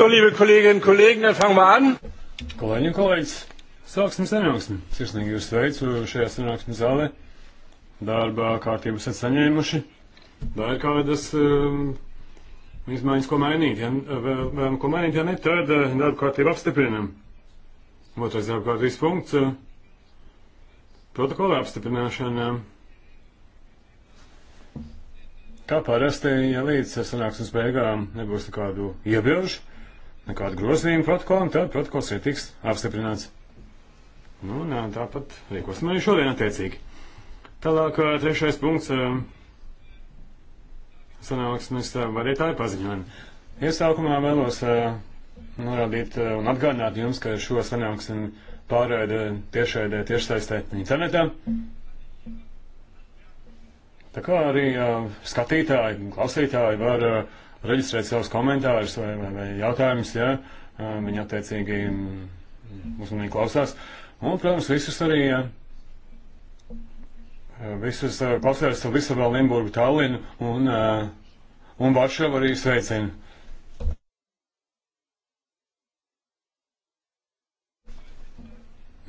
So, liebe Kolleginnen und Kollegen, dann fangen wir an. Kolēģi un kolēģis, sāksim sanāksmi. Sirsnīgi jūs sveicu šajā sanāksmi zālē. Darbā kārtību esat saņēmuši. Vai ir kādas um, izmaiņas, ko mainīt? Ja vēlam, vēl, ko mainīt, ja ne, tad eh, darba kārtību apstiprinam. Otrais darba kārtības punkts eh, - protokola apstiprināšana. Kā parasti, ja līdz sanāksmes beigām nebūs kādu iebilžu, nekādu grozījumu protokolam, tad protokols arī tiks apstiprināts. Nu, nā, tāpat rīkosim arī šodien attiecīgi. Tālāk trešais punkts sanāksmes vadītāju paziņojumi. Iesākumā vēlos norādīt un atgādināt jums, ka šo sanāksmi pārraida tiešraidē, tiešsaistē internetā. Tā kā arī skatītāji, klausītāji var uh, reģistrēt savus komentārus vai, vai, vai jautājumus, ja viņi attiecīgi uzmanīgi klausās. Un, protams, visus arī, visus klausās visu vēl Limburgu, Tallinu un, un Varšavu arī sveicinu.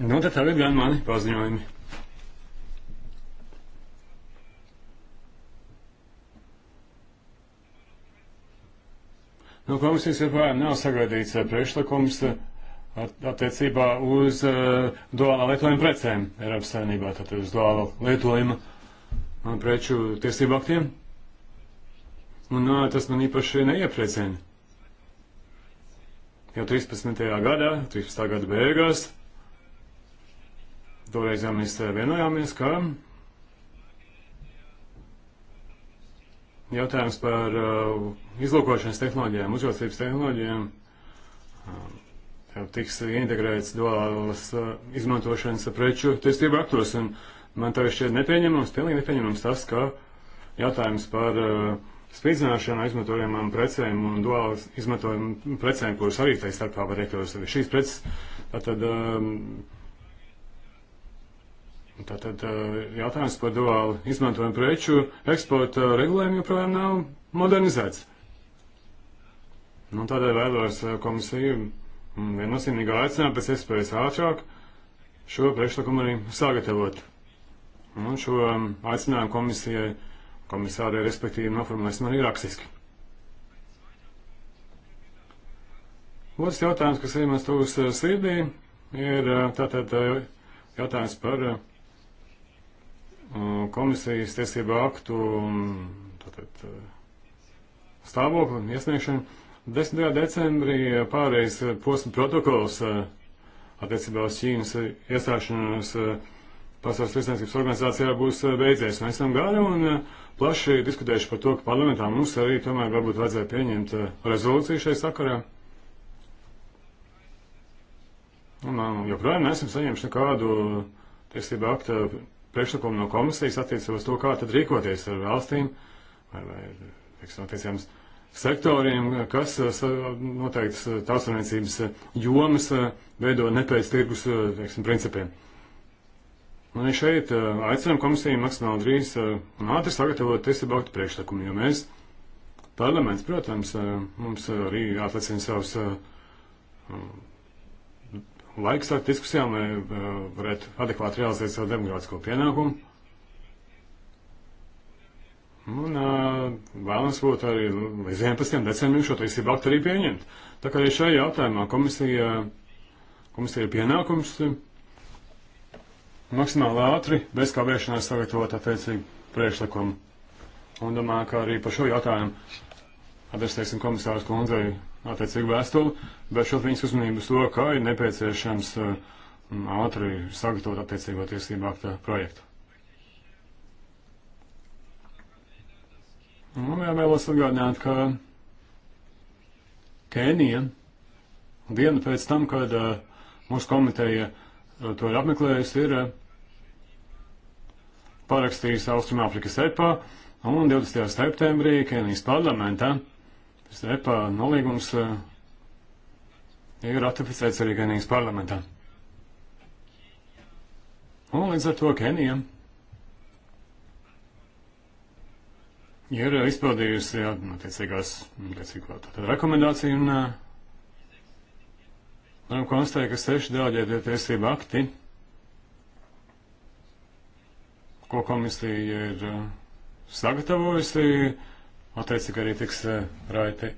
Nu, tad tagad gan mani paziņojumi. No komisijas joprojām nav sagaidīts eh, priekšlikums eh, attiecībā uz uh, eh, duālā lietojuma precēm Eiropas saimnībā, tātad uz duālā lietojuma preču tiesību aktiem. Un nā, tas man īpaši neiepriecina. Jau 13. gadā, 13. gada beigās, toreiz jau mēs vienojāmies, ka Jautājums par uh, izlūkošanas tehnoloģijām, uzraudzības tehnoloģijām um, uh, jau tiks integrēts duālas uh, izmantošanas preču tiesību aktos. Un man tā šķiet nepieņemams, pilnīgi nepieņemams tas, ka jautājums par uh, spīdzināšanu izmantojamām precēm un duālas izmantojamām precēm, kuras arī tā starpā var iekļaut. Šīs preces tātad. Um, Tātad eh, jautājums par duālu izmantojumu preču eksporta regulējumu joprojām nav modernizēts. Nu, tādēļ vēlos eh, komisiju mm, viennozīmīgi aicināt pēc iespējas ātrāk šo priekšlikumu arī sagatavot. Un šo mm, aicinājumu komisijai, komisārai respektīvi noformulēsim arī rakstiski. Otrs jautājums, kas ir mans tūs sirdī, ir eh, tātad jautājums par Mm, komisijas tiesību aktu tātad, eh, stāvokli iesniegšanu. 10. decembrī pārējais eh, posma protokols eh, attiecībā uz Ķīnas iestāšanos Pasaules tirsniecības organizācijā būs beidzies. Mēs esam gari un plaši diskutējuši par to, ka parlamentā mums arī tomēr varbūt vajadzēja pieņemt rezolūciju šai sakarā. Un joprojām neesam saņēmuši nekādu tiesību aktu priekšlikumu no komisijas attiecībā uz to, kā tad rīkoties ar valstīm vai, vai teiksim, attiecībams sektoriem, kas eh, noteikts eh, tautsvarniecības eh, jomas veido ne pēc tirgus teiksim, principiem. Nu, un arī šeit aicinām komisiju maksimāli drīz un ātri sagatavot tiesību aktu priekšlikumu, jo mēs, parlaments, protams, mums arī atlicina savus laiks ar diskusijām, lai eh, varētu adekvāti realizēt savu demokrātisko pienākumu. Un eh, vēlams būtu arī līdz 11. decembrim šo tiesību aktu arī pieņemt. Tā kā arī šajā jautājumā komisija, komisija ir pienākums maksimāli ātri, bez kavēšanās sagatavot attiecīgu priekšlikumu. Un domāju, ka arī par šo jautājumu adresēsim komisārs kundzei attiecīgu vēstuli, vēršot viņas uzmanību uz to, ka ir nepieciešams uh, ātri sagatavot attiecīgo tiesību akta projektu. Un jā, vēlos atgādināt, ka Kenija dienu pēc tam, kad uh, mūsu komiteja uh, to ir apmeklējusi, ir uh, parakstījusi Austrumāfrikas EPA un 20. septembrī Kenijas parlamentā uh, Šis EPA nolīgums eh, ir ratificēts arī Kenijas parlamentā. Un līdz ar to Kenija ir izpildījusi attiecīgās rekomendāciju un eh, varam konstatēt, ka seši dēļģētie tiesību akti, ko komisija ir eh, sagatavojusi, attiecīgi arī tiks eh, raiti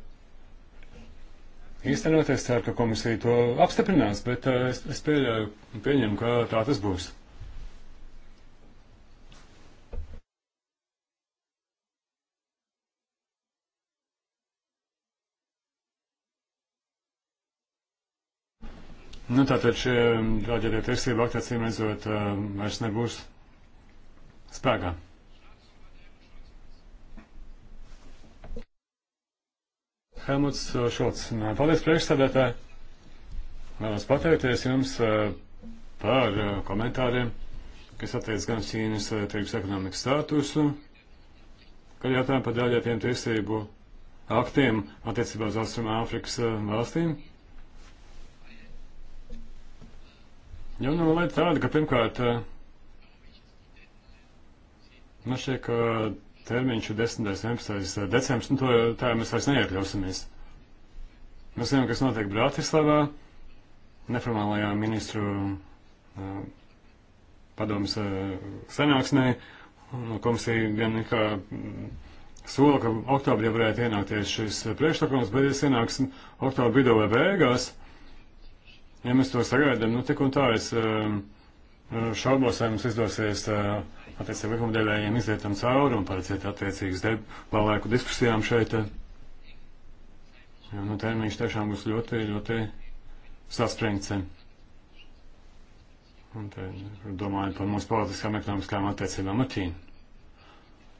īstenoties. Ceru, ka komisija to apstiprinās, bet eh, es, es pieļauju, pieņemu, ka tā tas būs. Nu, tātad šie um, raģētie tiesība akti acīm redzot um, vairs nebūs spēkā. Helmuts uh, Šulcs. Uh, paldies priekšsēdētāji. Vēlos pateikties jums uh, par komentāriem, kas attiec gan Ķīnas tirgus ekonomikas statusu, gan jautājumu par daļētiem tiesību aktiem attiecībā uz Austrum Āfrikas valstīm. Jo nu, lai tāda, ka pirmkārt, man šķiet, ka termiņš ir 10. 11. Eh, decembris, un nu, to tā mēs vairs neiekļausimies. Mēs zinām, kas notiek Bratislavā, neformālajā ministru uh, eh, padomas uh, eh, sanāksmē, un komisija gan kā mm, sola, ka oktobrī varētu ienākties šis priekšlikums, bet es ienāks oktobra vidū vai beigās, ja mēs to sagaidām, nu tik un tā es uh, šaubos, vai mums izdosies uh, attiecīgi likumdevējiem iziet tam cauri un paredzēt attiecīgas debalēku diskusijām šeit. Eh. Jo nu, termiņš tiešām būs ļoti, ļoti saspringts. Un te domājot par mūsu politiskām ekonomiskām attiecībām ar Ķīnu.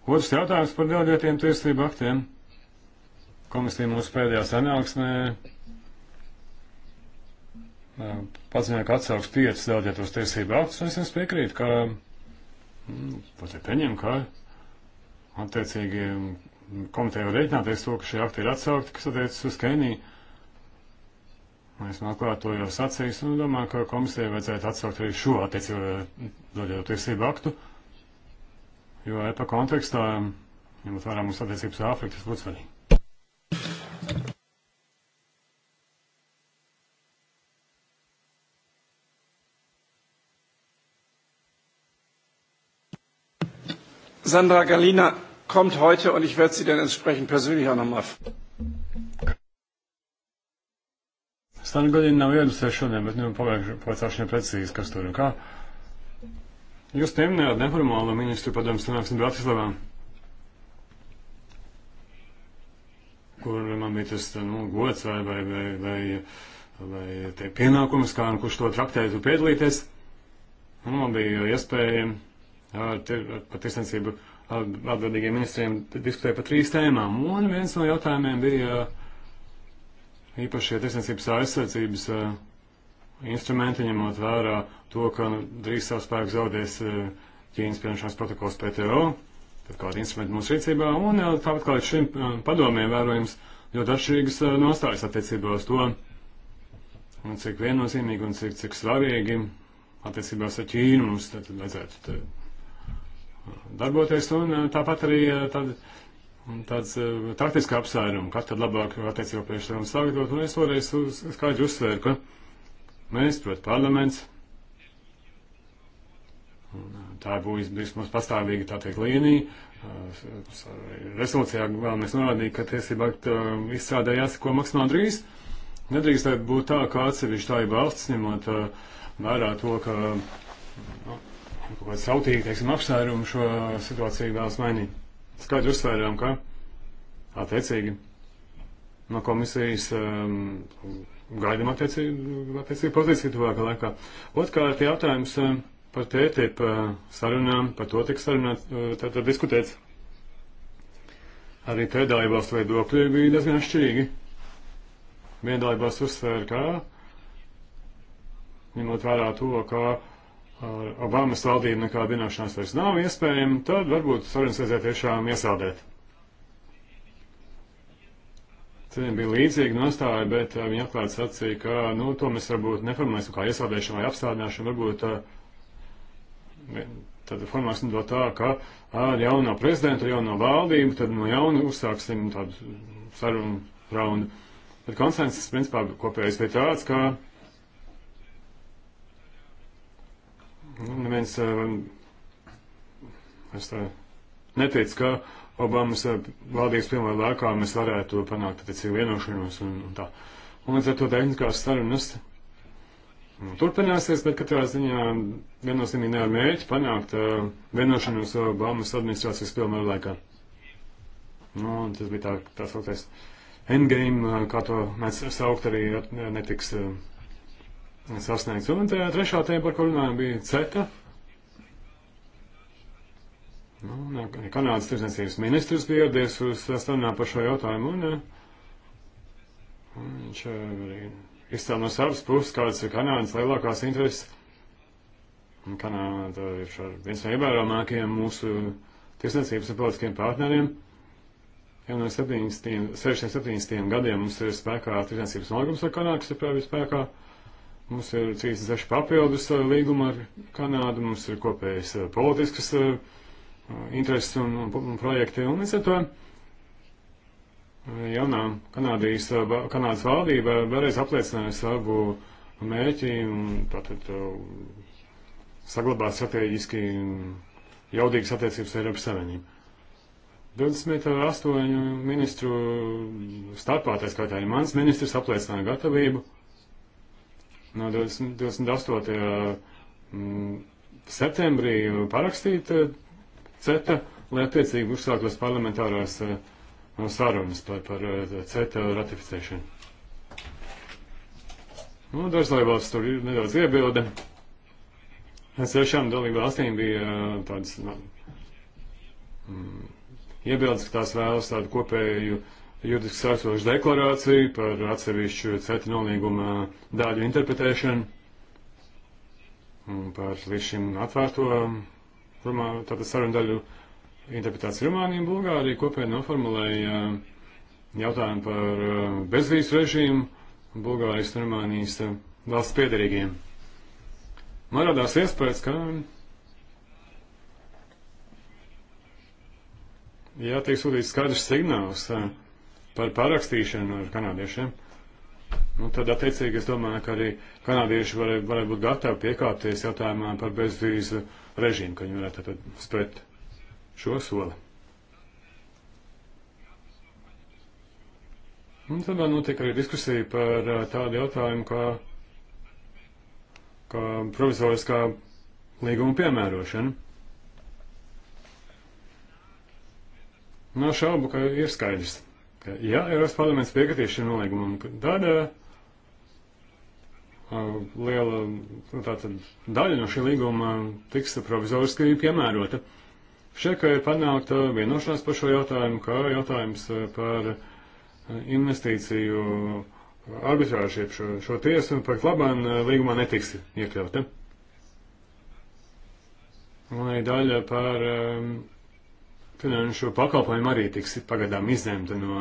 Otrs jautājums par delegētiem tiesību aktiem. Komisija mūsu pēdējā sanāksmē eh, paziņoja, ka atsauks piecas delegētos tiesību aktus, un es jums piekrītu, ka Nu, pat ir pieņem, ka attiecīgi komiteja var rēķināties to, ka šie akti ir atsaukti, kas attiecas uz Keniju. Es man nu atklāt to jau sacīs un domāju, ka komisijai vajadzētu atsaukt arī šo attiecību daļējo tiesību aktu, jo EPA kontekstā, ņemot vērā mūsu attiecības ar Āfriku, tas būtu svarīgi. Sandra Galina kommt heute und ich werde sie dann entsprechend persönlich auch nochmal. Sandra Galina nav ierasties šodien, bet nu, pavaicāšu precīzi, kas tur un kā. Jūs pieminējāt neformālo ministru padomu sanāksmi Bratislavā, kur man bija tas nu, gods vai, vai, vai, vai, vai pienākums, kā kurš to traktētu piedalīties. Un man bija iespēja patiesniecību atbildīgiem ministriem diskutēja par trīs tēmām. Un viens no jautājumiem bija uh, īpašie tiesniecības aizsardzības uh, instrumenti, ņemot vērā to, ka drīz savu spēku zaudēs uh, Ķīnas pieņemšanas protokols PTO, tad kādi instrumenti mūsu rīcībā, un tāpat kā līdz šim padomiem vērojams ļoti atšķirīgas nostājas attiecībā uz to, un cik viennozīmīgi un cik, cik svarīgi attiecībās ar Ķīnu mums tad vajadzētu darboties, un eh, tāpat arī eh, tad, tāds eh, taktiski apsvērumi, kad tad labāk attiecībā priekš tam sagatavot, un es vēlreiz uz, skaidri uzsvēru, ka mēs, prot parlaments, tā būs, būs mums pastāvīga, tā teikt, līnija, rezolūcijā vēlamies norādīt, ka tiesībā izstrādē jāsako maksimāli drīz, nedrīkst būt tā, ka atsevišķi tā ir valsts, ņemot vērā to, ka nu, kaut kāds sautīgi, teiksim, apsvērumi šo situāciju vēlas mainīt. Skaidri uzsvērām, ka attiecīgi no komisijas um, gaidām attiecīgu, attiecīgu pozīciju tuvākā laikā. Otkārt jautājums um, par TTIP uh, sarunām, par to tik sarunāts, uh, tad diskutēts. Arī te dalībvalstu viedokļi bija diezgan šķirīgi. Viena dalībvalsts uzsvēra, ka ņemot vērā to, ka ar Obamas valdību nekāda vienošanās vairs nav iespējama, tad varbūt sarunas vajadzēja tiešām iesaldēt. Viņiem bija līdzīga nostāja, bet eh, viņi atklāti sacīja, ka nu, to mēs varbūt neformulēsim kā iesaldēšanu vai apstādināšanu, varbūt eh, tad formāsim to tā, ka ar jauno prezidentu, ar jauno valdību, tad no jauna uzsāksim tādu sarunu raundu. Bet konsensus, principā, kopējais bija tāds, ka Neviens nu, eh, es tā neteicu, ka Obamas eh, valdības pirmā laikā mēs varētu panākt attiecīgu vienošanos un, un tā. Un līdz ar to tehniskās sarunas nu, turpināsies, bet katrā ziņā viennozīmīgi ar mērķi panākt uh, vienošanos Obamas administrācijas pirmā laikā. Nu, tas bija tā, tā sauktais endgame, kā to mēs saukt arī netiks. Uh, sasniegts. Un tajā trešā tēma, par ko runājām, bija CETA. Nu, ne, Kanādas tirsniecības ministrs bija ieradies uz sarunā par šo jautājumu, un, eh, un viņš eh, arī izcēl no savas puses, kādas ir Kanādas lielākās intereses. Un Kanāda ir viens no ievērojamākajiem mūsu tirsniecības un politiskiem partneriem. Jau no 70, 67. gadiem mums ir spēkā tirsniecības nolīgums ar Kanādu, kas ir pēdējais spēkā. Mums ir 36 papildus uh, līguma ar Kanādu, mums ir kopējas uh, politiskas uh, intereses un, un, un projekti, un līdz ar to jaunā Kanādijas, Kanādas valdība vēlreiz apliecināja savu mērķi un tātad saglabāt strateģiski jaudīgas attiecības ar Eiropas Savienību. 28 ministru starpā, tā skaitā arī mans ministrs, apliecināja gatavību no 20, 28. Mm, septembrī parakstīta eh, CETA, lai attiecīgi uzsāktos parlamentārās eh, sarunas par, par eh, CETA ratificēšanu. Nu, dažs laivās tur ir nedaudz iebilde. Sešām dalību valstīm bija tāds, nu, mm, iebildes, ka tās vēlas tādu kopēju uh, juridiski saistošu deklarāciju par atsevišķu CETA nolīguma daļu interpretēšanu par līdz šim atvērto um, rumā, tātad sarunu daļu interpretāciju Rumānija un Bulgārija kopēji noformulēja um, jautājumu par um, bezvīzu režīmu Bulgārijas un Rumānijas valsts piederīgiem. Man radās iespējas, ka Jā, tiek sūtīts skaidrs signāls. Tā par parakstīšanu ar kanādiešiem. Un nu, tad, attiecīgi, es domāju, ka arī kanādieši varētu, varētu būt gatavi piekāpties jautājumā par bezvīzu režīmu, ka viņi varētu tad spēt šo soli. Un nu, tad vēl notika arī diskusija par tādu jautājumu, kā, kā provizoriskā līguma piemērošana. Nav šaubu, ka ir skaidrs, ka, ja Eiropas parlaments piekritīs šim nolīgumam, tad uh, liela nu, tātad, daļa no šī līguma tiks provizoriski piemērota. Šeit, ka ir panākta vienošanās par šo jautājumu, kā jautājums par investīciju arbitrāžu šo, šo tiesu, par labām līgumā netiks iekļauta. Un arī daļa par um, finanšu pakalpojumu arī tiks pagadām izņemta no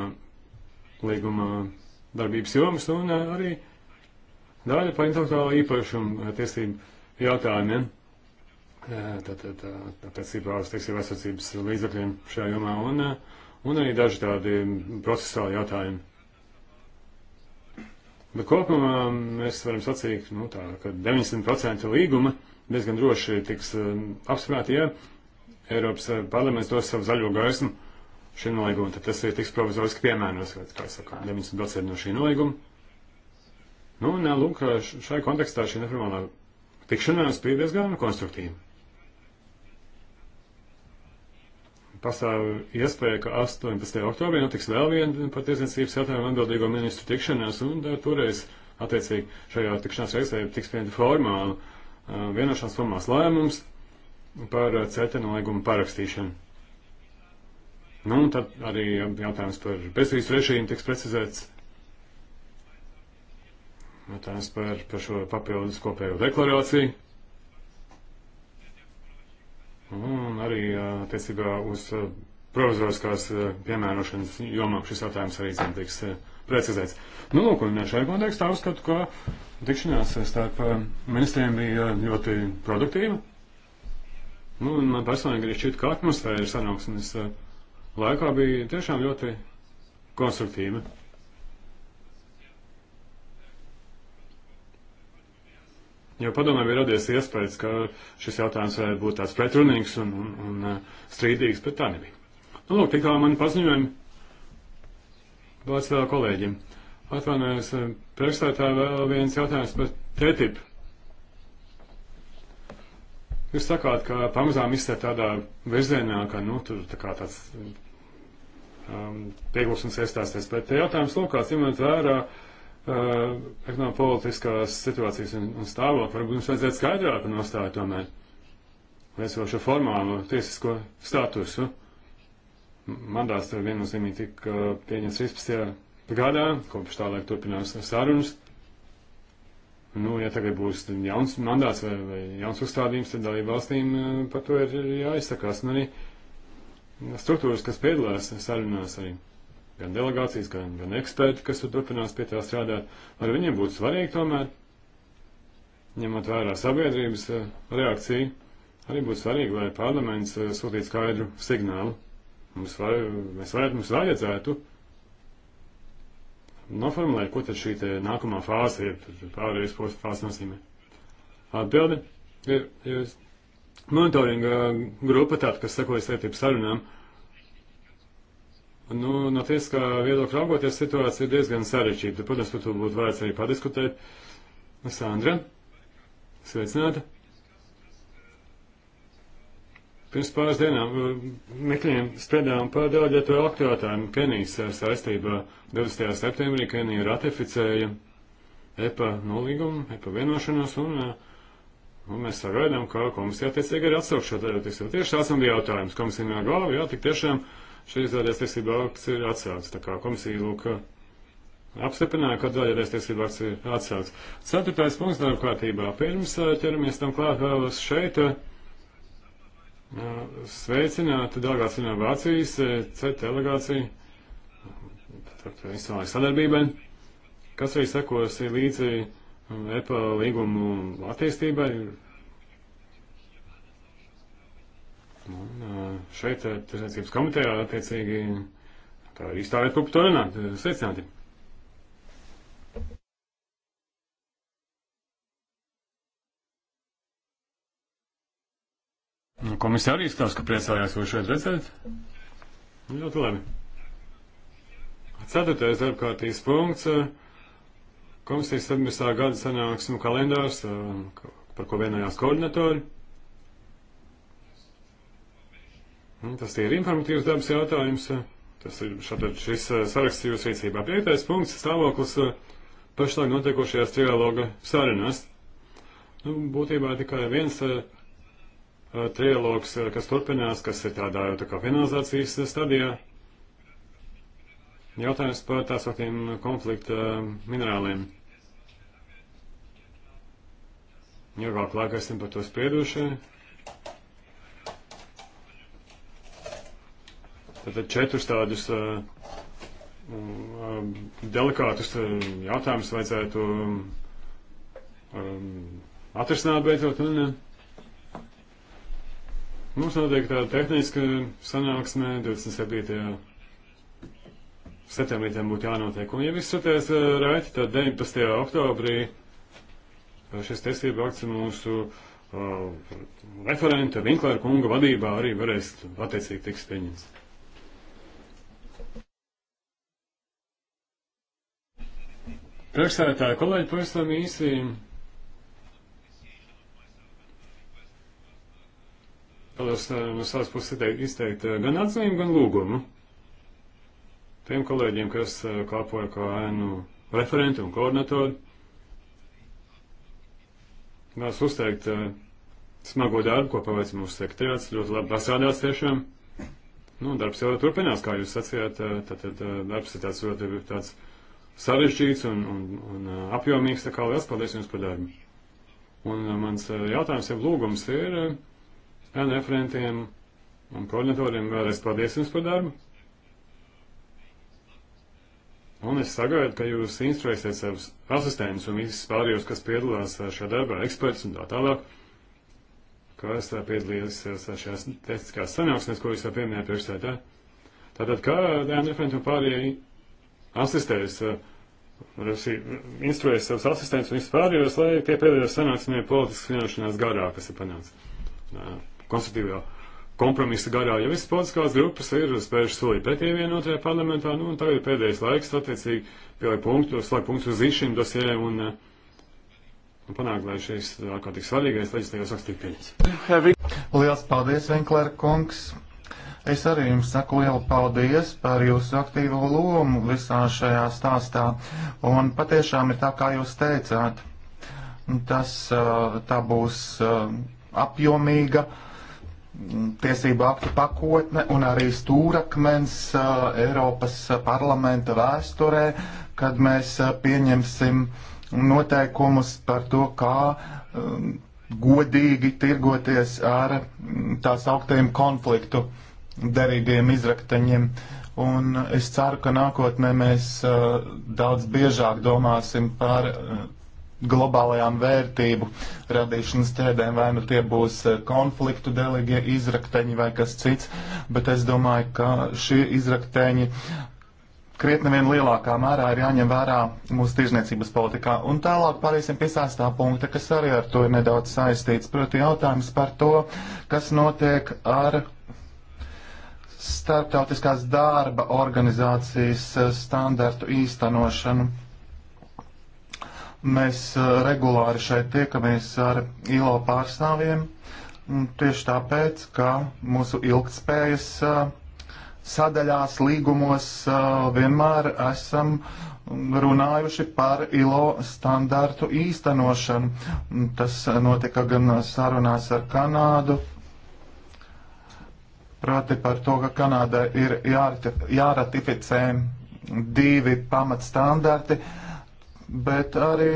līguma darbības jomas un uh, arī daļa par intelektuālo īpašumu uh, tiesību jautājumiem. Tātad, uh, tā, attiecībā uz tiesību aizsardzības līdzakļiem šajā jomā un, un arī daži tādi procesāli jautājumi. Bet kopumā um, mēs varam sacīt, nu, tā, ka 90% līguma diezgan droši tiks um, apsprāti, ja Eiropas eh, parlaments dos savu zaļo gaismu šim nolīgumam, tad tas ir tiks provizoriski piemēros, kā saka, 90% no šī nolīguma. Nu, nē, eh, lūk, eh, šai kontekstā šī neformālā tikšanās bija diezgan konstruktīva. Pastāv iespēja, ka 18. oktobrī notiks vēl viena par tiesniecības jautājumu atbildīgo ministru tikšanās, un toreiz, attiecīgi, šajā tikšanās reizē tiks pieņemta formāla vienošanās formās lēmums par eh, CETA nolīgumu parakstīšanu. Nu, un tad arī jautājums par bezvīzu režīmu tiks precizēts. Jautājums par, par šo papildus kopējo deklarāciju. Un arī eh, attiecībā uz eh, provizoriskās piemērošanas jomām šis jautājums arī zem tiks precizēts. Nu, lūk, un šajā kontekstā uzskatu, ka tikšanās starp ministriem bija ļoti produktīva. Nu, un man personīgi arī šķiet, ka atmosfēra sanāksmes eh, laikā bija tiešām ļoti konstruktīva. Jo padomē bija radies iespējas, ka šis jautājums varētu būt tāds pretrunīgs un, un, un eh, strīdīgs, bet tā nebija. Nu, lūk, tikā man paziņojumi vārds vēl kolēģim. Atvainojos, eh, priekšstādā vēl viens jautājums par TTIP. Jūs sakāt, ka pamazām izsver tādā virzienā, ka, nu, tur tā kā tāds um, pieglūšanas iestāsies, bet te jautājums lūkās, ņemot vērā uh, ekonomiskās politiskās situācijas un, un stāvokli, varbūt mums vajadzētu skaidrāk nostāju tomēr līdz vēl šo formālo tiesisko statusu. Mandāts viennozīmīgi tika uh, pieņemts 13. gadā, kopš tā laika turpinās sarunas. Nu, ja tagad būs jauns mandāts vai, vai jauns uzstādījums, tad dalību valstīm eh, par to ir jāizsakās. Un arī struktūras, kas piedalās sarunās, arī gan delegācijas, gan, gan eksperti, kas tur turpinās pie tā strādāt, ar viņiem būtu svarīgi tomēr, ņemot vērā sabiedrības eh, reakciju, arī būtu svarīgi, lai parlaments eh, sūtītu skaidru signālu. Mums var, mēs varētu, mums vajadzētu. Var, noformulēt, ko tad šī nākamā fāze ir, pārējais posms fāze nozīmē. Atbilde ir, jūs monitoringa grupa tāda, kas sekoja sētību sarunām. Nu, no tiesiskā viedokļa raugoties, situācija ir diezgan sarežģīta. Protams, par to būtu vērts arī padiskutēt. Sandra, sveicināta! Pirms pāris dienām meklējām spriedām par delegēto aktuātājumu Kenijas eh, saistībā 20. septembrī Kenija ratificēja EPA nolīgumu, EPA vienošanos, un, eh, un mēs sagaidām, ka komisija attiecīgi arī atsaukšā tādu tiesību. Tieši tās bija jautājums. Komisija nav galva, jā, tik tiešām šī izvēlēties tiesība akts ir atsaukts. Tā kā komisija lūk apstiprināja, ka daļēties tiesība akts ir atsaukts. Ceturtais punkts darba kārtībā. Pirms eh, ķeramies tam klāt vēlos šeit. Uh, sveicināt delegāciju no Vācijas, eh, CET delegāciju, institucionālai sadarbībai, kas arī sekos līdzi um, EPA līgumu attīstībai. Un eh, šeit, eh, tirsniecības komitejā, attiecīgi, tā ir īstā vietklupa to runāt, sveicināti! Nu, komisija arī izskatās, ka priecājās jūs šeit redzēt. Nu, ļoti labi. Ceturtais darbkārtīs punkts. Eh, komisijas 17. gada sanāksmu kalendārs, eh, par ko vienojās koordinatori. Nu, eh, tas ir informatīvs dabas jautājums. Tas ir šatad šis saraksts jūsu rīcībā. Piektais punkts - stāvoklis pašlaik notiekošajās trialoga sarunās. Nu, būtībā tikai viens Uh, trialogs, uh, kas turpinās, kas ir tādā jau tā kā finalizācijas stadijā. Jautājums par tā sauktiem konflikta uh, minerāliem. Ilgāk laikā esam par to sprieduši. Tātad četrus tādus uh, um, delikātus jautājumus vajadzētu um, um, atrisināt beidzot. Un, uh, Mums notiek tāda tehniska sanāksme 27. septembrī tam būtu jānotiek. Un, ja viss saties eh, raiti, tad 19. oktobrī eh, šis tiesība akts mūsu uh, referenta Vinklēra kunga vadībā arī varēs attiecīgi tiks pieņemts. Priekšsēdētāji kolēģi pavisam īsi vēlos eh, no savas puses izteikt eh, gan atzīmi, gan lūgumu tiem kolēģiem, kas eh, kalpoja kā ēnu referenti un koordinatori. Vēlos uzteikt smago darbu, ko paveic mūsu sekretariāts, ļoti labi pasādās tiešām. Nu, darbs jau turpinās, kā jūs sacījāt, tad, tad darbs ir tāds ļoti tāds sarežģīts un, un, un apjomīgs, tā kā liels paldies jums par darbu. Un mans jautājums, ja lūgums ir, uh, gan referentiem un koordinatoriem. Vēlreiz paldies jums par darbu. Un es sagaidu, ka jūs instruēsiet savus asistentus un visus pārējos, kas piedalās šajā darbā, eksperts un tā tālāk, kas piedalījās šajās tehniskās sanāksmēs, ko jūs jau pieminējāt priekšsēdē. Tātad, kā dēļ referenti un pārējie asistējas, uh, instruējas savus asistentus un visus pārējos, lai tie pēdējos sanāksmē politiskas vienošanās garā, kas ir panāca konstruktīvā kompromisa garā, jo visas politiskās grupas ir spējušas solīt pretī vienotajā parlamentā, nu, un tagad ir pēdējais laiks, attiecīgi, pielikt punktu, slēgt punktu uz šīm dosierēm un, eh, un panākt, lai šīs ārkārtīgi svarīgais leģislatīvās akts tiktu pieņemts. Lielas paldies, Vinklēra kungs! Es arī jums saku lielu paldies par jūsu aktīvo lomu visā šajā stāstā. Un patiešām ir tā, kā jūs teicāt, tas eh, tā būs eh, apjomīga Mm, tiesību aktu pakotne un arī stūrakmens uh, Eiropas parlamenta vēsturē, kad mēs uh, pieņemsim noteikumus par to, kā uh, godīgi tirgoties ar mm, tās augtajiem konfliktu derīgiem izraktaņiem. Un es ceru, ka nākotnē mēs uh, daudz biežāk domāsim par uh, globālajām vērtību radīšanas ķēdēm, vai nu tie būs eh, konfliktu delegie izrakteņi vai kas cits, bet es domāju, ka šie izrakteņi krietni vien lielākā mērā ir jāņem vērā mūsu tirzniecības politikā. Un tālāk pāriesim pie sastā punkta, kas arī ar to ir nedaudz saistīts, proti jautājums par to, kas notiek ar starptautiskās darba organizācijas eh, standartu īstenošanu. Mēs uh, regulāri šeit tiekamies ar ILO pārstāvjiem tieši tāpēc, ka mūsu ilgtspējas uh, sadaļās, līgumos uh, vienmēr esam runājuši par ILO standārtu īstenošanu. Tas notika gan sarunās ar Kanādu, proti par to, ka Kanādai ir jāratificē divi pamatstandarti. Uh, bet arī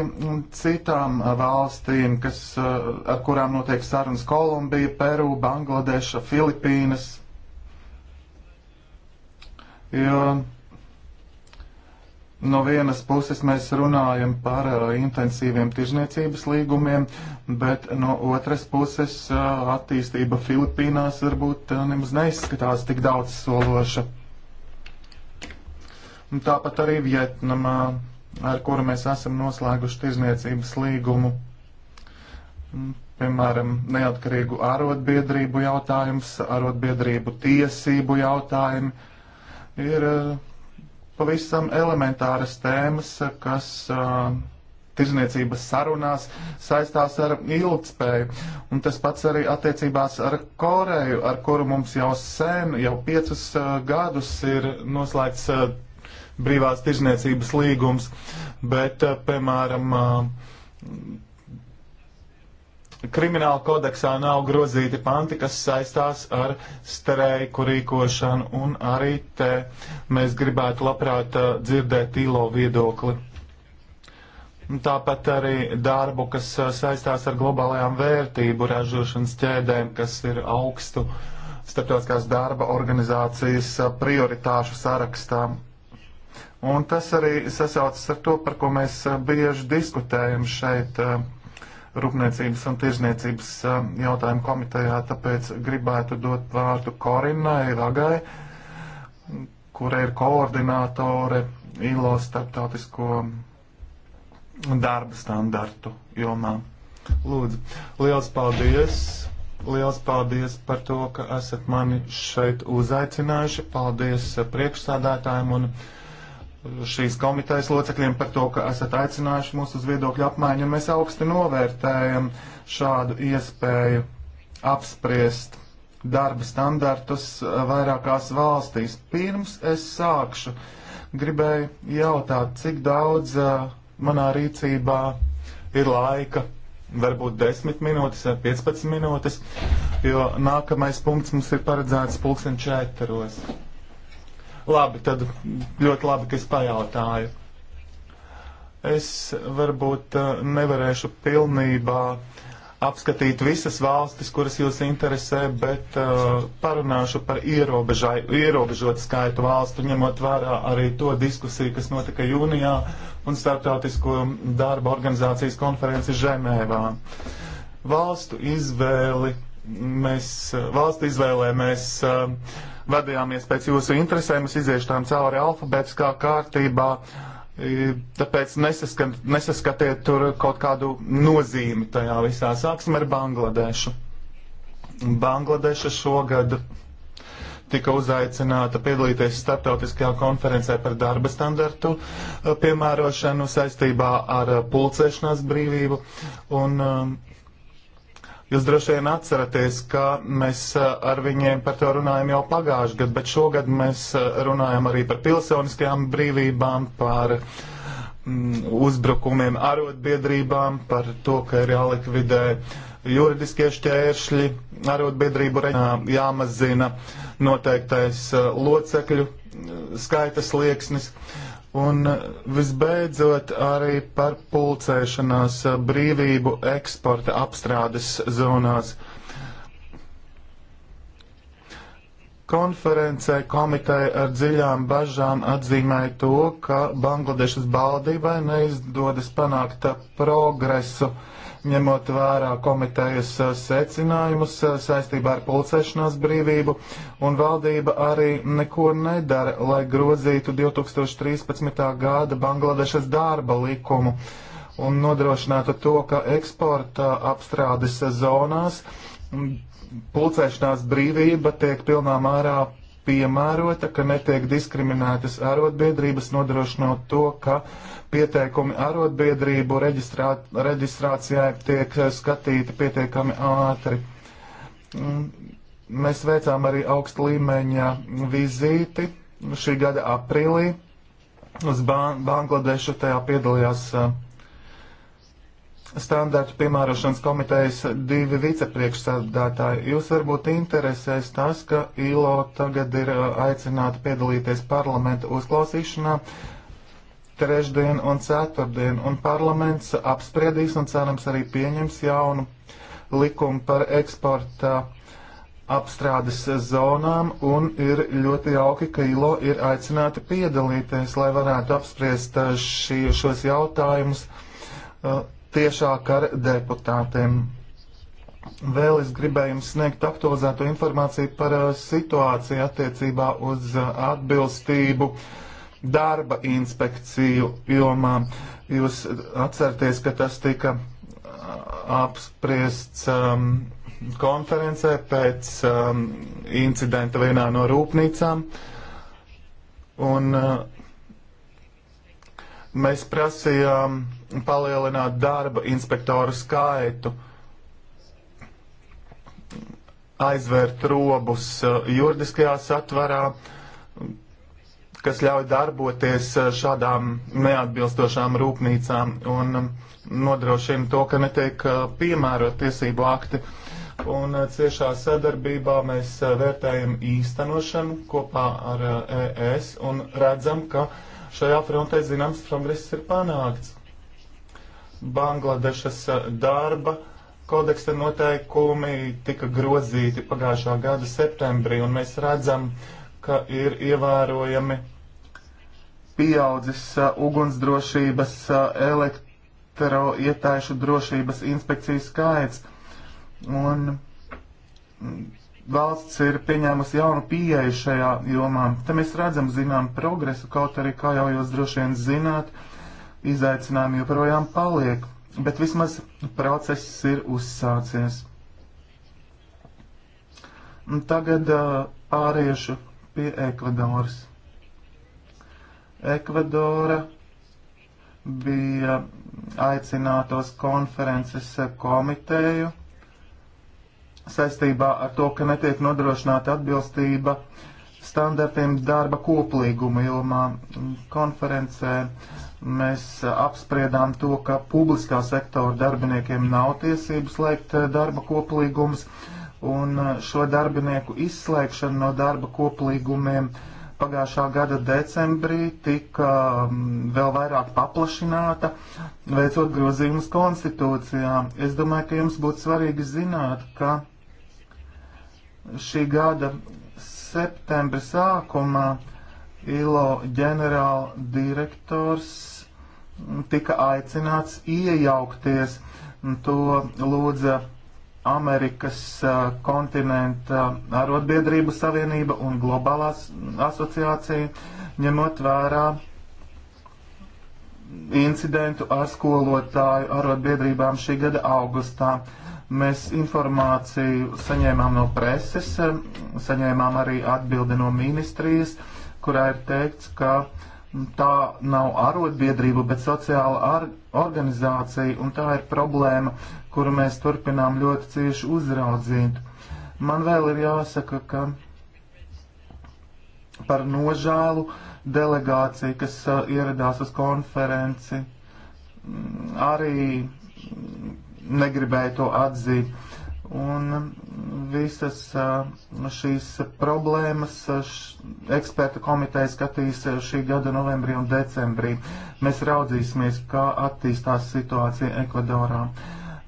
citām valstīm, kas, eh, ar kurām notiek sarunas Kolumbija, Peru, Bangladeša, Filipīnas. Jo no vienas puses mēs runājam par eh, intensīviem tirzniecības līgumiem, bet no otras puses eh, attīstība Filipīnās varbūt nemaz neizskatās tik daudz sološa. Un tāpat arī Vietnamā ar kuru mēs esam noslēguši tirzniecības līgumu. Mm, piemēram, neatkarīgu arotbiedrību jautājums, arotbiedrību tiesību jautājumi ir eh, pavisam elementāras tēmas, eh, kas eh, tirzniecības sarunās saistās ar ilgspēju. Un tas pats arī attiecībās ar Koreju, ar kuru mums jau sen, jau piecus gadus ir noslēgts brīvās tirzniecības līgums, bet, eh, piemēram, eh, krimināla kodeksā nav grozīti panti, kas saistās ar streiku rīkošanu, un arī te mēs gribētu labprāt eh, dzirdēt īlo viedokli. Tāpat arī darbu, kas saistās ar globālajām vērtību ražošanas ķēdēm, kas ir augstu starptautiskās darba organizācijas prioritāšu sarakstām. Un tas arī sasaucas ar to, par ko mēs eh, bieži diskutējam šeit eh, Rūpniecības un tirzniecības eh, jautājumu komitejā, tāpēc gribētu dot vārdu Korinai Ragai, kura ir koordinātore ILO starptautisko darba standartu jomā. Lūdzu, liels paldies! Liels paldies par to, ka esat mani šeit uzaicinājuši. Paldies priekšsādātājiem un priekšsādātājiem šīs komitejas locekļiem par to, ka esat aicinājuši mūs uz viedokļu apmaiņu, un mēs augsti novērtējam šādu iespēju apspriest darba standartus eh, vairākās valstīs. Pirms es sākšu, gribēju jautāt, cik daudz uh, manā rīcībā ir laika, varbūt 10 minūtes vai 15 minūtes, jo nākamais punkts mums ir paredzēts pulksten četros. Labi, tad ļoti labi, ka es pajautāju. Es varbūt eh, nevarēšu pilnībā apskatīt visas valstis, kuras jūs interesē, bet uh, parunāšu par ierobežotu skaitu valstu, ņemot vērā arī to diskusiju, kas notika jūnijā un starptautisko darba organizācijas konferenci Ženēvā. Valstu izvēli mēs, valstu izvēlē mēs uh, vadījāmies pēc jūsu interesēm, es iziešu tām cauri alfabētiskā kārtībā, tāpēc nesaskat, nesaskatiet tur kaut kādu nozīmi tajā visā. Sāksim ar Bangladešu. Bangladeša šogad tika uzaicināta piedalīties starptautiskajā konferencē par darba standartu piemērošanu saistībā ar pulcēšanās brīvību. Un, um, Jūs droši vien atceraties, ka mēs eh, ar viņiem par to runājam jau pagājušajā gadā, bet šogad mēs eh, runājam arī par pilsoniskajām brīvībām, par mm, uzbrukumiem arotbiedrībām, par to, ka ir jālikvidē juridiskie šķēršļi arotbiedrību reģionā, jāmazina noteiktais eh, locekļu skaita slieksnis. Uh, Un visbeidzot arī par pulcēšanās brīvību eksporta apstrādes zonās. Konferencē komiteja ar dziļām bažām atzīmēja to, ka Bangladešas baldībai neizdodas panākt progresu uh, ņemot vērā komitejas eh, secinājumus eh, saistībā ar pulcēšanās brīvību, un valdība arī neko nedara, lai grozītu 2013. gada Bangladešas darba likumu un nodrošinātu to, ka eksporta apstrādes zonās pulcēšanās brīvība tiek pilnā mērā piemērota, ka netiek diskriminētas arotbiedrības, nodrošinot to, ka pieteikumi arotbiedrību reģistrā, reģistrācijai tiek skatīti pietiekami ātri. Mm, mēs veicām arī augsta līmeņa vizīti šī gada aprīlī uz Bangladešu, tajā piedalījās uh, standartu piemērošanas komitejas divi vicepriekšsēdētāji. Jūs varbūt interesēs tas, ka ILO tagad ir uh, aicināta piedalīties parlamenta uzklausīšanā trešdien un ceturtdien, un parlaments apspriedīs un cerams arī pieņems jaunu likumu par eksporta apstrādes zonām, un ir ļoti jauki, ka ILO ir aicināti piedalīties, lai varētu apspriest uh, šī, šos jautājumus uh, tiešāk ar deputātiem. Vēl es gribēju jums sniegt aktualizēto informāciju par uh, situāciju attiecībā uz uh, atbilstību darba inspekciju jomā. Jūs atcerieties, ka tas tika uh, apspriests um, konferencē pēc um, incidenta vienā no rūpnīcām. Un uh, mēs prasījām. Um, palielināt darba inspektoru skaitu, aizvērt robus uh, juridiskajā satvarā, kas ļauj darboties uh, šādām neatbilstošām rūpnīcām un um, nodrošina to, ka netiek uh, piemērot tiesību akti. Un ciešā sadarbībā mēs vērtējam īstenošanu kopā ar ES un redzam, ka šajā frontē zināms progress ir panākts. Bangladešas eh, darba kodeksa noteikumi tika grozīti pagājušā gada septembrī, un mēs redzam, ka ir ievērojami pieaudzis uh, ugunsdrošības, uh, eh, elektroietaišu drošības inspekcijas skaits. Un mm, valsts ir pieņēmusi jaunu pieeju šajā jomā. Te mēs redzam, zinām, progresu, kaut arī, kā jau jūs droši vien zināt, uh, Izaicinājumi joprojām paliek, bet vismaz process ir uzsācies. Tagad pāriešu pie Ekvadoras. Ekvadora bija aicinātos konferences komiteju saistībā ar to, ka netiek nodrošināta atbilstība standartiem darba koplīguma ilmā konferencē Mēs eh, apspriedām to, ka publiskā sektora darbiniekiem nav tiesības slēgt eh, darba koplīgumus, un eh, šo darbinieku izslēgšana no darba koplīgumiem pagājušā gada decembrī tika mm, vēl vairāk paplašināta, veicot grozījumus konstitūcijā. Es domāju, ka jums būtu svarīgi zināt, ka šī gada septembra sākumā ILO ģenerāla direktors tika aicināts iejaukties. To lūdza Amerikas kontinenta arotbiedrību savienība un globālās asociācija, ņemot vērā incidentu ar skolotāju arotbiedrībām šī gada augustā. Mēs informāciju saņēmām no preses, saņēmām arī atbildi no ministrijas. Uh, kurā ir teikts, ka tā nav arotbiedrība, bet sociāla ar organizācija, un tā ir problēma, kuru mēs turpinām ļoti cieši uzraudzīt. Man vēl ir jāsaka, ka par nožēlu delegācija, kas ieradās uz konferenci, arī negribēja to atzīt. Un visas uh, šīs problēmas uh, eksperta komiteja skatīs uh, šī gada novembrī un decembrī. Mēs raudzīsimies, kā attīstās situācija Ekvadorā.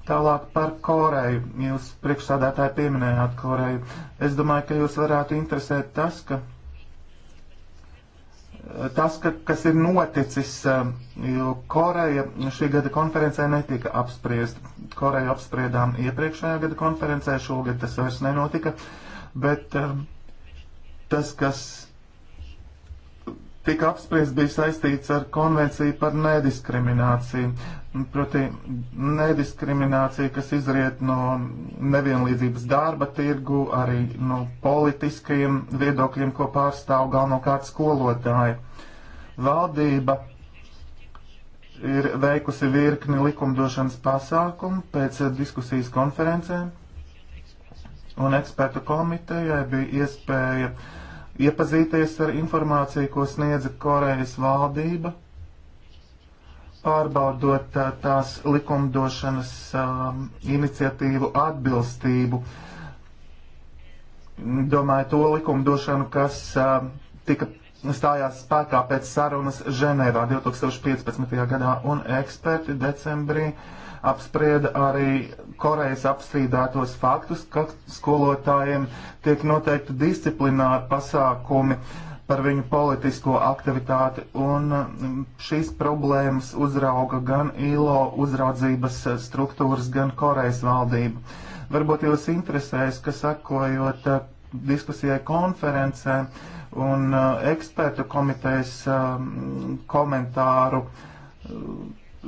Tālāk par Koreju. Jūs priekšsādātāji pieminējāt Koreju. Es domāju, ka jūs varētu interesēt tas, ka tas, ka, kas ir noticis, eh, jo Koreja šī gada konferencē netika apspriest. Koreju apspriedām iepriekšējā gada konferencē, šogad tas vairs nenotika, bet eh, tas, kas tika apspriest, bija saistīts ar konvenciju par nediskrimināciju proti nediskriminācija, kas izriet no nevienlīdzības darba tirgu, arī no politiskajiem viedokļiem, ko pārstāv galvenokārt skolotāji. Valdība ir veikusi virkni likumdošanas pasākumu pēc diskusijas konferencēm, un ekspertu komitejai bija iespēja iepazīties ar informāciju, ko sniedza Korejas valdība pārbaudot eh, tās likumdošanas um, iniciatīvu atbilstību. Domāju to likumdošanu, kas um, tika stājās spēkā pēc sarunas Ženēvā 2015. gadā, un eksperti decembrī apsprieda arī Korejas apstrīdētos faktus, ka skolotājiem tiek noteikti disciplināri pasākumi uh, par viņu politisko aktivitāti, un mm, šīs problēmas uzrauga gan ILO uzraudzības eh, struktūras, gan Korejas valdība. Varbūt jūs interesēs, ka sakojot eh, diskusijai konferencē un eh, ekspertu komitejas komentāru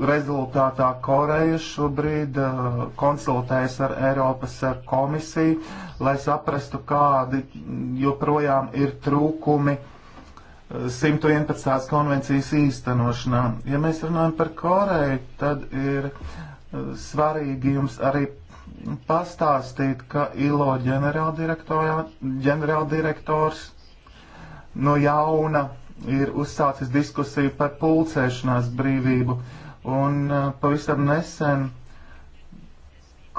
rezultātā Koreja šobrīd uh, konsultējas ar Eiropas komisiju, lai saprastu, kādi mm, joprojām ir trūkumi 111. konvencijas īstenošanā. Ja mēs runājam par Koreju, tad ir eh, svarīgi jums arī pastāstīt, ka ILO ģenerāldirektors no jauna ir uzsācis diskusiju par pulcēšanās brīvību. Un eh, pavisam nesen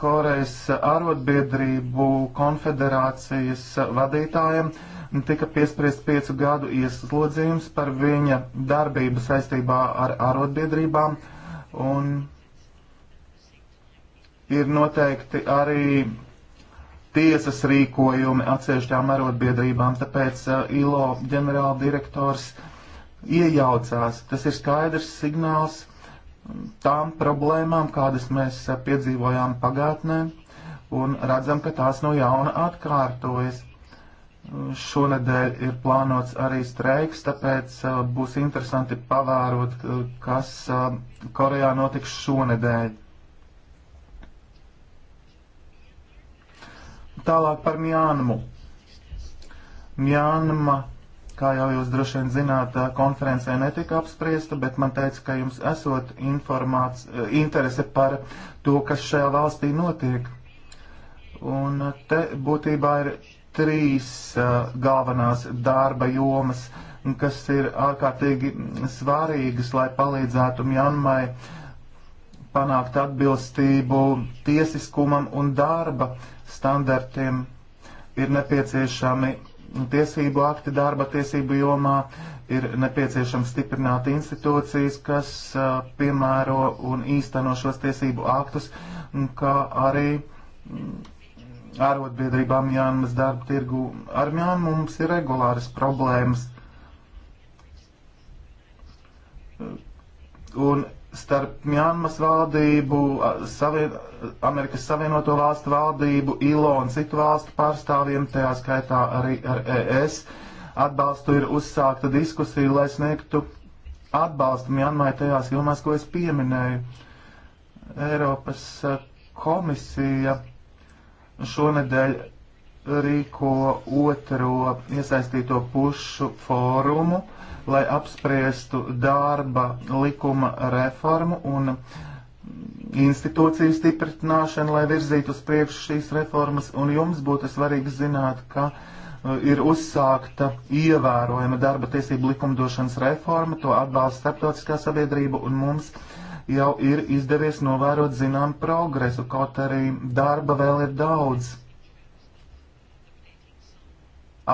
Korejas arotbiedrību konfederācijas vadītājiem uh, tika piespriezt piecu gadu ieslodzījums par viņa darbību saistībā ar arotbiedrībām un ir noteikti arī tiesas rīkojumi atsevišķām arotbiedrībām, tāpēc uh, ILO ģenerāla direktors iejaucās. Tas ir skaidrs signāls tām problēmām, kādas mēs uh, piedzīvojām pagātnē, un redzam, ka tās no jauna atkārtojas Šonedēļ ir plānots arī streiks, tāpēc uh, būs interesanti pavērot, uh, kas uh, Korejā notiks šonedēļ. Tālāk par Mjānmu. Mjānma, kā jau jūs droši vien zināt, uh, konferencē netika apspriesta, bet man teica, ka jums esot uh, interese par to, kas šajā valstī notiek. Un te būtībā ir trīs uh, galvenās darba jomas, kas ir ārkārtīgi svarīgas, lai palīdzētu Mjanmai panākt atbilstību tiesiskumam un darba standartiem. Ir nepieciešami tiesību akti darba tiesību jomā, ir nepieciešams stiprināt institūcijas, kas uh, piemēro un īsteno šos tiesību aktus, kā arī mm, ārotbiedrībām Mjānmas darba tirgu. Ar Mjānmu mums ir regulāras problēmas. Un starp Mjānmas valdību, savien, Amerikas Savienoto valstu valdību, ILO un citu valstu pārstāvjiem, tajā skaitā arī ar ES, atbalstu ir uzsākta diskusija, lai sniegtu atbalstu Mjānmai tajās jomās, ko es pieminēju. Eiropas komisija šonadēļ rīko otro iesaistīto pušu fórumu, lai apspriestu darba likuma reformu un institūciju stiprināšanu, lai virzītu uz priekšu šīs reformas. Un jums būtu svarīgi zināt, ka uh, ir uzsākta ievērojama darba tiesību likumdošanas reforma, to atbalsta starptautiskā sabiedrība un mums jau ir izdevies novērot zinām progresu, kaut arī darba vēl ir daudz.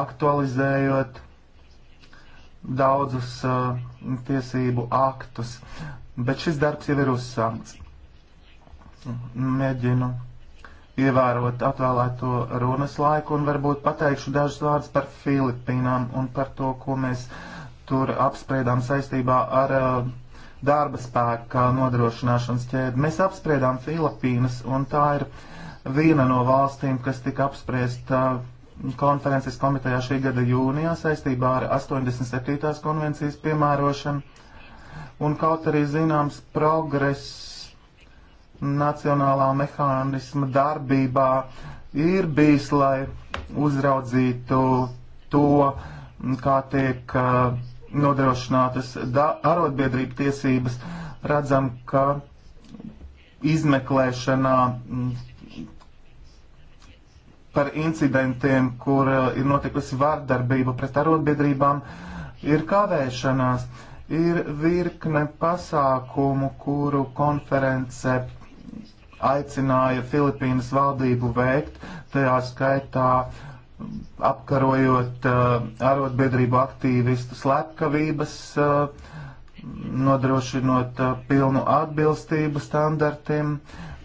Aktualizējot daudzus uh, tiesību aktus, bet šis darbs jau ir uzsākts. Mēģinu ievērot atvēlēto runas laiku un varbūt pateikšu dažus vārdus par Filipīnām un par to, ko mēs tur apspriedām saistībā ar uh, darba spēka nodrošināšanas ķēdi. Mēs apspriedām Filipīnas, un tā ir viena no valstīm, kas tika apspriesta uh, konferences komitejā šī gada jūnijā saistībā ar 87. konvencijas piemērošanu. Un kaut arī zināms progress nacionālā mehānisma darbībā ir bijis, lai uzraudzītu to, kā tiek uh, nodrošinātas arotbiedrību tiesības, redzam, ka izmeklēšanā mm, par incidentiem, kur eh, ir notikusi vārdarbība pret arotbiedrībām, ir kavēšanās. Ir virkne pasākumu, kuru konference aicināja Filipīnas valdību veikt, tajā skaitā uh, apkarojot eh, arotbiedrību aktīvistu slepkavības, eh, nodrošinot eh, pilnu atbilstību standartiem,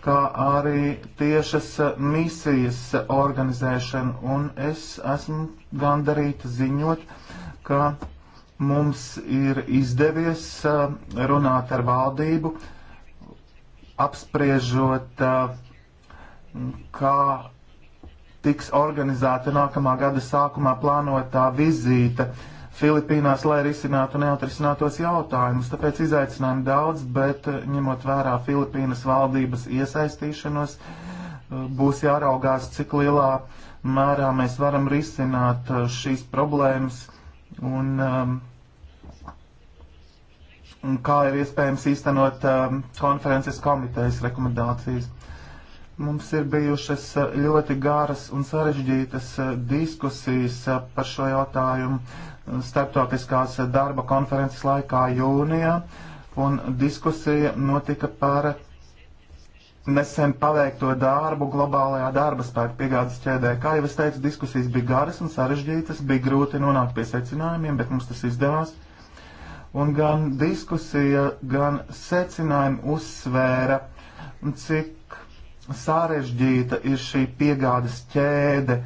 kā arī tiešas misijas organizēšanu. Un es esmu gandarīta ziņot, ka mums ir izdevies runāt ar valdību, apspriežot, kā tiks organizēta nākamā gada sākumā plānotā vizīte Filipīnās, lai risinātu neatrisinātos jautājumus. Tāpēc izaicinājumi daudz, bet eh, ņemot vērā Filipīnas valdības iesaistīšanos, eh, būs jāraugās, cik lielā mērā mēs varam risināt eh, šīs problēmas un um, kā ir iespējams īstenot um, konferences komitejas rekomendācijas. Mums ir bijušas eh, ļoti gāras un sarežģītas eh, diskusijas eh, par šo jautājumu starptautiskās darba konferences laikā jūnijā, un diskusija notika par nesen paveikto darbu globālajā darba spēka piegādes ķēdē. Kā jau es teicu, diskusijas bija garas un sarežģītas, bija grūti nonākt pie secinājumiem, bet mums tas izdevās. Un gan diskusija, gan secinājumi uzsvēra, cik sarežģīta ir šī piegādes ķēde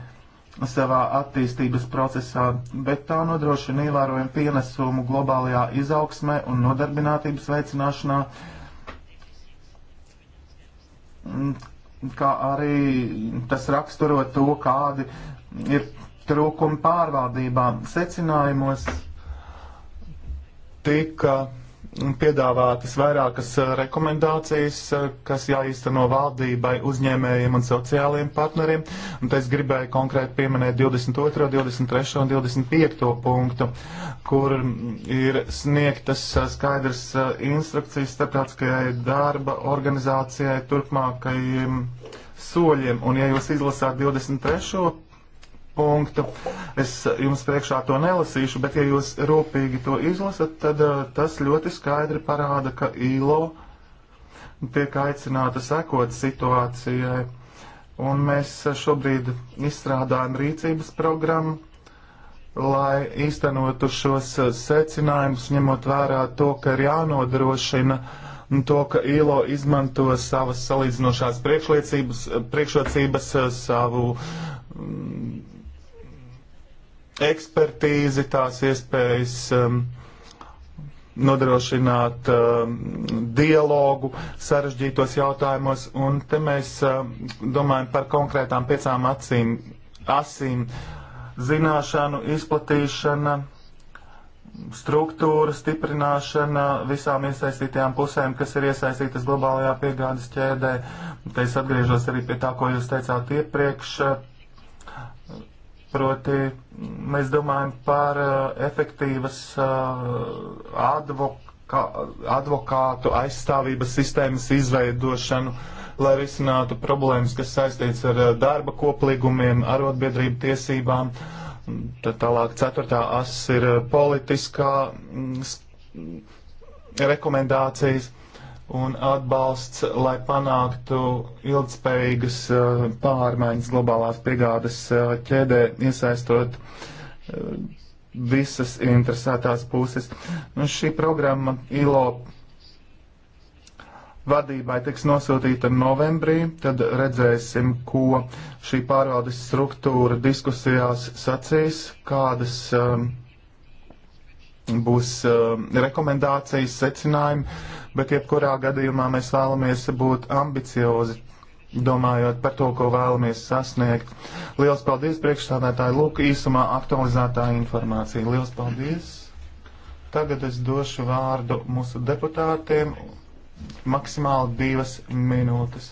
savā attīstības procesā, bet tā nodrošina ievērojumu pienesumu globālajā izaugsmē un nodarbinātības veicināšanā, kā arī tas raksturo to, kādi ir trūkumi pārvaldībā. Secinājumos tika piedāvātas vairākas eh, rekomendācijas, eh, kas jāīsteno valdībai, uzņēmējiem un sociālajiem partneriem. Un es gribēju konkrēti pieminēt 22., 23. un 25. punktu, kur ir sniegtas eh, skaidrs instrukcijas starptautiskajai darba organizācijai turpmākajiem soļiem. Un ja jūs izlasāt 23 punktu. Es jums priekšā to nelasīšu, bet ja jūs rūpīgi to izlasat, tad uh, tas ļoti skaidri parāda, ka ILO tiek aicināta sekot situācijai. Un mēs uh, šobrīd izstrādājam rīcības programmu, lai īstenotu šos uh, secinājumus, ņemot vērā to, ka ir jānodrošina to, ka ILO izmanto savas salīdzinošās priekšrocības, uh, savu mm, ekspertīzi, tās iespējas um, nodrošināt um, dialogu sarežģītos jautājumos, un te mēs um, domājam par konkrētām piecām acīm, asīm - zināšanu izplatīšana, struktūra stiprināšana visām iesaistītajām pusēm, kas ir iesaistītas globālajā piegādes ķēdē. Te es atgriežos arī pie tā, ko jūs teicāt iepriekš Proti mēs domājam par uh, efektīvas uh, advoka, advokātu aizstāvības sistēmas izveidošanu, lai risinātu problēmas, kas saistīts ar uh, darba koplīgumiem, arotbiedrību tiesībām. Tad tālāk ceturtā as ir politiskā mm, rekomendācijas un atbalsts, lai panāktu ilgspējīgas uh, pārmaiņas globālās piegādes uh, ķēdē, iesaistot uh, visas interesētās puses. Nu, šī programma ILO vadībai tiks nosūtīta novembrī, tad redzēsim, ko šī pārvaldes struktūra diskusijās sacīs, kādas um, būs uh, rekomendācijas, secinājumi, bet jebkurā gadījumā mēs vēlamies būt ambiciozi, domājot par to, ko vēlamies sasniegt. Lielas paldies priekšstādātāji, lūk īsumā aktualizētā informācija. Lielas paldies! Tagad es došu vārdu mūsu deputātiem maksimāli divas minūtes.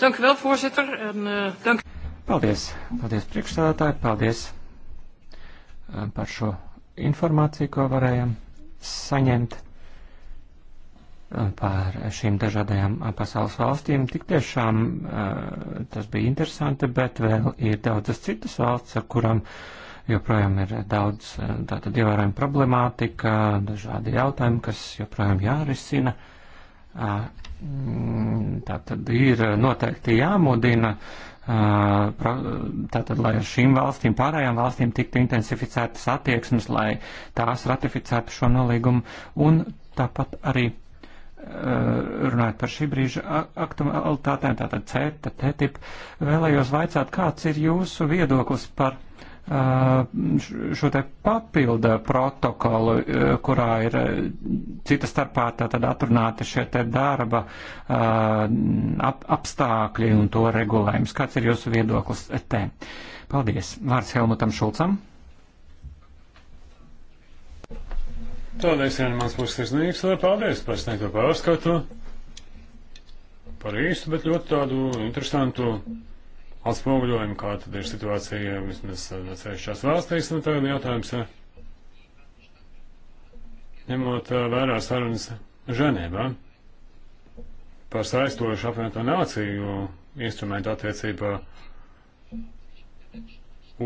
Dank u wel, voorzitter. En, uh, dank... Paldies, paldies priekšstādātāji, paldies eh, par šo informāciju, ko varējām saņemt eh, par šīm dažādajām eh, pasaules valstīm. Tik tiešām tas bija interesanti, bet vēl ir daudzas citas valsts, ar kurām joprojām ir daudz tātad ievērojama problemātika, dažādi jautājumi, kas joprojām jārisina. Mm, tātad ir noteikti jāmudina uh, tātad, lai ar šīm valstīm, pārējām valstīm tiktu intensificētas attieksmes, lai tās ratificētu šo nolīgumu, un tāpat arī runājot par šī brīža aktualitātēm, tātad CETA, TTIP, vēlējos vaicāt, kāds ir jūsu viedoklis par šo te papildu protokolu, e, kurā ir e, cita starpā tātad atrunāti šie te darba e, ap, apstākļi un to regulējums. Kāds ir jūsu viedoklis te? Paldies. Vārds Helmutam Šulcam. Tādēļ ir mans pussirdnieks, lai paldies par sniegto pārskatu par īstu, bet ļoti tādu interesantu atspoguļojumu, kā tad ir situācija vismaz eh, atsevišķās valstīs, un nu, tagad jautājums, eh, ņemot eh, vērā sarunas Ženēvā par saistošu apvienoto nāciju instrumentu attiecībā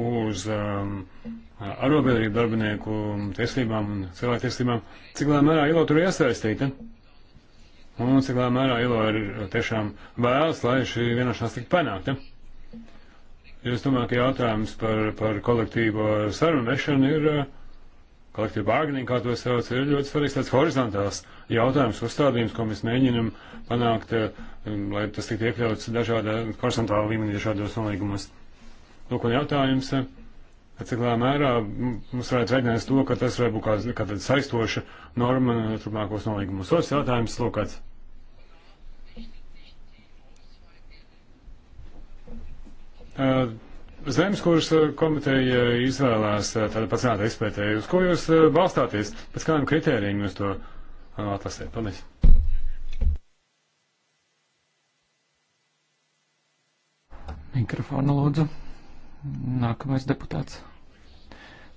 uz um, ehm, arobiedrību darbinieku tiesībām un cilvēktiesībām, cik lielā mērā ILO tur iesaistīta un cik lielā mērā ILO ir tiešām vēlas, lai šī vienošanās tiktu panākta. Ja? Es domāju, ka jautājums par, par kolektīvo sarunu vešanu ir, eh, kolektīvu bārgaining, kā to sauc, ir ļoti svarīgs tāds horizontāls jautājums, uzstādījums, ko mēs mēģinam panākt, eh, lai tas tiktu iekļauts dažādā horizontāla līmenī dažādos nolīgumos. Lūk, un jautājums, eh, cik lielā mērā mums varētu veicināt to, ka tas varētu būt kāda saistoša norma turpmākos nolīgumus. Otrs jautājums, lūk, kāds. Zemes, kuras komiteja izvēlās tāda pacināta izpētē, uz ko jūs balstāties? Pēc kādiem kritērijiem jūs to atlasēt? Paldies! Mikrofonu lūdzu. Nākamais deputāts.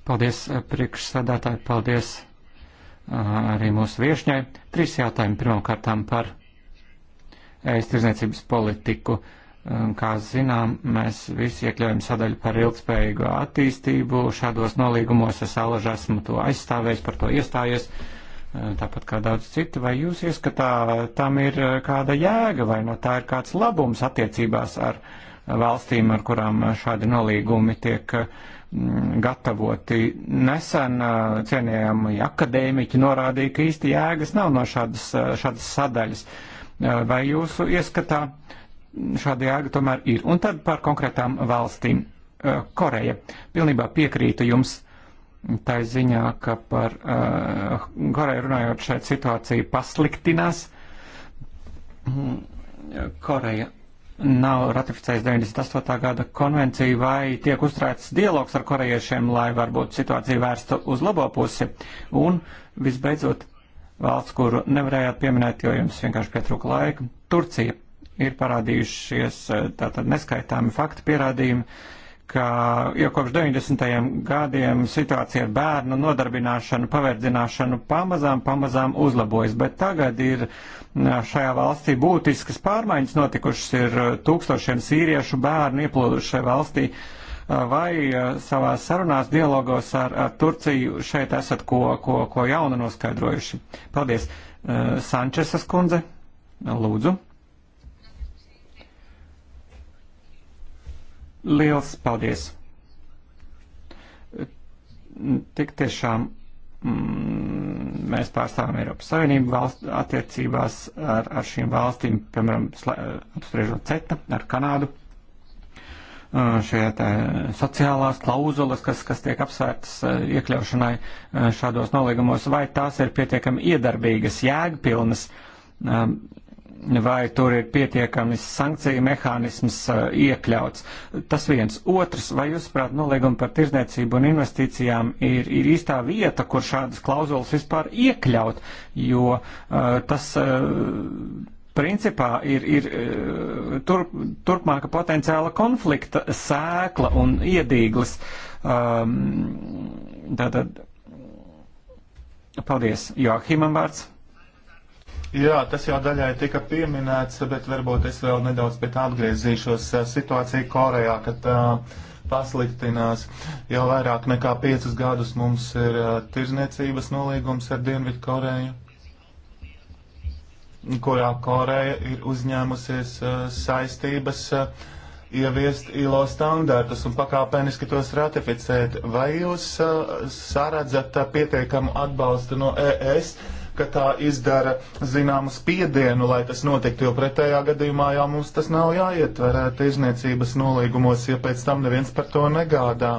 Paldies priekšsādātāji, paldies arī mūsu viešņai. Trīs jautājumi pirmkārtām par ēst tirzniecības politiku. Uh, Kā zinām, mēs visi iekļaujam sadaļu par ilgspējīgu attīstību. Šādos nolīgumos es alaži esmu to aizstāvējis, par to iestājies, tāpat kā daudz citi. Vai jūs ieskatā tam ir kāda jēga vai no tā ir kāds labums attiecībās ar valstīm, ar kurām šādi nolīgumi tiek mm, gatavoti? Nesen uh, cienījami akadēmiķi norādīja, ka īsti jēgas nav no šādas, uh, šādas sadaļas. Uh, vai jūsu ieskatā? šāda jēga tomēr ir. Un tad par konkrētām valstīm. Eh, Koreja. Pilnībā piekrītu jums tā ziņā, ka par eh, Koreju runājot šeit situācija pasliktinās. Koreja nav ratificējis 98. gada konvenciju vai tiek uzturēts dialogs ar korejiešiem, lai varbūt situācija vērsta uz labo pusi. Un visbeidzot, valsts, kuru nevarējāt pieminēt, jo jums vienkārši pietrūka laika - Turcija ir parādījušies eh, tātad neskaitāmi faktu pierādījumi, ka jau kopš 90. gadiem situācija ar bērnu nodarbināšanu, paverdzināšanu pamazām, pamazām uzlabojas, bet tagad ir eh, šajā valstī būtiskas pārmaiņas notikušas, ir eh, tūkstošiem sīriešu bērnu ieplūduši šajā valstī. Vai savā sarunās, dialogos ar, ar Turciju šeit esat ko, ko, ko jaunu noskaidrojuši? Paldies. Sančesas kundze, lūdzu. Liels paldies! Tik tiešām mm, mēs pārstāvam Eiropas Savienību valst, attiecībās ar, ar šīm valstīm, piemēram, apspriežot CETA ar Kanādu. Šie sociālās klauzulas, kas, kas tiek apsvērtas iekļaušanai šādos nolīgumos, vai tās ir pietiekami iedarbīgas, jēgpilnas, vai tur ir pietiekami sankciju mehānisms uh, iekļauts. Tas viens. Otrs, vai jūs, prāt, nolīguma par tirzniecību un investīcijām ir, ir īstā vieta, kur šādas klauzulas vispār iekļaut, jo uh, tas uh, principā ir, ir tur, turpmāka potenciāla konflikta sēkla un iedīglis. Tātad, um, paldies, Joachimam vārds. Jā, tas jau daļai tika pieminēts, bet varbūt es vēl nedaudz pie tā atgriezīšos. Situācija Korejā, kad tā pasliktinās, jau vairāk nekā piecus gadus mums ir tirzniecības nolīgums ar Dienvidu Koreju kurā Koreja ir uzņēmusies uh, saistības uh, ieviest ILO standartus un pakāpeniski tos ratificēt. Vai jūs uh, saredzat pietiekamu atbalstu no ES, ka tā izdara zināmu spiedienu, lai tas notiktu, jo pretējā gadījumā jau mums tas nav jāietver tirzniecības nolīgumos, ja pēc tam neviens par to negādā.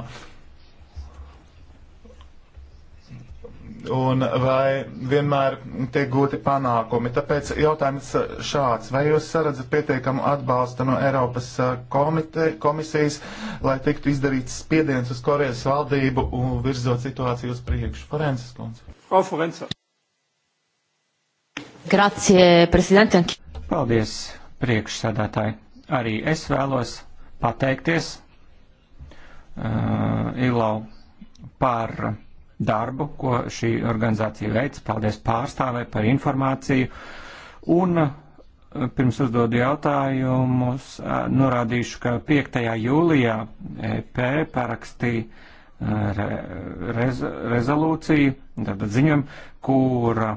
un vai vienmēr tiek gūti panākumi. Tāpēc jautājums šāds. Vai jūs saredzat pietiekamu atbalstu no Eiropas komite, komisijas, lai tiktu izdarīts spiediens uz Korejas valdību un virzot situāciju uz priekšu? Forenses kundze. Frau Forensa. Grazie, prezidente. Paldies, priekšsādātāji. Arī es vēlos pateikties uh, Ilau par darbu, ko šī organizācija veic. Paldies pārstāvē par informāciju. Un uh, pirms uzdodu jautājumus, uh, norādīšu, ka 5. jūlijā EP parakstīja rez, rezolūciju, tātad ziņojumu, kura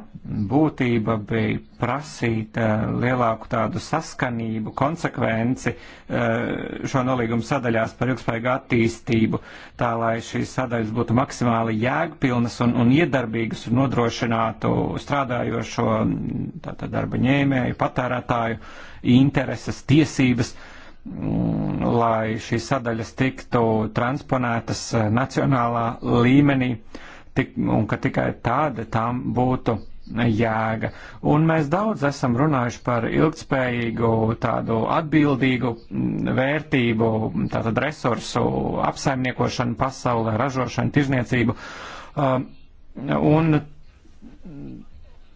būtība bija prasīt eh, lielāku tādu saskanību, konsekvenci eh, šo nolīgumu sadaļās par ilgspējīgu attīstību, tā lai šīs sadaļas būtu maksimāli jēgpilnas un, un iedarbīgas un nodrošinātu strādājošo tātad darba ņēmēju, patērētāju intereses, tiesības. Uh, Mm, lai šīs sadaļas tiktu transponētas eh, nacionālā līmenī, tik, un ka tikai tāda tām būtu jēga. Un mēs daudz esam runājuši par ilgspējīgu, tādu atbildīgu mm, vērtību, tātad resursu apsaimniekošanu pasaulē, ražošanu, tirzniecību. Um, un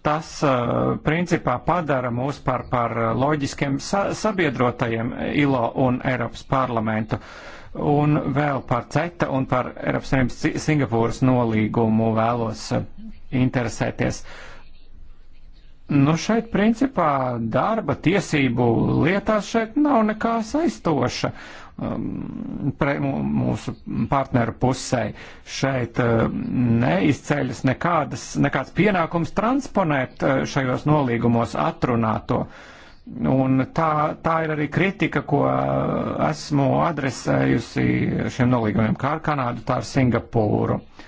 tas principā padara mūs par, par loģiskiem sa sabiedrotajiem ILO un Eiropas parlamentu. Un vēl par CETA un par Eiropas Savienības Singapūras nolīgumu vēlos interesēties. Nu, šeit principā darba tiesību lietās šeit nav nekā saistoša. Um, mūsu partneru pusē. Šeit uh, neizceļas nekādas, nekāds pienākums transponēt uh, šajos nolīgumos atrunāto. Un tā, tā ir arī kritika, ko uh, esmu adresējusi šiem nolīgumiem kā ar Kanādu, tā ar Singapūru. Uh,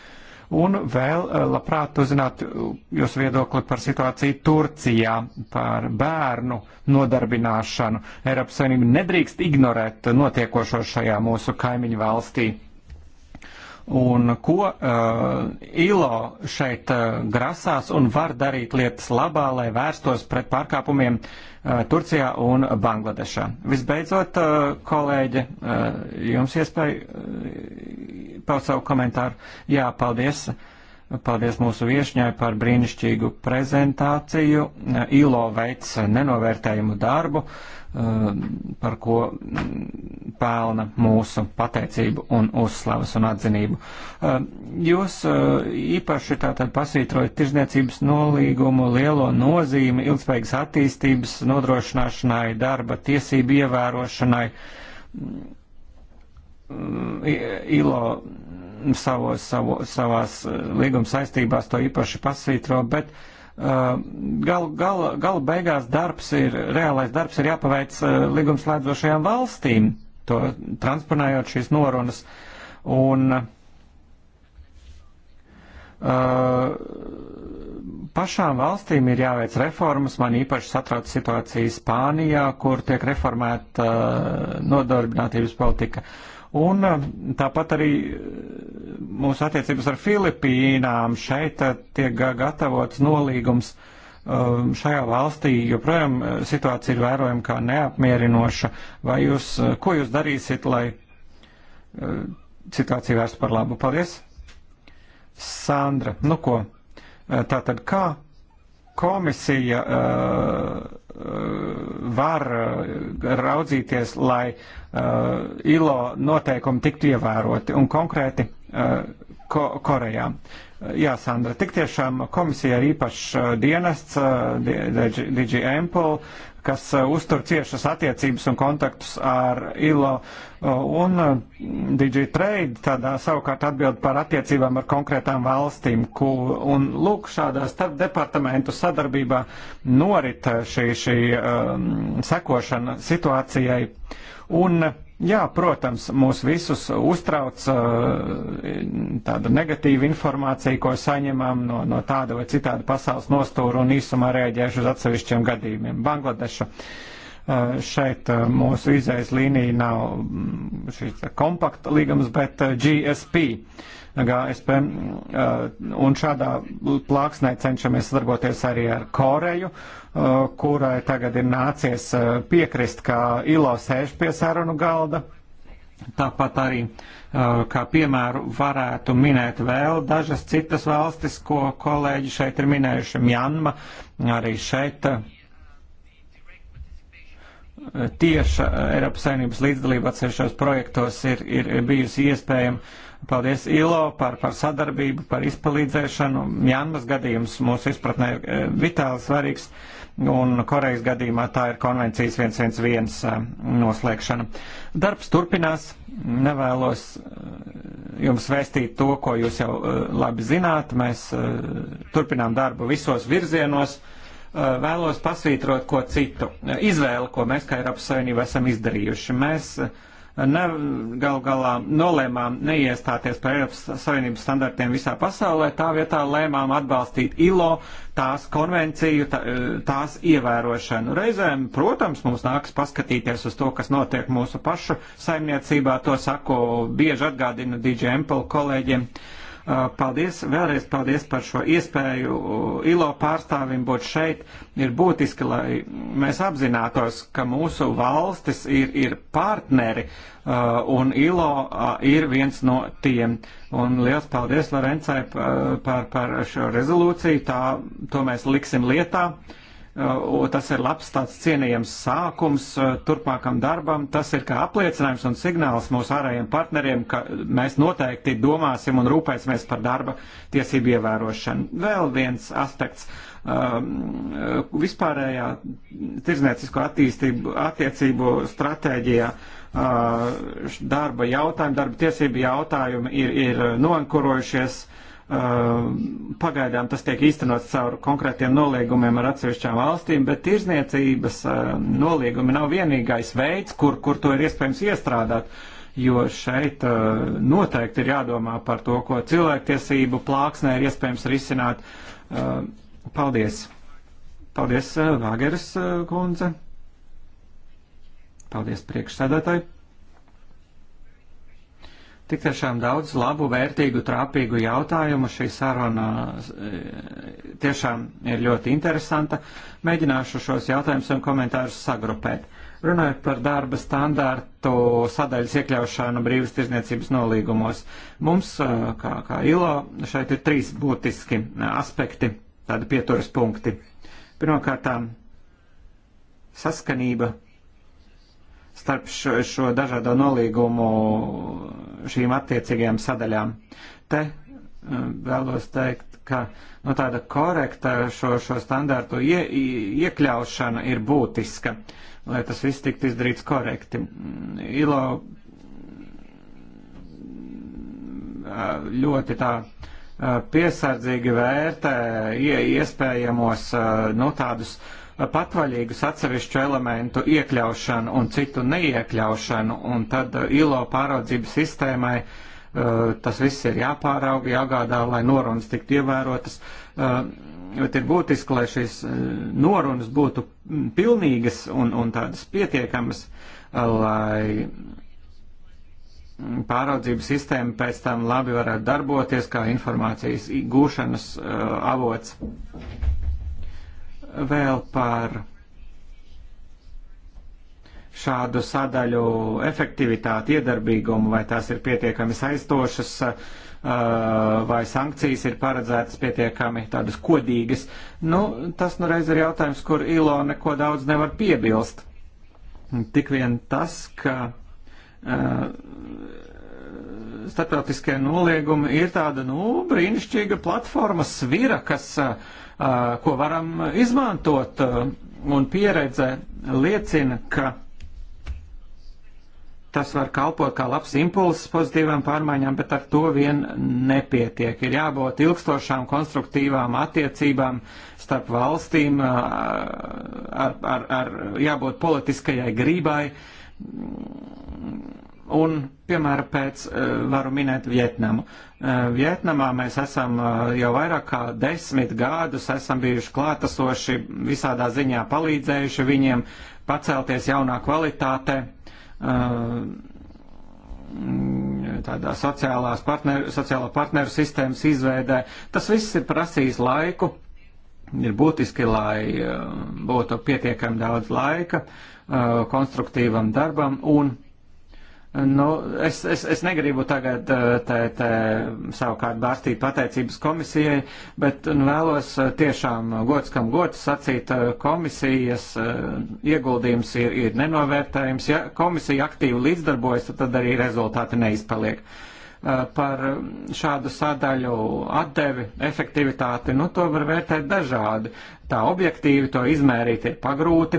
Un vēl eh, labprāt uzzināt eh, jūsu viedokli par situāciju Turcijā, par bērnu nodarbināšanu. Eiropas Savienība nedrīkst ignorēt notiekošo šajā mūsu kaimiņu valstī un ko uh, ILO šeit uh, grasās un var darīt lietas labā, lai vērstos pret pārkāpumiem uh, Turcijā un Bangladešā. Visbeidzot, uh, kolēģi, uh, jums iespēja uh, paust savu komentāru. Jā, paldies. Paldies mūsu viešņai par brīnišķīgu prezentāciju. Uh, ILO veids nenovērtējumu darbu. Uh, Eh, par ko pelna mūsu pateicību un uzslavas un atzinību. Eh, jūs eh, īpaši tātad pasvītrojat tirzniecības nolīgumu lielo nozīmi ilgspējīgas attīstības nodrošināšanai, darba tiesību ievērošanai. Mm, ILO savos, savos, savās līguma saistībās to īpaši pasvītro, bet uh, Galu uh, gal, gal beigās darbs ir, reālais darbs ir jāpaveic uh, līgumslēdzošajām valstīm, to transponējot šīs norunas. Un, uh, pašām valstīm ir jāveic reformas. Man īpaši satrauc situācija Spānijā, kur tiek reformēta nodarbinātības politika. Uh, Un eh, tāpat arī eh, mūsu attiecības ar Filipīnām šeit eh, tiek gatavots nolīgums šajā valstī joprojām situācija ir vērojama kā neapmierinoša. Vai jūs, ko jūs darīsiet, lai situācija vērstu par labu? Paldies! Sandra, nu ko, tātad kā komisija uh, var eh, raudzīties, lai uh, ILO noteikumi tiktu ievēroti un konkrēti uh, ko Korejā. Jā, Sandra, tik tiešām komisija ir īpašs dienests, DG Ample, kas uh, uztur ciešas attiecības un kontaktus ar ILO uh, un uh, DigiTrade, tādā savukārt atbild par attiecībām ar konkrētām valstīm. Ku, un lūk, šādā starp departamentu sadarbībā norit šī, šī um, sekošana situācijai. Un, uh, Jā, protams, mūs visus uztrauc uh, tāda negatīva informācija, ko saņemam no, no tāda vai citāda pasaules nostūra un īsumā rēģēšu uz atsevišķiem gadījumiem. Bangladeša uh, šeit uh, mūsu izējas līnija nav mm, šī kompakta līgums, bet GSP GSP. Uh, un šādā plāksnē cenšamies sadarboties arī ar Koreju, uh, kurai tagad ir nācies uh, piekrist, ka ILO sēž pie sarunu galda. Tāpat arī, kā piemēru, varētu minēt vēl dažas citas valstis, ko kolēģi šeit ir minējuši, Mjanma, arī šeit tieša Eiropas saimnības līdzdalība atsevišķos projektos ir, ir bijusi iespējama Paldies ILO par, par sadarbību, par izpalīdzēšanu. Jānmas gadījums mūsu izpratnē ir e, vitāli svarīgs, un Korejas gadījumā tā ir konvencijas 111 e, noslēgšana. Darbs turpinās. Nevēlos e, jums vēstīt to, ko jūs jau labi zināt. Mēs turpinām darbu visos virzienos vēlos pasvītrot ko citu. Izvēle, ko mēs kā Eiropas Savienība esam izdarījuši. Mēs ne, gal galā nolēmām neiestāties par Eiropas Savienības standartiem visā pasaulē, tā vietā lēmām atbalstīt ILO, tās konvenciju, tā, e, tās ievērošanu. Reizēm, protams, mums nāks paskatīties uz to, kas notiek mūsu pašu saimniecībā, to saku bieži atgādinu DJ Empel kolēģiem. Uh, Uh, paldies, vēlreiz paldies par šo iespēju uh, ILO pārstāvim būt šeit. Ir būtiski, lai mēs apzinātos, ka mūsu valstis ir, ir partneri uh, un ILO ir viens no tiem. Un liels paldies Lorencai par, par šo rezolūciju, tā to mēs liksim lietā. Uh, Tas ir labs tāds cienījams sākums turpmākam darbam. Tas ir kā apliecinājums un signāls mūsu ārējiem partneriem, ka mēs noteikti domāsim un rūpēsimies par darba tiesību ievērošanu. Vēl viens aspekts vispārējā tirzniecīsko attīstību, attiecību stratēģijā darba jautājumi, darba tiesību jautājumi ir, ir noankurojušies. Uh, Ehm, pagaidām tas tiek īstenots caur konkrētiem noliegumiem ar atsevišķām valstīm, bet tirzniecības ehm, noliegumi nav vienīgais veids, kur, kur to ir iespējams iestrādāt, jo šeit ehm, noteikti ir jādomā par to, ko cilvēktiesību plāksnē ir iespējams risināt. Paldies! Paldies, Vāgeres kundze! Paldies priekšsēdētāji! Tik tiešām daudz labu, vērtīgu, trāpīgu jautājumu. Šī saruna e, tiešām ir ļoti interesanta. Mēģināšu šos jautājumus un komentārus sagrupēt. Runājot par darba standārtu sadaļas iekļaušanu brīvas tirzniecības nolīgumos, mums, e, kā, kā ILO, šeit ir trīs būtiski aspekti, tādi pieturas punkti. Pirmkārtām, saskanība starp šo, šo dažādo nolīgumu šīm attiecīgajām sadaļām. Te um, vēlos teikt, ka nu, tāda korekta šo, šo standārtu ie, iekļaušana ir būtiska, lai tas viss tiktu izdarīts korekti. ILO mm, ļoti tā uh, piesardzīgi vērtē iespējamos uh, nu, tādus uh, patvaļīgus atsevišķu elementu iekļaušanu un citu neiekļaušanu, un tad uh, ILO pāraudzības sistēmai uh, tas viss ir jāpārauga, jāgādā, lai norunas tiktu ievērotas. Uh, bet ir būtiski, lai šīs norunas būtu mm, pilnīgas un, un tādas pietiekamas, lai mm, pāraudzības sistēma pēc tam labi varētu darboties kā informācijas gūšanas avots. Vēl par šādu sadaļu efektivitāti, iedarbīgumu, vai tās ir pietiekami saistošas, uh, vai sankcijas ir paredzētas pietiekami tādas kodīgas. Nu, tas nu reiz ir jautājums, kur ILO neko daudz nevar piebilst. Tik vien tas, ka uh, starptautiskie noliegumi ir tāda, nu, brīnišķīga platforma svira, kas, ko varam izmantot, un pieredze liecina, ka tas var kalpot kā labs impulss pozitīvām pārmaiņām, bet ar to vien nepietiek. Ir jābūt ilgstošām, konstruktīvām attiecībām starp valstīm, ar, ar, ar jābūt politiskajai grībai Un, piemēram, pēc eh, varu minēt Vietnamu. Eh, Vietnamā mēs esam eh, jau vairāk kā desmit gadus, esam bijuši klātesoši, visādā ziņā palīdzējuši viņiem pacelties jaunā kvalitātē, tādā sociālās partneru, sociālā partneru sistēmas izveidē. Tas viss ir prasījis laiku, ir būtiski, lai būtu pietiekami daudz laika konstruktīvam darbam un Nu, es, es, es negribu tagad eh, te, te savukārt bārstīt pateicības komisijai, bet nu, vēlos eh, tiešām gods, kam gods sacīt, eh, komisijas ieguldījums ir, ir nenovērtējums. Ja komisija aktīvi līdzdarbojas, tad arī rezultāti neizpaliek par šādu sadaļu atdevi, efektivitāti, nu to var vērtēt dažādi. Tā objektīvi to izmērīt ir pagrūti.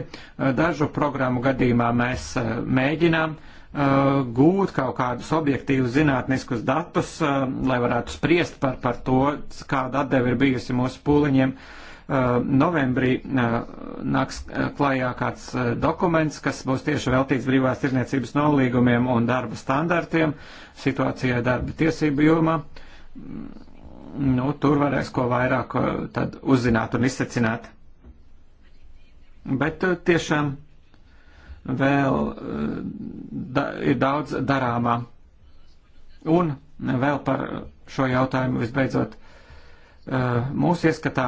Dažu programmu gadījumā mēs mēģinām Uh, gūt kaut kādus objektīvus zinātniskus datus, uh, lai varētu spriest par, par to, kāda atdeve ir bijusi mūsu pūliņiem. Uh, novembrī nāks klajā kāds dokuments, kas būs tieši veltīts brīvās tirniecības nolīgumiem un darba standartiem situācijai darba tiesību jomā nu, tur varēs ko vairāk uzzināt un izsecināt. Bet tiešām vēl eh, da, ir daudz darāmā. Un vēl par šo jautājumu visbeidzot. Eh, mūsu ieskatā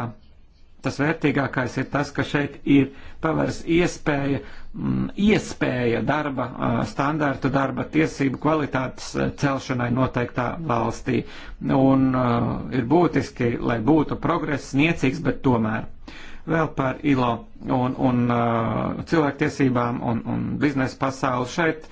tas vērtīgākais ir tas, ka šeit ir pavērs iespēja, mm, iespēja darba eh, standārtu, darba tiesību kvalitātes celšanai noteiktā valstī. Un ir būtiski, lai būtu progress niecīgs, bet tomēr. Vēl par ILO un, un uh, cilvēktiesībām un, un biznesa pasauli šeit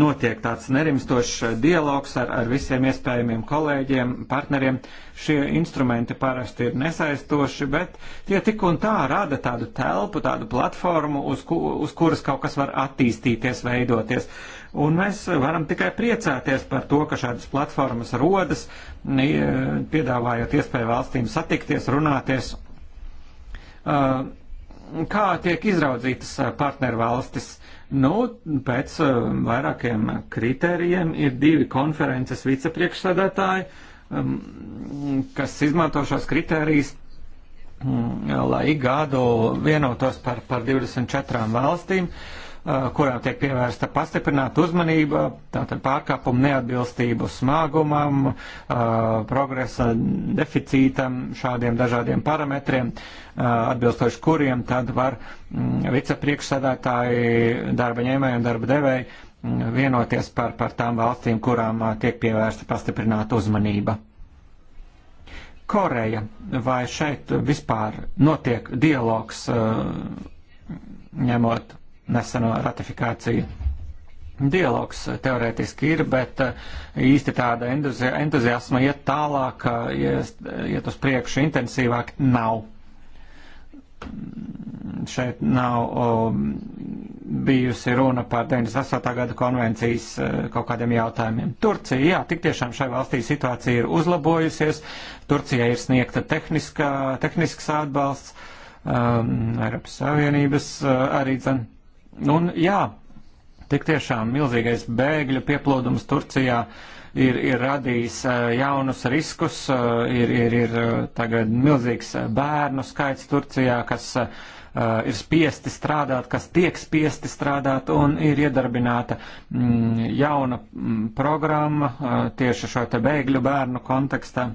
notiek tāds nerimstošs dialogs ar, ar visiem iespējamiem kolēģiem, partneriem. Šie instrumenti parasti ir nesaistoši, bet tie tik un tā rada tādu telpu, tādu platformu, uz, ku, uz kuras kaut kas var attīstīties, veidoties. Un mēs varam tikai priecāties par to, ka šādas platformas rodas, piedāvājot iespēju valstīm satikties, runāties Uh, kā tiek izraudzītas uh, partnervalstis? Nu, pēc uh, vairākiem kritērijiem ir divi konferences vicepriekšsēdētāji, um, kas izmanto šos kritērijus mm, lai gadu vienotos par, par 24 valstīm. Uh, Eh, kurām tiek pievērsta pastiprināta uzmanība, tātad pārkāpumu neatbilstību smagumam, eh, progresa deficītam, šādiem dažādiem parametriem, eh, atbilstoši kuriem tad var mm, vicepriekšsēdētāji, darba ņēmēji un darba devēji mm, vienoties par, par tām valstīm, kurām tiek pievērsta pastiprināta uzmanība. Koreja, vai šeit vispār notiek dialogs, ņemot neseno ratifikāciju. Dialogs teorētiski ir, bet eh, īsti tāda entuzi entuziasma iet tālāk, eh, iet, iet uz priekšu intensīvāk nav šeit nav o, um, bijusi runa par 98. gada konvencijas eh, kaut kādiem jautājumiem. Turcija, jā, tik tiešām šai valstī situācija ir uzlabojusies, Turcijai ir sniegta tehniska, tehnisks atbalsts, um, Eiropas Savienības uh, arī dzen. Un jā, tik tiešām milzīgais bēgļu pieplūdums Turcijā ir, ir radījis eh, jaunus riskus, eh, ir, ir, ir eh, tagad milzīgs bērnu skaits Turcijā, kas Uh, ir spiesti strādāt, kas tiek spiesti strādāt, un ir iedarbināta mm, jauna mm, programma uh, tieši šo te bēgļu bērnu kontekstā.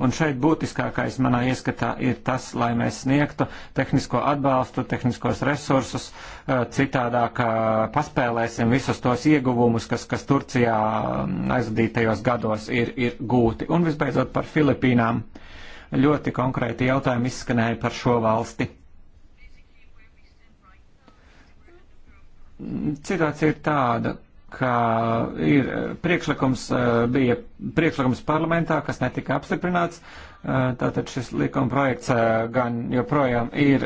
Un šeit būtiskākais manā ieskatā ir tas, lai mēs sniegtu tehnisko atbalstu, tehniskos resursus, uh, citādāk paspēlēsim visus tos ieguvumus, kas, kas Turcijā um, aizvadītajos gados ir, ir gūti. Un visbeidzot par Filipīnām. Ļoti konkrēti jautājumi izskanēja par šo valsti Situācija ir tāda, ka ir eh, priekšlikums, eh, bija priekšlikums parlamentā, kas netika apstiprināts. Eh, tātad šis likuma projekts gan joprojām ir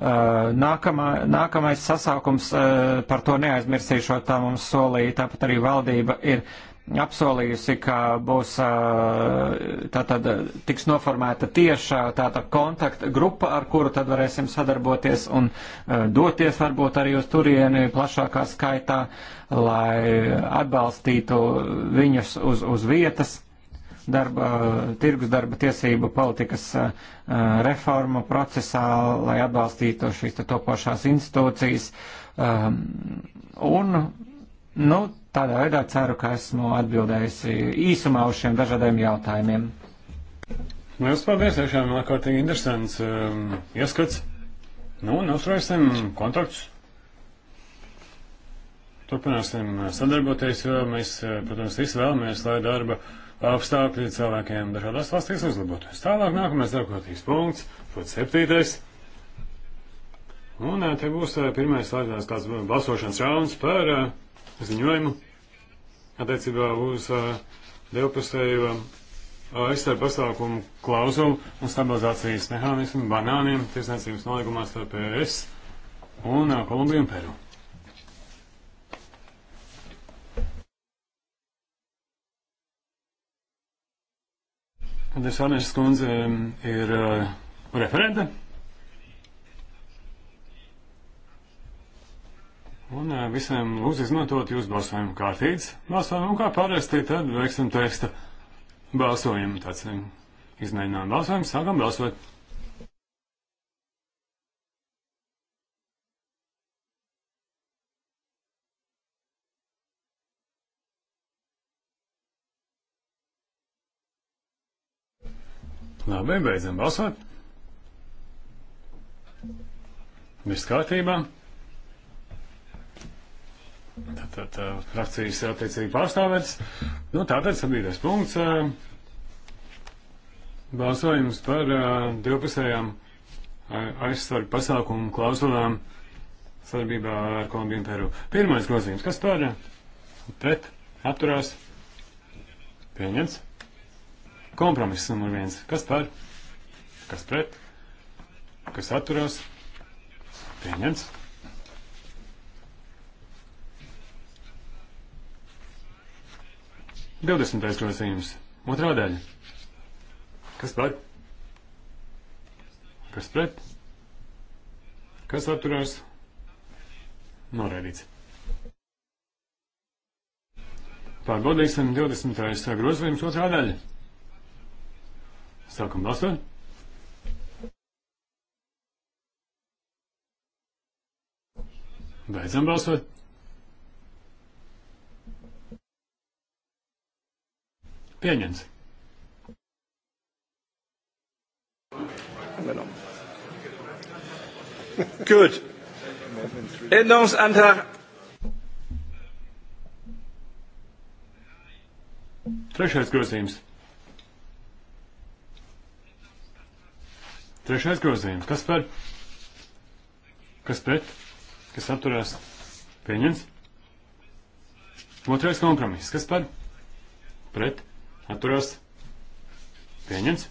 nākamā, nākamais sasaukums, par to neaizmirsīšot, tā mums solīja, tāpat arī valdība ir apsolījusi, ka būs tātad tiks noformēta tieša tāda kontakta grupa, ar kuru tad varēsim sadarboties un doties varbūt arī uz turieni plašākā skaitā, lai atbalstītu viņus uz, uz vietas darba, tirgus darba tiesību politikas reformu procesā, lai atbalstītu šīs topošās institūcijas. Un, nu, Tādā veidā ceru, ka esmu atbildējusi īsumā uz šiem dažādiem jautājumiem. Lielas paldies, tiešām ārkārtīgi interesants um, ieskats. Nu, un uzturēsim kontaktus. Turpināsim uh, sadarboties, jo mēs, uh, protams, visi vēlamies, lai darba apstākļi cilvēkiem dažādās valstīs uzlabotos. Tālāk nākamais darbkārtības punkts, protams, septītais. Un uh, te būs pirmais slēdzās kāds balsošanas rauns par uh, ziņojumu attiecībā uz uh, divpusēju uh, aizstāju pasākumu klauzulu un stabilizācijas mehānismu banāniem tiesniecības nolīgumā starp ES un uh, Kolumbiju un Peru. Andrēs Arnēšas kundze um, ir uh, referente Un visiem lūdzu izmantot jūsu balsojumu kārtītes. Balsojumu, un kā parasti, tad veiksim testa balsojumu. Tāds izmēģinām balsojumu, sākam balsot. Labi, beidzam balsot. Viss kārtībā. Tātad frakcijas ir attiecīgi pārstāvētas. Nu, tātad sabiedrēs punkts. Eh, balsojums par eh, divpusējām aizsvaru pasākumu klausulām sadarbībā ar Kolumbiju un Peru. Pirmais grozījums, kas par eh, pret atturās pieņems. Kompromiss numur viens, kas par, kas pret, kas atturās pieņems. 20. grozījums. Otrā daļa. Kas par? Kas pret? Kas atturās? Noraidīts. Pārbaudīsim 20. grozījums otrā daļa. Sākam balsot. Beidzam balsot. Pieņems. Gut. Änderungsantrag. Trešais grozījums. Trešais grozījums. Kas par? Kas pret? Kas atturās? Pieņems. Otrais kompromiss. Kas par? Pret? atturās pieņemts.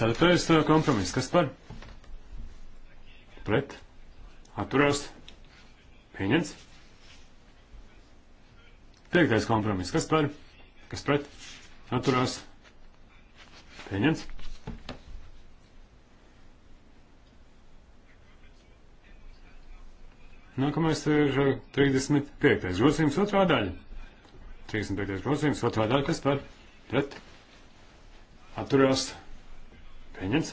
Ceturtais uh, kompromiss. Kas par? Pret. Atturās. Pieņemts. Piektais kompromiss. Kas par? Kas pret? Atturās. Pieņemts. Nākamais ir 35. Uh, grozījums otrā daļa. 35. grozījums otrā daļa, kas par pret atturās pieņems.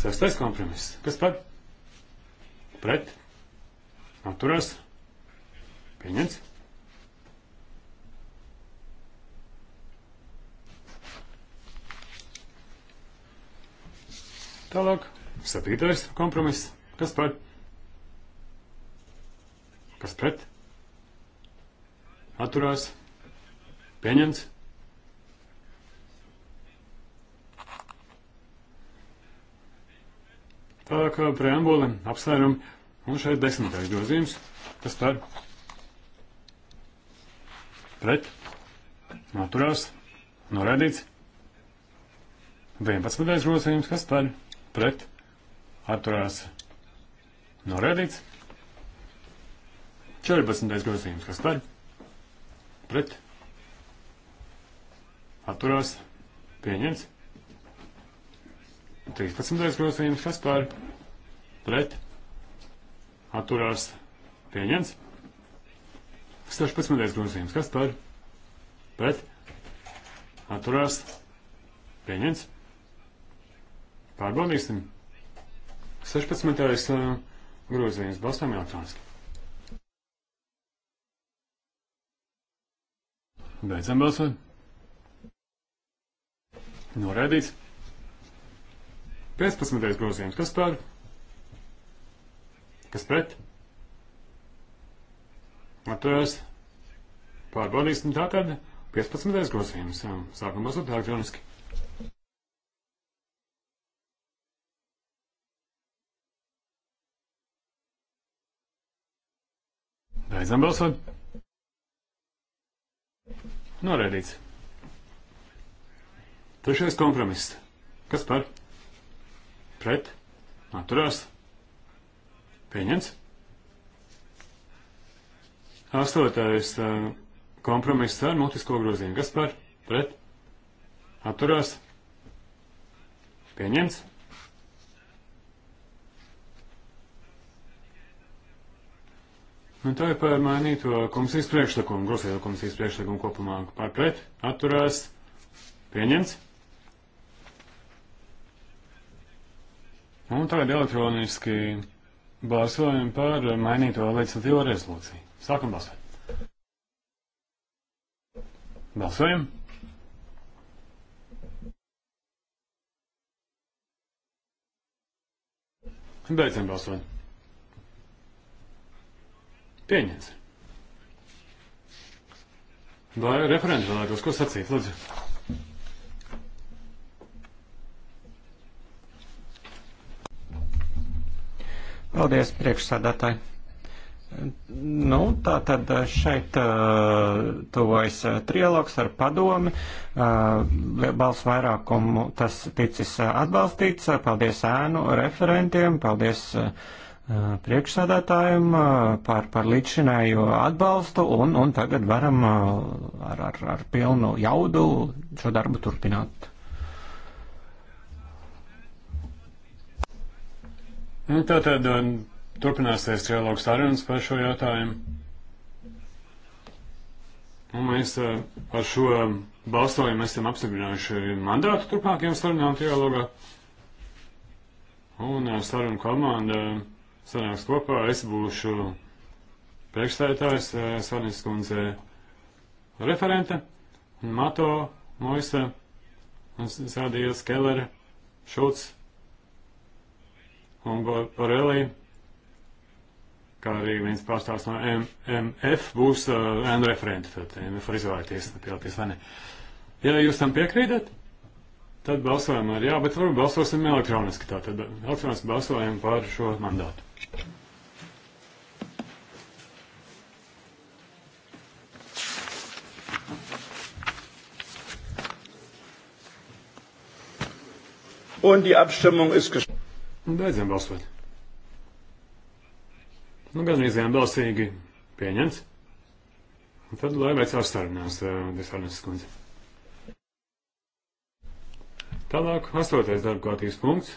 Sestais kompromiss. Kas par pret atturās pieņems. Tālāk, septītais kompromiss. Kas par? Kas pret? Atturās. Pieņemts. Tālāk uh, preambuli apsvērum. Un šeit desmitais grozījums. Kas par? Pret. Atturās. Norādīts. 11. grozījums. Kas par? Pret pret atturās norēdīts. 14. grozījums, kas par pret atturās pieņemts. 13. grozījums, kas par pret atturās pieņemts. 16. grozījums, kas par pret atturās pieņemts. Pārbaudīsim. 16. Uh, grozījums. Balsām elektroniski. Beidzam balsot. Noraidīts. 15. grozījums. Kas par? Kas pret? Atvērs. Pārbaudīsim tātad 15. grozījums. Sākam balsot elektroniski. Beidzam balsot. Noraidīts. Trešais kompromiss. Kas par? Pret. Atturās. Pieņemts. Astotais eh, kompromiss ar mutisko grozījumu. Kas par? Pret. Atturās. Pieņemts. Un nu, tā ir par mainīto komisijas priekšlikumu, grozēto komisijas priekšlikumu kopumā. Par pret, atturās, pieņemts. Un tagad elektroniski balsojam par mainīto legislatīvo rezolūciju. Sākam balsot. Balsojam. Beidzam balsot. Pieņemts. Vai referenti vēlētos ko sacīt, lūdzu? Paldies, priekšsādātāji. Nu, tā tad eh, šeit uh, tuvojas uh, trialogs ar padomi. Uh, balsu vairākumu tas ticis atbalstīts. Paldies ēnu referentiem, paldies. Uh, Eh, priekšsādātājiem eh, par, par līdzšinējo atbalstu, un, un tagad varam eh, ar, ar, ar pilnu jaudu šo darbu turpināt. Nu, Tātad turpināsies trialogu sarunas par šo jautājumu. Un mēs ar šo balsojumu esam apstiprinājuši mandātu turpmākajām sarunām trialogā. Un sarunu komanda sanāks kopā. Es būšu priekšstādātājs, eh, Svarnis kundze referente, Mato, Moisa, Sādījās Kellere, Šulc un Borelī, kā arī viens pārstāvs no MF būs uh, N referenti, tad MF eh, nu, var izvēlēties, pielāties vai ne. Ja jūs tam piekrītat, tad balsojam ar jā, bet varbūt balsosim elektroniski, tātad elektroniski balsojam par šo mandātu. Un die Abstimmung ist geschlossen. Nu, beidzam balsot. Nu, gan vienzīmē balsīgi pieņemts. Un tad lai veic apstādinās eh, Desarnes kundze. Tālāk, astotais darba kārtības punkts.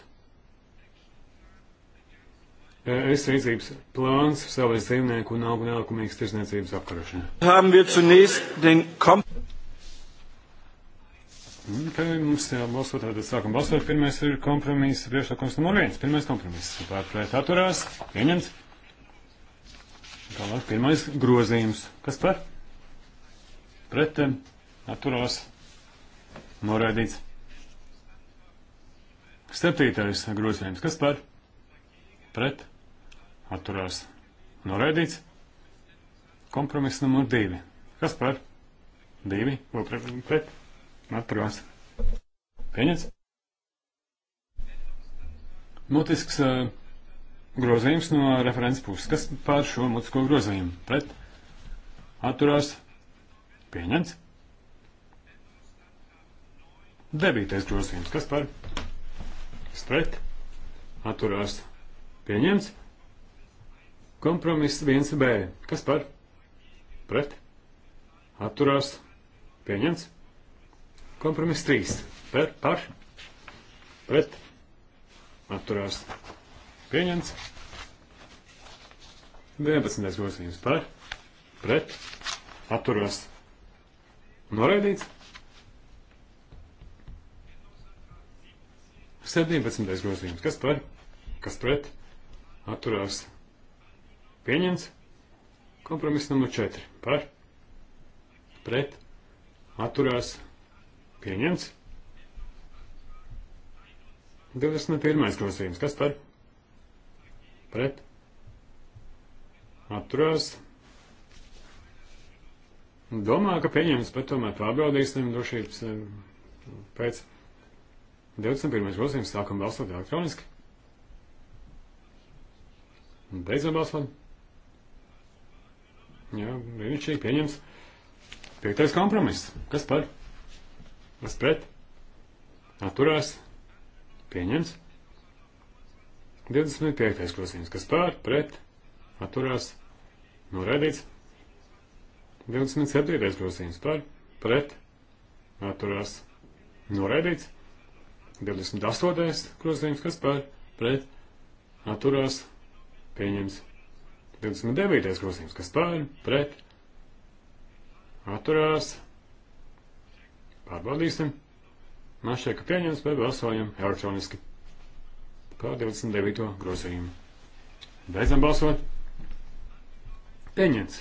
Eh, es rīcības plāns savai dzīvnieku un augu nelikumīgas tirsniecības apkarošanai. Te mm, mums jābalso, tātad sākam balsot. Pirmais ir kompromiss, priekšlikums numur viens. Pirmais kompromiss. Pārpret atturās. Pieņemts. Tālāk pirmais grozījums. Kas par? Pret eh, atturās. Noraidīts. Septītais grozījums. Kas par? pret atturās noraidīts. Kompromiss numur divi. Kas par? Divi, vēl pret, pret atturās. Pieņemts. Mutisks uh, grozījums no referents puses. Kas par šo mutisko grozījumu? Pret atturās. Pieņemts. Debītais grozījums. Kas par? Spret atturās. Pieņemts Pieņemts. Kompromiss 1B. Kas par? Pret. Atturās. Pieņemts. Kompromiss 3. Per, par. Pret. Atturās. Pieņemts. 11. grozījums par. Pret. Atturās. Noraidīts. 17. grozījums. Kas par? Kas pret? atturās pieņemts. Kompromiss numur 4 par pret atturās pieņemts. 21. grozījums. Kas par? Pret. Atturās. Domāju, ka pieņems, bet tomēr pārbaudīsim drošības eh, pēc 21. grozījums. Sākam balsot elektroniski. Beidzam balsot. Jā, brīnišķīgi pieņems. Piektais kompromiss. Kas par? Kas pret? Atturās. Pieņems. 25. grozījums. Kas par? Pret? Atturās. Noraidīts. 27. grozījums. Par? Pret? Atturās. Noraidīts. 28. grozījums. Kas par? Pret? Atturās pieņems 29. grozījums, kas pār, pret, atturās, pārbaudīsim. Man šķiet, ka pieņems, bet balsojam elektroniski par 29. grozījumu. Beidzam balsot. Pieņems.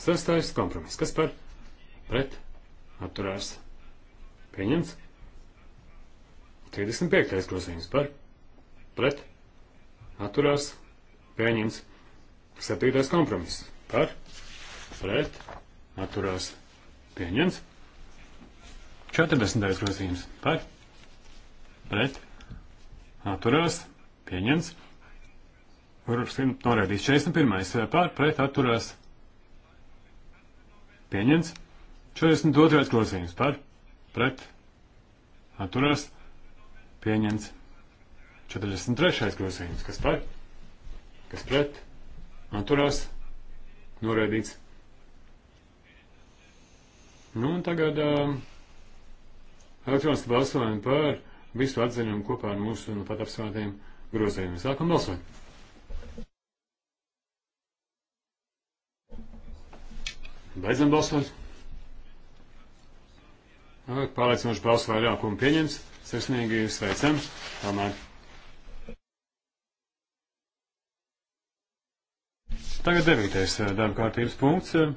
Sastais kompromiss, kas par, pret, atturās, pieņems. 35. grozījums par, pret, atturās, pieņems pieņemts. Septītais kompromiss par, pret, atturās, pieņemts. 40. grozījums par, pret, atturās, pieņemts. Norēdīts 41. par, pret, atturās, pieņemts. 42. grozījums par, pret, atturās, pieņemts. 43. grozījums, kas par, pret kas pret, atturās, noraidīts. Nu, un tagad uh, elektroniski balsojam par visu atzinumu kopā ar mūsu nu, pat apsvērtiem grozējumiem. Sākam balsot! Beidzam balsot! Pārliecinoši balsu vairākumu pieņems. Sirsnīgi sveicam! Tomēr! Tagad devītais eh, darba kārtības punkts. Eh.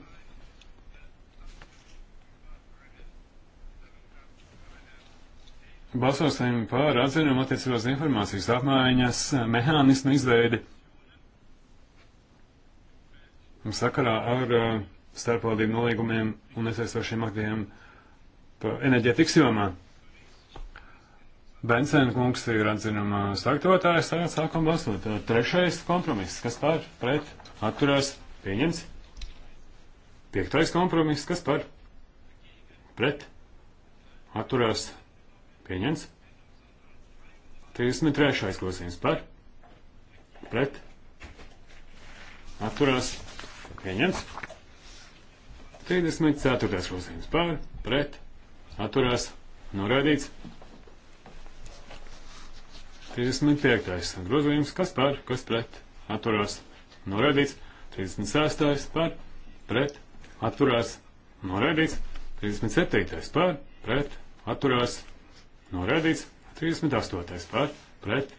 Balsosim par atzinumu attiecībās informācijas apmaiņas eh, mehānismu izveidi sakarā ar starpvaldību nolīgumiem un nesaistošiem aktiem enerģētikas jomā. Bensēna kungs ir atzinuma sagatavotājs, tagad sākam balsot. Trešais kompromiss, kas par, pret, atturās, pieņems. Piektais kompromiss, kas par, pret, atturās, pieņems. 33. klausījums par, pret, atturās, pieņems. 34. klausījums par, pret, atturās, norādīts. 35. grozījums, kas par, kas pret, atturās, noraidīts. 36. par, pret, atturās, noraidīts. 37. par, pret, atturās, noraidīts. 38. par, pret,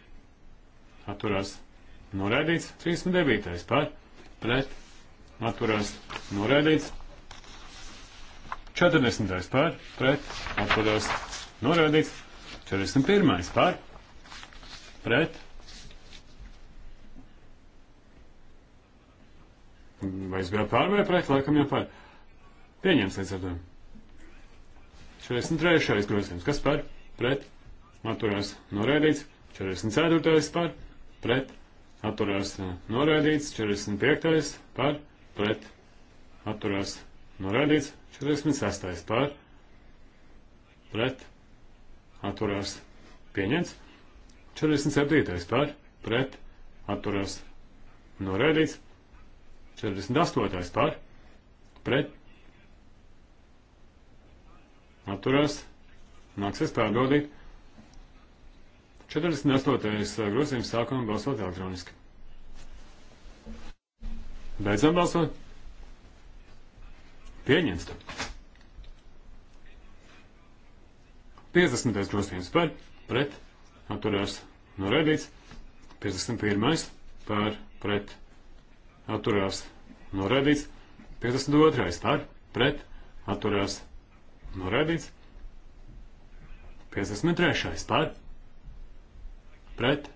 atturās, noraidīts. 39. par, pret, atturās, noraidīts. 40. par, pret, atturās, noraidīts. 41. par, pret. Vai es gribēju pār vai pret? Laikam jau pār. Pieņems līdz ar to. 43. grozījums. Kas par? Pret. Atturās noraidīts. 44. par. Pret. Atturās noraidīts. 45. par. Pret. Atturās noraidīts. 46. par. Pret. Atturās pieņemts. 47. par pret atturās norēdīts. 48. par pret atturās nāksies pārbaudīt. 48. grozījums sākam balsot elektroniski. Beidzam balsot. Pieņemts. 50. grozījums par pret atturās noraidīts, 51. par pret atturās noraidīts, 52. par pret atturās noraidīts, 53. par pret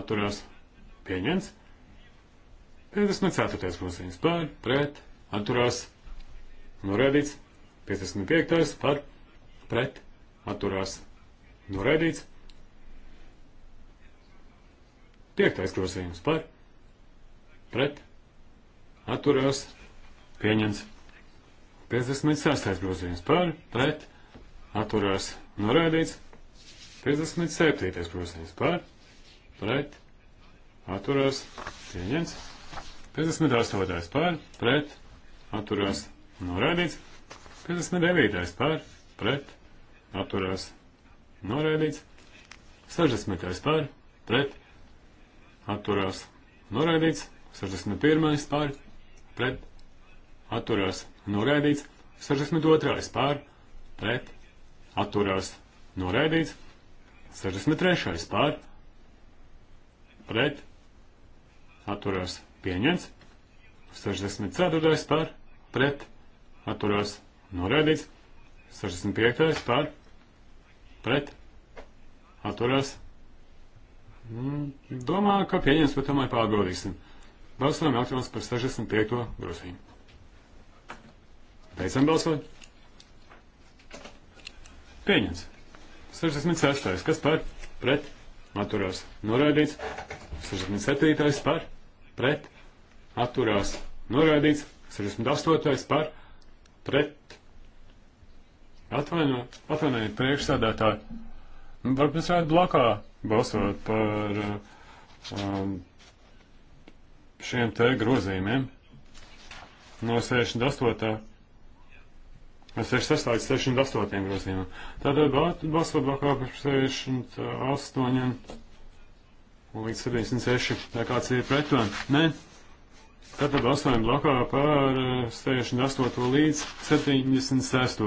atturās pieņemts, 54. grozījums par pret atturās noraidīts, 55. par pret atturās noraidīts, Piektais grozījums par pret atturās pieņems. 56. grozījums par pret atturās norādīts. 57. grozījums par pret atturās pieņems. 58. par pret atturās norādīts. 59. par pret atturās norādīts. 60. par pret atturās noraidīts, 61. pār, pret, atturās noraidīts, 62. pār, pret, atturās noraidīts, 63. pār, pret, atturās pieņemts, 64. pār, pret, atturās noraidīts, 65. pār, pret, atturās noraidīts. Nu, Domāju, ka pieņems, bet tomēr pārbaudīsim. Balsojam elektrons par 65. grozījumu. Beidzam balsot. Pieņems. 66. Kas par? Pret. Atturās. Noraidīts. 67. par. Pret. Atturās. Noraidīts. 68. par. Pret. Atvainojiet, atvainojiet priekšsādātāji. Nu, varbūt mēs varētu blakā balsot par um, šiem te grozījumiem no 68. No 66. līdz 68. grozījumam. Tātad balsot blakā par 68 līdz 76. Tā kāds ir pret to? Nē. Tātad balsojam blakā par 68. Uh, līdz 76.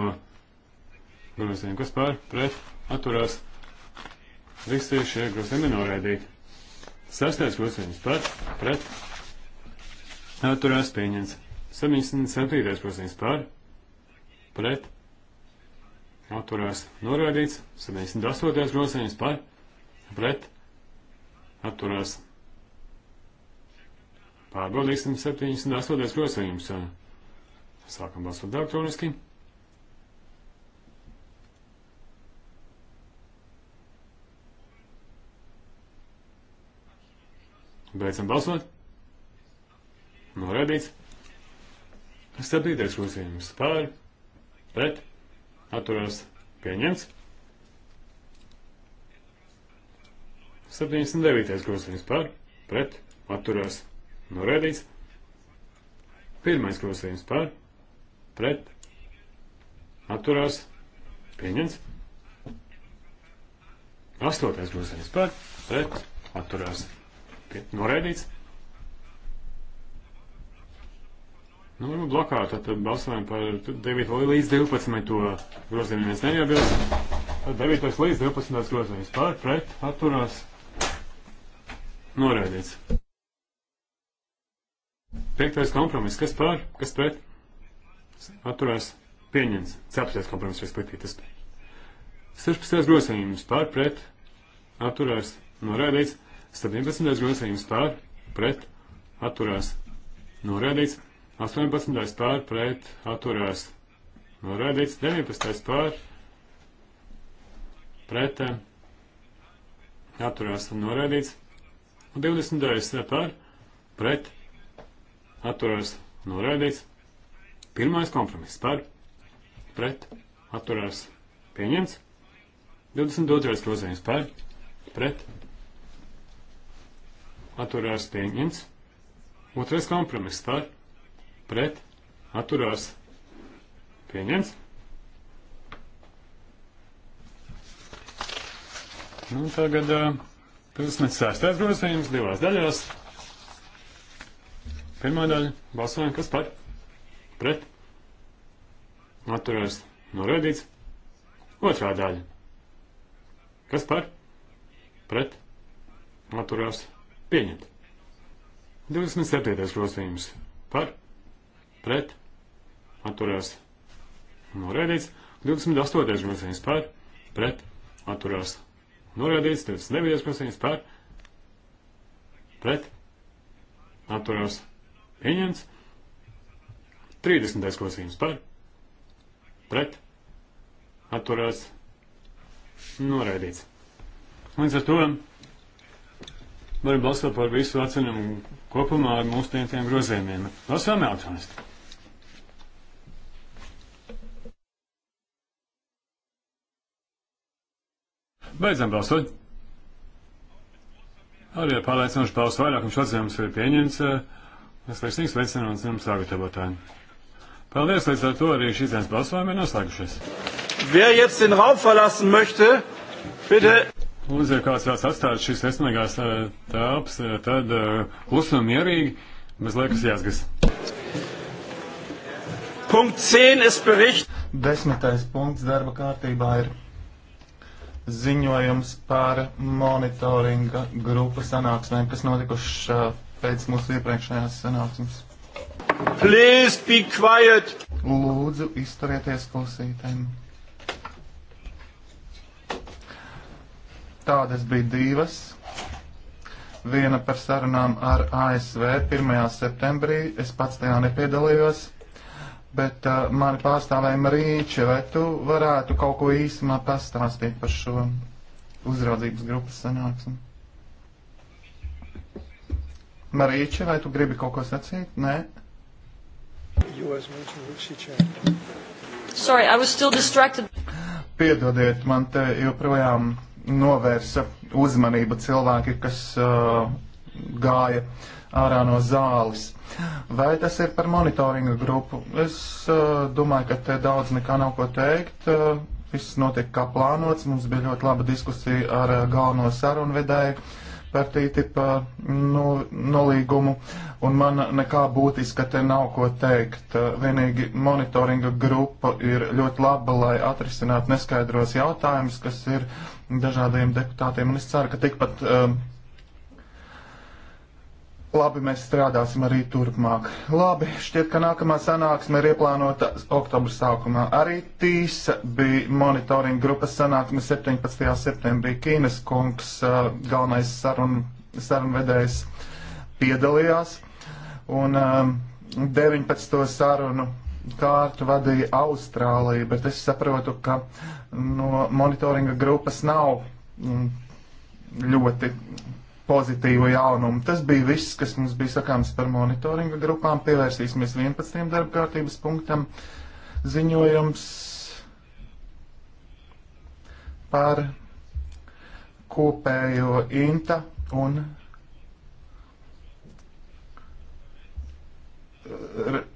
grozījumu. Kas par? Pret? Atturās. Visi šie grozījumi noraidīti. Sastais grozījums par, pret, atturās pieņemts. 77. grozījums par, pret, atturās noraidīts. 78. grozījums par, pret, atturās. Pārbaudīsim 78. grozījumus. Sākam balsot elektroniski. Beidzam balsot. Noraidīts. Septītais grozījums par, pret, atturās pieņemts. 79. grozījums par, pret, atturās noraidīts. Pirmais grozījums par, pret, atturās pieņemts. Astotais grozījums par, pret, atturās pieņemts noraidīts. Nu, varbūt blokā tad balsojam par 9 līdz 12 grozījumu. Mēs neiebilst. Tad 9 līdz 12 grozījums par, pret, atturās, noraidīts. Piektais kompromiss. Kas par, kas pret? Atturās, pieņems. Cepties kompromiss, respektīvi. Tas 16. grozījums par, pret, atturās, noraidīts. 17. grozījums pār, pret, atturās, norādīts. 18. pār, pret, atturās, norādīts. 19. pār, pret, atturās, norādīts. 20. pār, pret, atturās, norādīts. Pirmais kompromiss par, pret, atturās, pieņemts. 22. grozījums par, pret, atturās pieņemts. Otrais kompromiss par pret atturās pieņemts. Nu, tagad uh, 56. grozījums divās daļās. Pirmā daļa - balsojam, kas par pret atturās norādīts. Otrā daļa - kas par pret atturās norādīts Pieņemt. 27. grozījums par pret atturās norēdīts. 28. grozījums par pret atturās norēdīts. 29. grozījums par pret atturās pieņemts. 30. grozījums par pret atturās norēdīts. Līdz ar to varam balsot par visu atcenumu kopumā ar mūsu tiem grozējumiem. Balsojam elektroniski. Beidzam balsot. Arī ar pārliecinošu balsu vairākums atzīmes ir pieņemts. Es veiksmīgs veicinu un zinu sagatavotājiem. Paldies, līdz ar to arī šīs dienas balsojumi ir noslēgušies. Wer jetzt den Raum verlassen möchte, bitte. Ja. Un, ja kāds tās atstāja šīs esmīgās eh, tāps, eh, tad eh, klusi un mierīgi, bez liekas jāsgas. Punkt 10 ir bericht. Desmitais punkts darba kārtībā ir ziņojums par monitoringa grupu sanāksmēm, kas notikušas pēc mūsu iepriekšējās sanāksmes. Please be quiet! Lūdzu, izturieties klausītājiem. Tādas bija divas. Viena par sarunām ar ASV 1. septembrī. Es pats tajā nepiedalījos, bet uh, mani pārstāvēja Marīče, vai tu varētu kaut ko īsumā pastāstīt par šo uzraudzības grupas sanāksmi? Marīče, vai tu gribi kaut ko sacīt? Nē. Sorry, I was still distracted. Piedodiet, man te joprojām novērsa uzmanību cilvēki, kas uh, gāja ārā no zāles. Vai tas ir par monitoringu grupu? Es uh, domāju, ka te daudz nekā nav ko teikt. Uh, viss notiek kā plānots. Mums bija ļoti laba diskusija ar uh, galveno sarunvedēju par TTIP uh, nu, nolīgumu, un man nekā būtiska te nav ko teikt. Uh, vienīgi monitoringa grupa ir ļoti laba, lai atrisinātu neskaidros jautājumus, kas ir dažādiem deputātiem, un es ceru, ka tikpat um, labi mēs strādāsim arī turpmāk. Labi, šķiet, ka nākamā sanāksme ir ieplānota oktobra sākumā. Arī tīsa bija monitoringa grupas sanāksme 17. septembrī. Kīnes kungs, uh, galvenais sarun, sarunvedējs, piedalījās, un um, 19. sarunu kārtu vadīja Austrālija, bet es saprotu, ka no nu, monitoringa grupas nav mm, ļoti pozitīvu jaunumu. Tas bija viss, kas mums bija sakāms par monitoringa grupām. Pievērsīsimies 11. darbkārtības punktam. Ziņojums par kopējo INTA un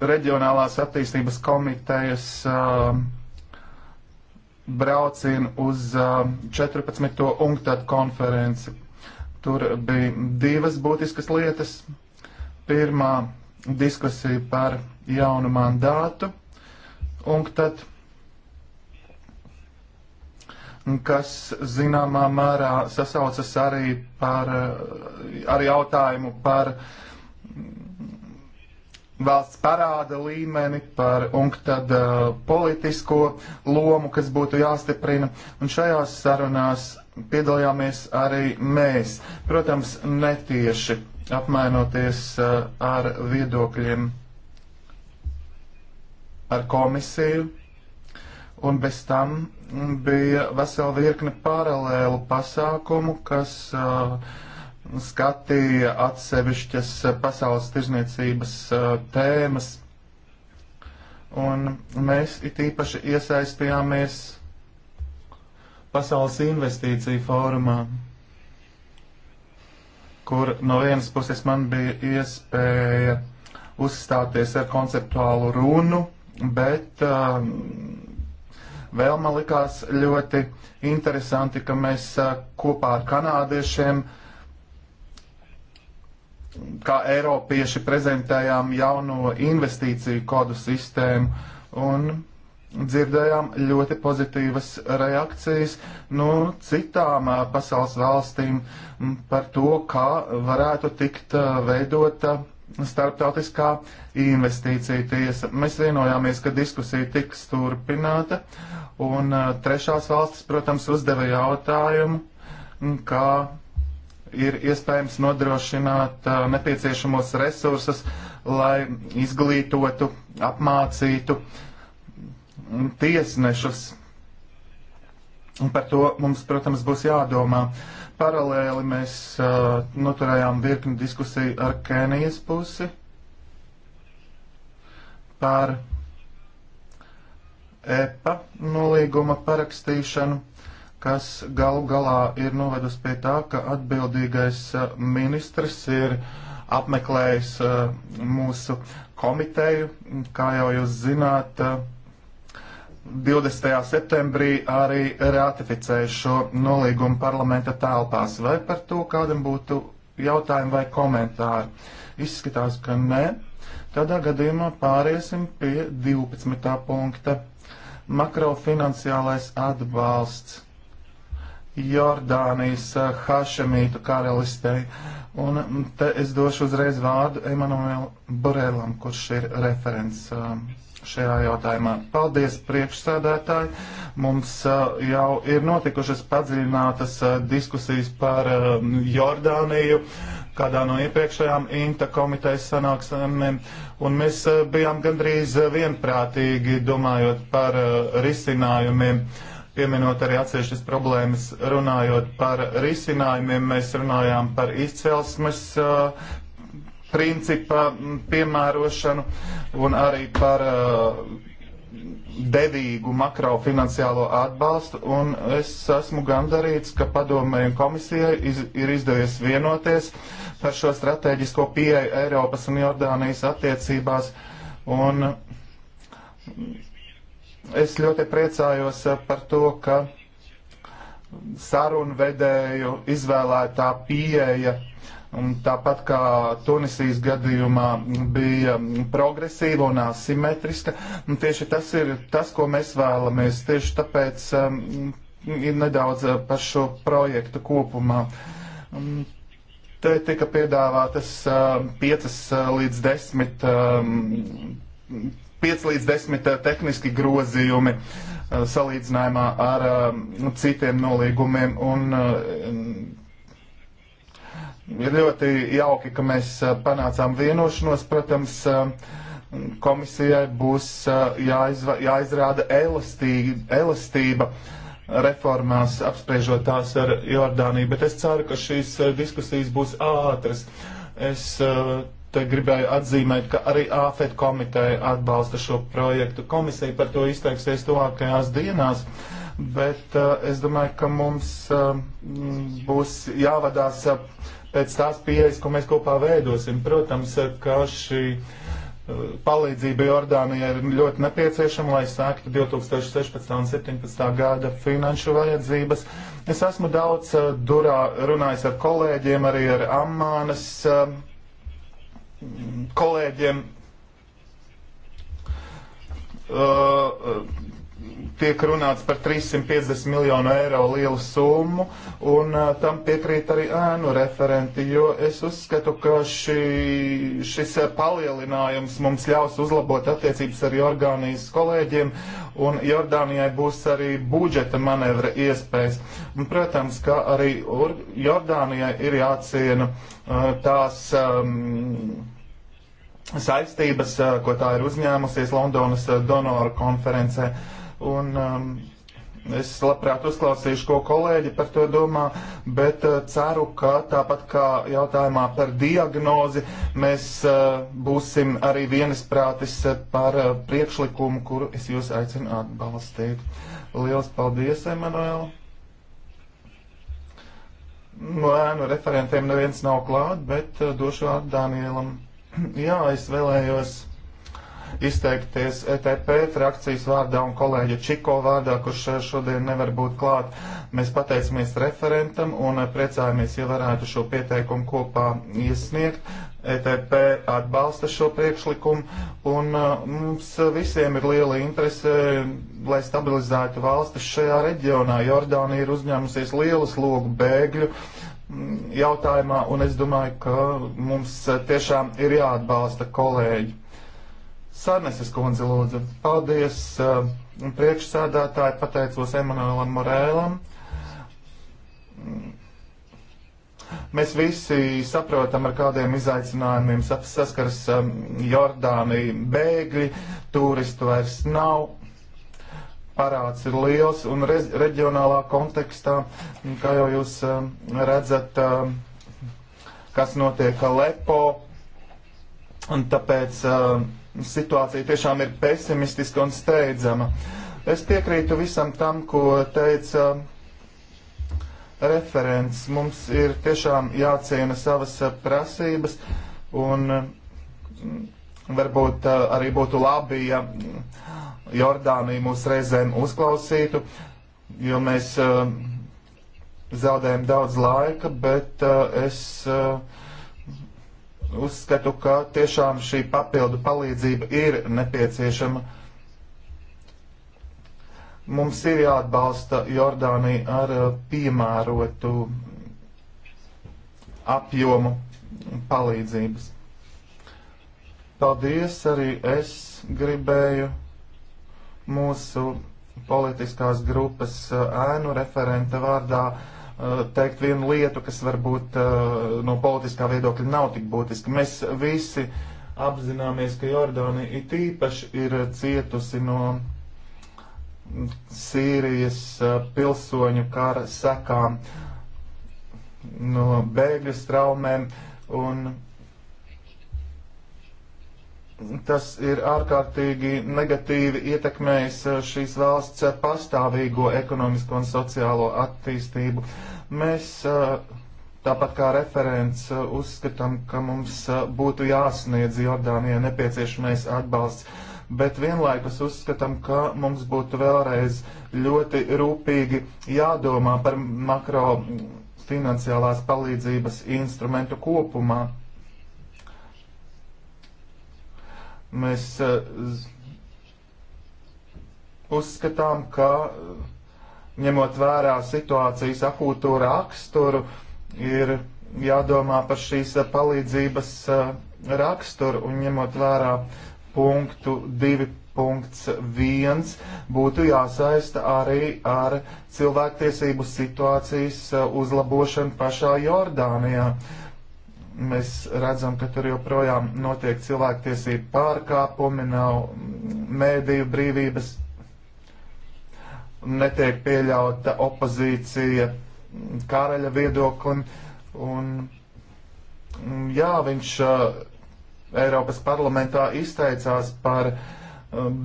reģionālās attīstības komitejas uh, um, braucienu uz uh, um, 14. UNCTAD konferenci. Tur bija divas būtiskas lietas. Pirmā diskusija par jaunu mandātu UNCTAD, kas zināmā mērā sasaucas arī par, uh, ar jautājumu par uh, valsts parāda līmeni, par un tad uh, politisko lomu, kas būtu jāstiprina. Un šajās sarunās piedalījāmies arī mēs. Protams, netieši apmainoties uh, ar viedokļiem ar komisiju. Un bez tam bija vesela virkne paralēlu pasākumu, kas uh, skatīja atsevišķas pasaules tirzniecības tēmas, un mēs it īpaši iesaistījāmies Pasaules investīciju fórumā, kur no vienas puses man bija iespēja uzstāties ar konceptuālu runu, bet um, vēl man likās ļoti interesanti, ka mēs uh, kopā ar kanādiešiem uh, kā Eiropieši prezentējām jauno investīciju kodu sistēmu un dzirdējām ļoti pozitīvas reakcijas no citām pasaules valstīm par to, kā varētu tikt veidota starptautiskā investīcija tiesa. Mēs vienojāmies, ka diskusija tiks turpināta, un trešās valstis, protams, uzdeva jautājumu, kā ir iespējams nodrošināt uh, nepieciešamos resursus, lai izglītotu, apmācītu tiesnešus. Un par to mums, protams, būs jādomā. Paralēli mēs uh, noturējām virkni diskusiju ar Kenijas pusi par EPA nolīguma parakstīšanu kas galu galā ir novedusi pie tā, ka atbildīgais uh, ministrs ir apmeklējis uh, mūsu komiteju, kā jau jūs zināt. 20. Uh, septembrī arī ratificēja šo nolīgumu parlamenta telpās. Vai par to kādam būtu jautājumi vai komentāri? Izskatās, ka nē. Tādā gadījumā pāriesim pie 12. punkta. Makrofinanciālais atbalsts Jordānijas eh, Hašemītu karalistei. Un mm, te es došu uzreiz vārdu Emanuēlam Borelam, kurš ir referents eh, šajā jautājumā. Paldies, priekšsēdētāji! Mums eh, jau ir notikušas padziļinātas diskusijas par Jordāniju kādā no iepriekšējām INTA komitejas sanāksmēm, un mēs bijām gandrīz vienprātīgi domājot par risinājumiem. Uh, pieminot arī atsevišķas problēmas, runājot par risinājumiem, mēs runājām par izcelsmes uh, principa piemērošanu un arī par uh, devīgu makrofinanciālo atbalstu, un es esmu gandarīts, ka padomēju komisijai iz, ir izdevies vienoties par šo strateģisko pieeju Eiropas un Jordānijas attiecībās, un Es ļoti priecājos eh, par to, ka sarunvedēju izvēlētā pieeja Un tāpat kā Tunisijas gadījumā bija progresīva un asimetriska, un tieši tas ir tas, ko mēs vēlamies. Tieši tāpēc um, ir nedaudz eh, par šo projektu kopumā. Um, te tika piedāvātas um, 5 līdz 10 um, 5 līdz 10 eh, tehniski grozījumi eh, salīdzinājumā ar eh, nu, citiem nolīgumiem. Un, ir ļoti jauki, ka mēs panācām vienošanos. Protams, komisijai būs jāizva, jāizrāda elastī, elastība reformās, apspriežot tās ar Jordāniju, bet es ceru, ka šīs diskusijas būs ātras. Es Te gribēju atzīmēt, ka arī AFED komiteja atbalsta šo projektu. Komisija par to izteiksies tuvākajās dienās, bet uh, es domāju, ka mums uh, būs jāvadās uh, pēc tās pieejas, ko mēs kopā veidosim. Protams, uh, ka šī uh, palīdzība Jordānijai ir ļoti nepieciešama, lai sāktu 2016. un 2017. gada finanšu vajadzības. Es esmu daudz uh, durā runājis ar kolēģiem, arī ar Ammānas. Uh, kolēģiem. Uh, uh tiek runāts par 350 miljonu eiro lielu summu, un uh, tam piekrīt arī ēnu referenti, jo es uzskatu, ka šī, šis palielinājums mums ļaus uzlabot attiecības ar Jordānijas kolēģiem, un Jordānijai būs arī budžeta manevra iespējas. Un, protams, ka arī Jordānijai ir jāciena uh, tās. Um, saistības, ko tā ir uzņēmusies Londonas donoru konferencē. Uh, un um, es labprāt uzklausīšu, ko kolēģi par to domā, bet uh, ceru, ka tāpat kā jautājumā par diagnozi, mēs uh, būsim arī vienisprātis par uh, priekšlikumu, kuru es jūs aicinu atbalstīt. Lielas paldies, Emanuēl! No ēnu referentiem neviens nav klāt, bet uh, došu vārdu Danielam. Jā, es vēlējos izteikties ETP frakcijas vārdā un kolēģa Čiko vārdā, kurš eh, šodien nevar būt klāt. Mēs pateicamies referentam un eh, priecājamies, ja varētu šo pieteikumu kopā iesniegt. ETP atbalsta šo priekšlikumu, un eh, mums visiem ir liela interese, lai stabilizētu valstis šajā reģionā. Jordānija ir uzņēmusies lielu slogu bēgļu mm, jautājumā, un es domāju, ka mums tiešām ir jāatbalsta kolēģi. Sarneses kundze lūdzu. Paldies uh, priekšsēdētāji, pateicos Emanuēlam Morēlam. Mēs visi saprotam, ar kādiem izaicinājumiem saskaras um, Jordānija bēgļi, turistu vairs nav, parāds ir liels un reģionālā kontekstā, kā jau jūs um, redzat, um, kas notiek Alepo, un tāpēc situācija tiešām ir pesimistiska un steidzama. Es piekrītu visam tam, ko teica referents. Mums ir tiešām jāciena savas eh, prasības un mm, varbūt eh, arī būtu labi, ja Jordānija mūs reizēm uzklausītu, jo mēs eh, zaudējam daudz laika, bet es uzskatu, ka tiešām šī papildu palīdzība ir nepieciešama. Mums ir jāatbalsta Jordānija ar uh, piemērotu apjomu palīdzības. Paldies, arī es gribēju mūsu politiskās grupas uh, ēnu referenta vārdā Eh, teikt vienu lietu, kas varbūt eh, no politiskā viedokļa nav tik būtiska. Mēs visi apzināmies, ka Jordāna it īpaši ir cietusi no Sīrijas eh, pilsoņu kara sekām, no bēgļu straumēm un tas ir ārkārtīgi negatīvi ietekmējis eh, šīs valsts eh, pastāvīgo ekonomisko un sociālo attīstību. Mēs eh, tāpat kā referents uzskatām, ka mums būtu jāsniedz Jordānijai nepieciešamais atbalsts, bet vienlaikus uzskatām, ka mums būtu vēlreiz ļoti rūpīgi jādomā par makro mm, finansiālās palīdzības instrumentu kopumā Mēs eh, uzskatām, ka eh, ņemot vērā situācijas akūto raksturu, ir jādomā par šīs eh, palīdzības raksturu un ņemot vērā punktu 2.1 būtu jāsaista arī ar cilvēktiesību situācijas uzlabošanu pašā Jordānijā. Uh, Mēs redzam, ka tur joprojām notiek cilvēktiesību pārkāpumi, nav mēdīju brīvības, netiek pieļauta opozīcija karaļa viedoklim. Un, jā, viņš Eiropas parlamentā izteicās par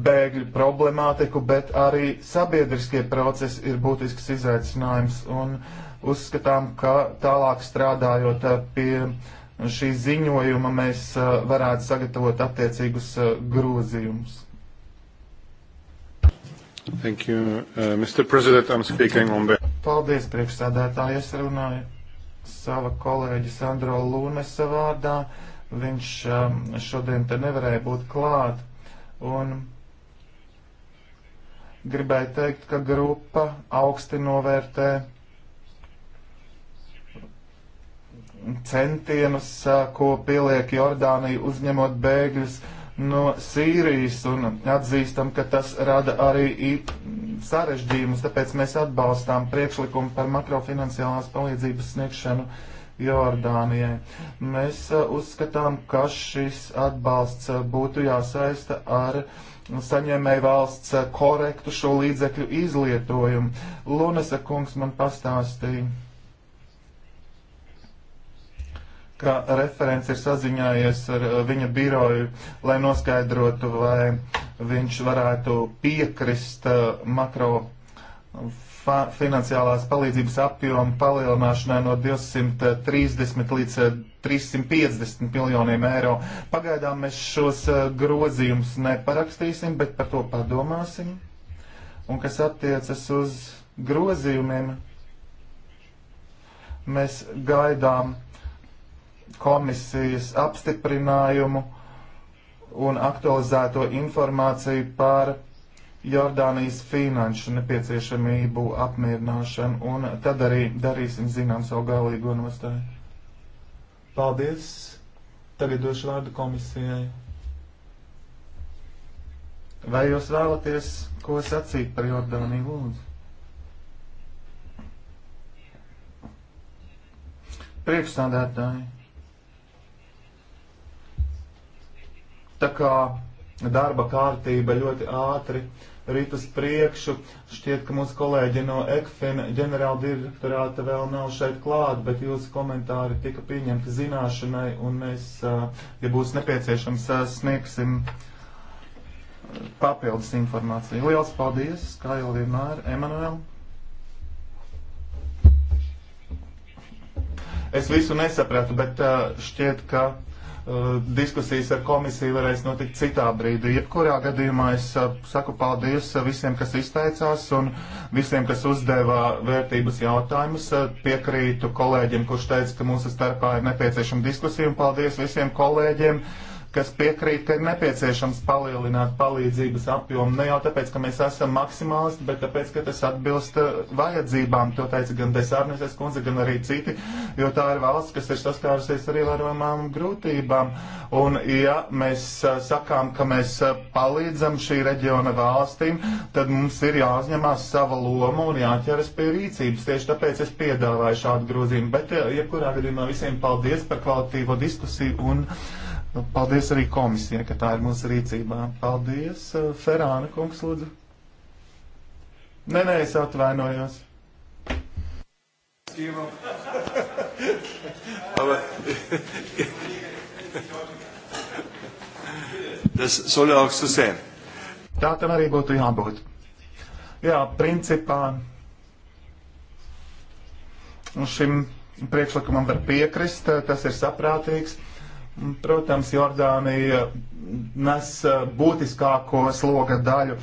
bēgļu problemātiku, bet arī sabiedriskie procesi ir būtisks izaicinājums. Un uzskatām, ka tālāk strādājot pie šī ziņojuma mēs uh, varētu sagatavot attiecīgus uh, grozījumus. Thank you, uh, Mr. President. I'm speaking on behalf. Paldies, priekšsādātāji. Es runāju sava kolēģa Sandro Lūnesa vārdā. Viņš um, šodien te nevarēja būt klāt. Un gribēju teikt, ka grupa augsti novērtē centienus, ko pieliek Jordānija uzņemot bēgļus no Sīrijas un atzīstam, ka tas rada arī sarežģījumus, tāpēc mēs atbalstām priekšlikumu par makrofinanciālās palīdzības sniegšanu Jordānijai. Mēs uzskatām, ka šis atbalsts būtu jāsaista ar saņēmēju valsts korektu šo līdzekļu izlietojumu. Lunasa kungs man pastāstīja ka referents ir saziņājies ar uh, viņa biroju, lai noskaidrotu, vai viņš varētu piekrist uh, makro uh, finansiālās palīdzības apjomu palielināšanai no 230 līdz 350 miljoniem eiro. Pagaidām mēs šos grozījumus neparakstīsim, bet par to padomāsim. Un kas attiecas uz grozījumiem, mēs gaidām komisijas apstiprinājumu un aktualizēto informāciju par Jordānijas finanšu nepieciešamību apmierināšanu, un tad arī darīsim zinām savu galīgo nostāju. Paldies! Tagad došu vārdu komisijai. Vai jūs vēlaties ko sacīt par Jordāniju lūdzu? Priekšstādātāji. kā darba kārtība ļoti ātri ritas priekšu. Šķiet, ka mūsu kolēģi no ECFIN ģenerāla direktorāta vēl nav šeit klāt, bet jūsu komentāri tika pieņemti zināšanai, un mēs, ja būs nepieciešams, sniegsim papildus informāciju. Liels paldies, kā jau vienmēr, Emanuēl. Es visu nesapratu, bet šķiet, ka Eh, diskusijas ar komisiju varēs notikt citā brīdī. Jebkurā gadījumā es eh, saku paldies eh, visiem, kas izteicās un visiem, kas uzdevā vērtības jautājumus. Piekrītu kolēģiem, kurš teica, ka mūsu starpā ir nepieciešama diskusija, un paldies visiem kolēģiem kas piekrīt, ka ir nepieciešams palielināt palīdzības apjomu. Ne jau tāpēc, ka mēs esam maksimālisti, bet tāpēc, ka tas atbilst uh, vajadzībām. To teica gan Desārneses kundze, gan arī citi, jo tā ir valsts, kas ir saskārusies ar ievērojamām grūtībām. Un ja mēs uh, sakām, ka mēs uh, palīdzam šī reģiona valstīm, tad mums ir jāuzņemās sava loma un jāķeras pie rīcības. Tieši tāpēc es piedāvāju šādu grozījumu. Bet, jebkurā ja gadījumā visiem paldies par kvalitīvo diskusiju un Nu, paldies arī komisijai, ka tā ir mūsu rīcībā. Paldies, uh, Ferāna kungs, lūdzu. Nē, nē, es atvainojos. Tas soļa augstu sēm. Tā tam arī būtu jābūt. Jā, principā šim priekšlikumam var piekrist, tas ir saprātīgs. Protams, Jordānija nes eh, būtiskāko sloga daļu.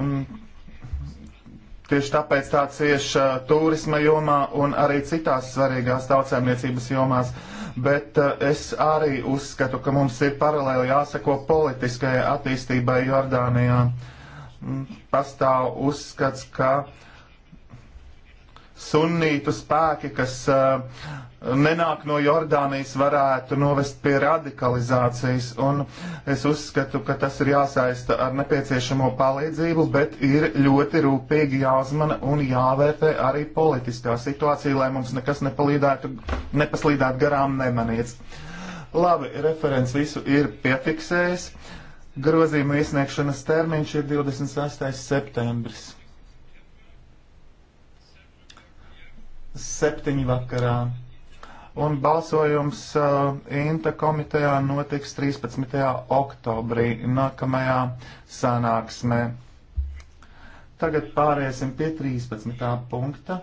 Un tieši tāpēc tā cieš eh, turisma jomā un arī citās svarīgās tautsēmniecības jomās. Bet eh, es arī uzskatu, ka mums ir paralēli jāsako politiskajai attīstībai Jordānijā. Mm, pastāv uzskats, ka sunnītu spēki, kas uh, nenāk no Jordānijas, varētu novest pie radikalizācijas. Un es uzskatu, ka tas ir jāsaista ar nepieciešamo palīdzību, bet ir ļoti rūpīgi jāuzmana un jāvērtē arī politiskā situācija, lai mums nekas nepaslīdētu garām nemanīts. Labi, referents visu ir piefiksējis. Grozījuma iesniegšanas termiņš ir 26. septembris. Septiņi vakarā un balsojums uh, INTA komitejā notiks 13. oktobrī nākamajā sanāksmē. Tagad pāriesim pie 13. punkta.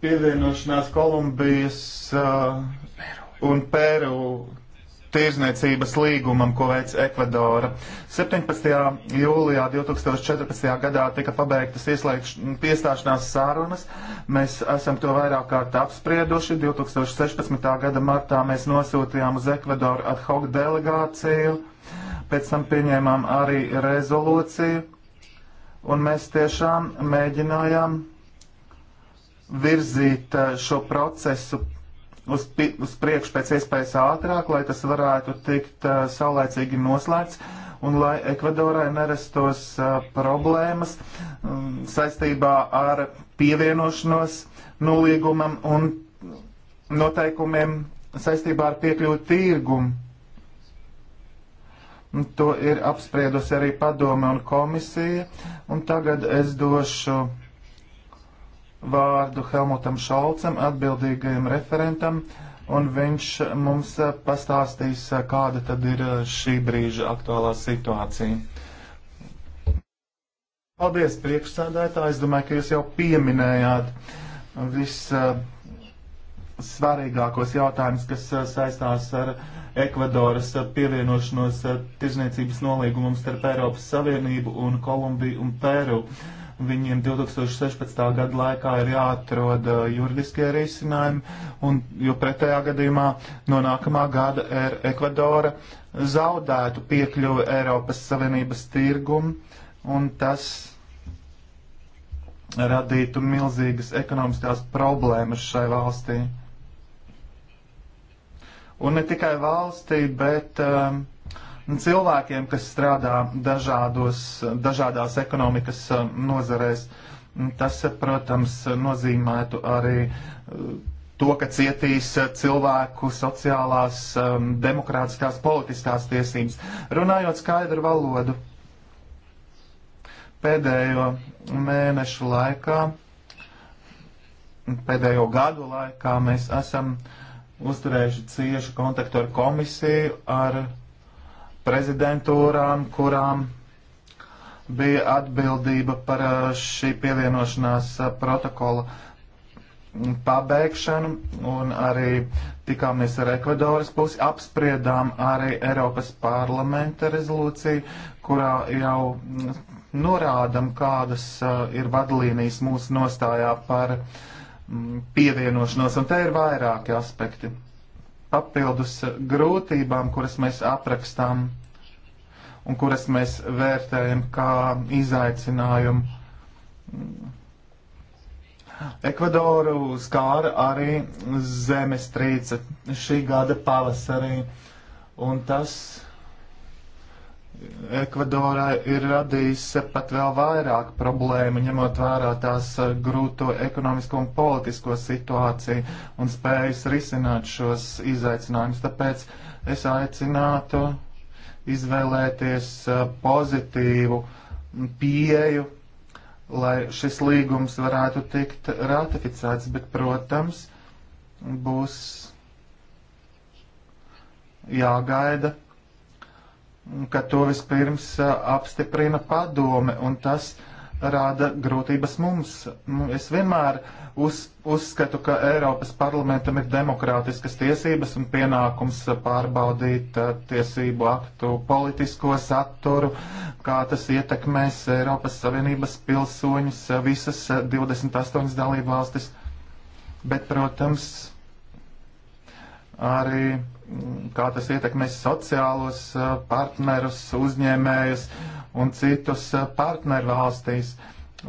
Pievienošanās Kolumbijas uh, un Peru tirzniecības līgumam, ko veic Ekvadora. 17. jūlijā 2014. gadā tika pabeigtas iestāšanās sārunas. Mēs esam to vairāk kārt apsprieduši. 2016. gada martā mēs nosūtījām uz Ekvadoru ad hoc delegāciju. Pēc tam pieņēmām arī rezolūciju. Un mēs tiešām mēģinājām virzīt eh, šo procesu uz, uz priekšu pēc iespējas ātrāk, lai tas varētu tikt uh, saulēcīgi noslēgts un lai Ekvadorai nerastos uh, problēmas um, saistībā ar pievienošanos nolīgumam un noteikumiem saistībā ar piekļuvu tirgumu. Un to ir apspriedusi arī padome un komisija, un tagad es došu vārdu Helmutam Šalcam, atbildīgajam referentam, un viņš mums pastāstīs, kāda tad ir šī brīža aktuālā situācija. Paldies, priekšsādētāji. Es domāju, ka jūs jau pieminējāt vissvarīgākos uh, jautājumus, kas uh, saistās ar Ekvadoras pievienošanos uh, tirzniecības nolīgumam starp Eiropas Savienību un Kolumbiju un Peru. Uh, Viņiem 2016. gada laikā ir jāatrod uh, juridiskie risinājumi, un, jo pretējā gadījumā no nākamā gada Air Ekvadora zaudētu piekļuvi Eiropas Savienības tirgumu, un tas radītu milzīgas ekonomiskās problēmas šai valstī. Un ne tikai valstī, bet um, cilvēkiem, kas strādā dažādos, dažādās ekonomikas eh, nozarēs. Tas, eh, protams, nozīmētu arī eh, to, ka cietīs cilvēku sociālās, demokrātiskās, politiskās tiesības. Runājot skaidru valodu, pēdējo mēnešu laikā, pēdējo gadu laikā mēs esam uzturējuši ciešu kontaktu ar komisiju, ar prezidentūrām, kurām bija atbildība par uh, šī pievienošanās uh, protokola pabeigšanu, un arī tikāmies ar Ekvadoras pusi, apspriedām arī Eiropas parlamenta rezolūciju, kurā jau norādam, kādas uh, ir vadlīnijas mūsu nostājā par mm, pievienošanos, un te ir vairāki aspekti papildus grūtībām, kuras mēs aprakstām un kuras mēs vērtējam kā izaicinājumu. Ekvadoru skāra arī zemestrīce šī gada pavasarī, un tas Ekvadorai ir radījis pat vēl vairāk problēmu, ņemot vērā tās eh, grūto ekonomisko un politisko situāciju un spējas risināt šos izaicinājumus. Tāpēc es aicinātu izvēlēties eh, pozitīvu pieju, lai šis līgums varētu tikt ratificēts, bet, protams, būs jāgaida ka to vispirms apstiprina padome, un tas rāda grūtības mums. Nu, es vienmēr uz, uzskatu, ka Eiropas parlamentam ir demokrātiskas tiesības un pienākums pārbaudīt tiesību aktu politisko saturu, kā tas ietekmēs Eiropas Savienības pilsoņus visas 28 dalību valstis. Bet, protams, arī kā tas ietekmēs sociālos partnerus, uzņēmējus un citus partneru valstīs.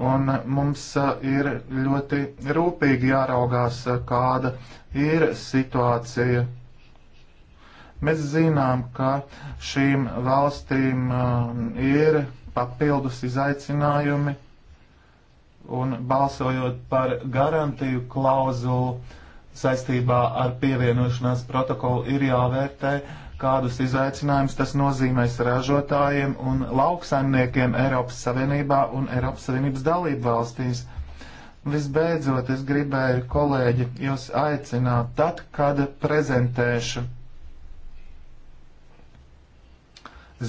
Un mums ir ļoti rūpīgi jāraugās, kāda ir situācija. Mēs zinām, ka šīm valstīm ir papildus izaicinājumi, un balsojot par garantiju klauzulu, saistībā ar pievienošanās protokolu ir jāvērtē, kādus izaicinājumus tas nozīmēs ražotājiem un lauksaimniekiem Eiropas Savienībā un Eiropas Savienības dalību valstīs. Visbeidzot, es gribēju, kolēģi, jūs aicināt tad, kad prezentēšu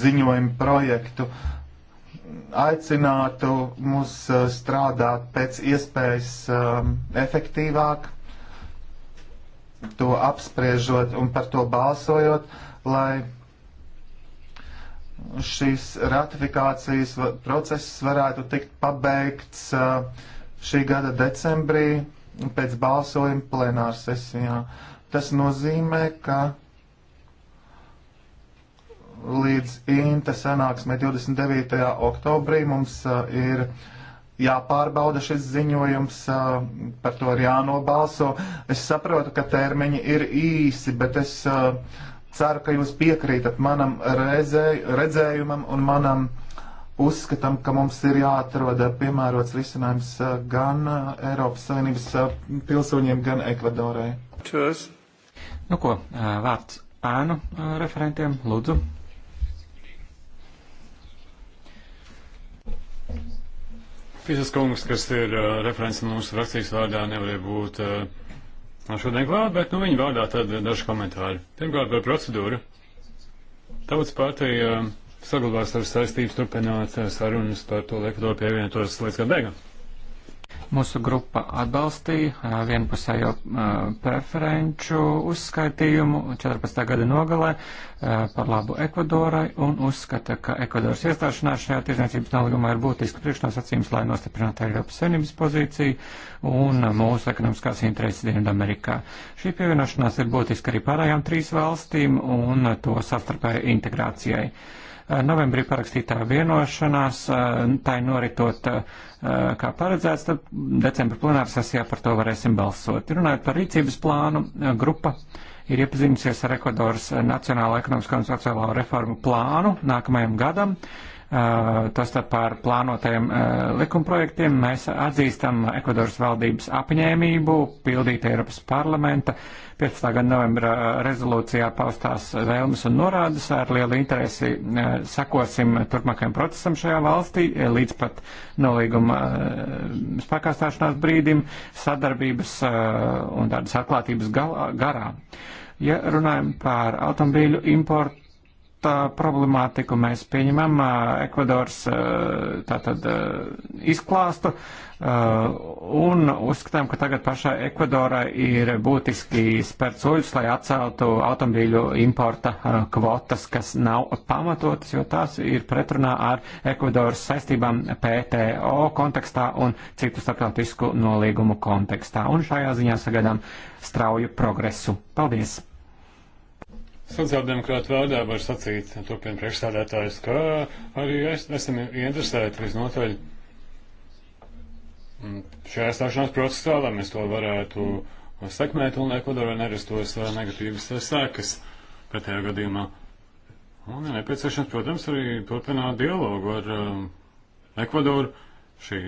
ziņojumu projektu, aicinātu mūs uh, strādāt pēc iespējas um, efektīvāk to apspriežot un par to balsojot, lai šīs ratifikācijas process varētu tikt pabeigts šī gada decembrī pēc balsojuma plenārsesijā. Tas nozīmē, ka līdz Inta sanāksmē 29. oktobrī mums ir uh, jāpārbauda šis ziņojums, par to ir jānobalso. Es saprotu, ka termiņi ir īsi, bet es ceru, ka jūs piekrītat manam redzēj, redzējumam un manam uzskatam, ka mums ir jāatrod piemērots risinājums gan Eiropas Savienības pilsoņiem, gan Ekvadorai. Čers. Nu ko, vārds ēnu referentiem, lūdzu. Fisas kungs, kas ir uh, referents mūsu frakcijas vārdā, nevarēja būt uh, šodien klāt, bet nu, viņa vārdā tad daži komentāri. Pirmkārt par procedūru. Tautas partija uh, saglabās ar saistības turpināt uh, sarunas par to, lai Ekvadoru pievienotos līdz gada beigām. Mūsu grupa atbalstīja vienpusējo preferenču uzskaitījumu 14. gada nogalē par labu Ekvadorai un uzskata, ka Ekvadoras iestāšanās šajā tirdzniecības nolīgumā ir būtiska priekšnosacījums, lai nostiprinātu Eiropas Savienības pozīciju un mūsu ekonomiskās intereses Dienvidamerikā. Šī pievienošanās ir būtiska arī pārējām trīs valstīm un to savstarpēju integrācijai. Novembrī parakstītā vienošanās, eh, tā ir noritot eh, kā paredzēts, tad decembra plenāra sesijā par to varēsim balsot. Runājot par rīcības plānu, eh, grupa ir iepazinusies ar Ekvadoras Nacionālo ekonomisko un sociālo reformu plānu nākamajam gadam. Uh, tostarp eh, par plānotajiem eh, likumprojektiem. Mēs atzīstam Ekvadoras valdības apņēmību pildīt Eiropas parlamenta 15. gada novembra eh, rezolūcijā paustās vēlmes un norādes. Ar lielu interesi sekosim turpmākajam procesam šajā valstī līdz pat nolīguma spēkā stāšanās brīdim sadarbības un tādas atklātības galā, garā. Ja runājam par automobīļu importu, problemātiku mēs pieņemam. Ekvadors tātad izklāstu un uzskatām, ka tagad pašai Ekvadorai ir būtiski spērt soļus, lai atceltu automobīļu importa kvotas, kas nav pamatotas, jo tās ir pretrunā ar Ekvadoras saistībām PTO kontekstā un citu starptautisku nolīgumu kontekstā. Un šajā ziņā sagaidām strauju progresu. Paldies! Sociāldemokrāta vārdā var sacīt, turpina priekšstādātājs, ka arī es, esam interesēti visnotaļ šajā stāšanās procesā, lai mēs to varētu sekmēt un lai kodorā nerastos negatīvas sēkas pretējā gadījumā. Un ir nepieciešams, protams, arī turpināt dialogu ar um, Ekvadoru. Šī,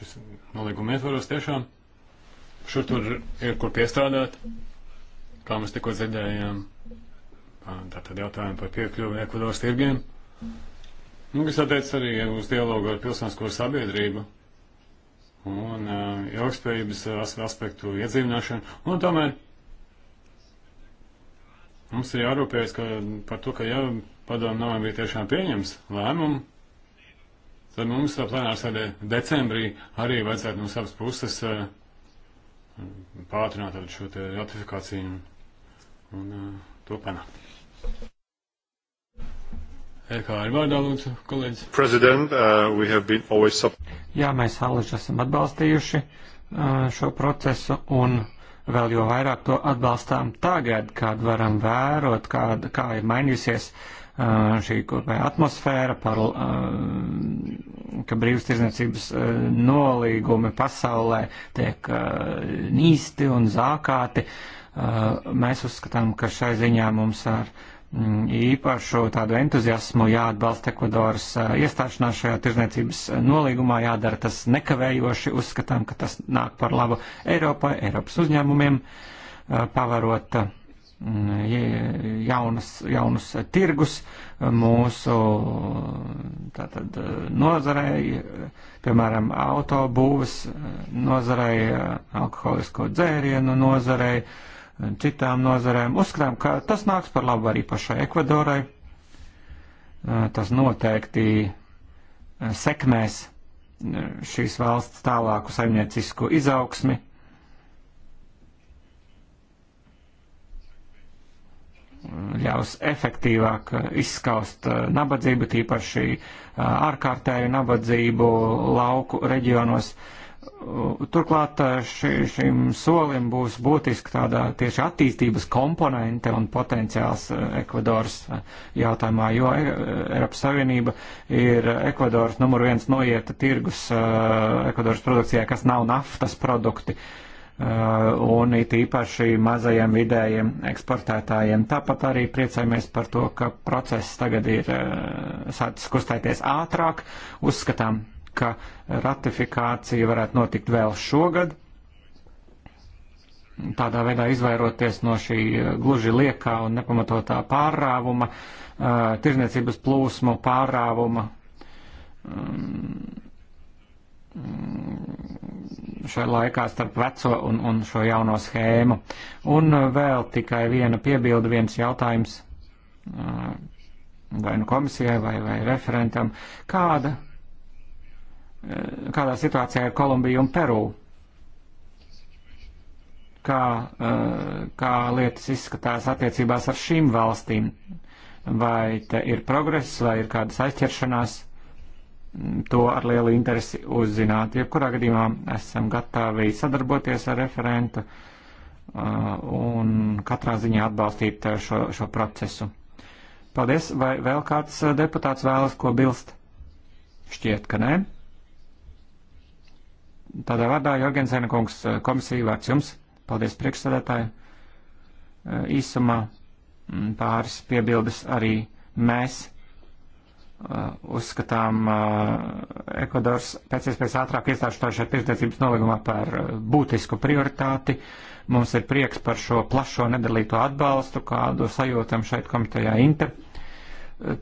šis nolīguma ietvaros tiešām šur tur ir kur piestrādāt. Mm kā mēs tikko dzirdējām, tātad jautājumu par piekļuvu Ekvadoras tirgiem. Nu, kas attiec arī uz dialogu ar pilsonisko sabiedrību un uh, ilgspējības aspektu iedzīvināšanu. Un tomēr mums ir jārūpējas ka, par to, ka jau padomu novembrī tiešām pieņems lēmumu, tad mums plenārsēdē decembrī arī vajadzētu no savas puses uh, pātrināt šo ratifikāciju un un uh, to panākt. EKR vārdā lūdzu, kolēģis. President, uh, we have been always sub... Jā, mēs alaži esam atbalstījuši uh, šo procesu un vēl jo vairāk to atbalstām tagad, kad varam vērot, kāda, kā ir mainījusies uh, šī kopēja atmosfēra par, uh, ka brīvstirdzniecības uh, nolīgumi pasaulē tiek uh, nīsti un zākāti. Uh, Mēs uzskatām, ka šai ziņā mums ar mm, īpašu tādu entuziasmu jāatbalsta Ekvadoras iestāšanās šajā tirzniecības nolīgumā, jādara tas nekavējoši, uzskatām, ka tas nāk par labu Eiropai, Eiropas uzņēmumiem, pavarot mm, jaunus, jaunus tirgus mūsu tātad, nozarei, piemēram, autobūves nozarei, alkoholisko dzērienu nozarei, citām nozarēm. Uzskatām, ka tas nāks par labu arī pašai Ekvadorai. Tas noteikti sekmēs šīs valsts tālāku saimniecisku izaugsmi. Ļaus efektīvāk izskaust nabadzību, tīpaši ārkārtēju nabadzību lauku reģionos. Uh, Turklāt eh, ši, šim solim būs būtiski tāda tieši attīstības komponente un potenciāls eh, Ekvadoras eh, jautājumā, jo Eiropas Savienība ir Ekvadoras numur viens noieta tirgus Ekvadoras produkcijā, kas nav naftas produkti un it īpaši mazajiem vidējiem eksportētājiem. Tāpat arī priecājamies par to, ka process tagad ir sācis kustēties ātrāk. Uzskatām, ka ratifikācija varētu notikt vēl šogad, tādā veidā izvairoties no šī eh, gluži liekā un nepamatotā pārrāvuma, eh, tirzniecības plūsmu pārrāvuma mm, šajā laikā starp veco un, un šo jauno schēmu. Un eh, vēl tikai viena piebilda, viens jautājums vai nu komisijai vai, vai referentam. Kāda Eh, kādā situācijā ir Kolumbija un Peru. Kā, eh, kā lietas izskatās attiecībās ar šīm valstīm? Vai te ir progress, vai ir kādas aizķeršanās? Mm, to ar lielu interesi uzzināt. Jebkurā gadījumā esam gatavi sadarboties ar referentu eh, un katrā ziņā atbalstīt šo, šo procesu. Paldies, vai vēl kāds deputāts vēlas ko bilst? Šķiet, ka nē. Tādā vārdā, Jorgensēna kungs, eh, komisija vārds jums. Paldies priekšsēdētāji. Eh, īsumā mm, pāris piebildes arī mēs eh, uzskatām Ekvadors pēc iespējas ātrāk iestāšanās tirdzniecības nolīgumā par būtisku prioritāti. Mums ir prieks par šo plašo nedalīto atbalstu, kādu sajūtam šeit komitejā Inter.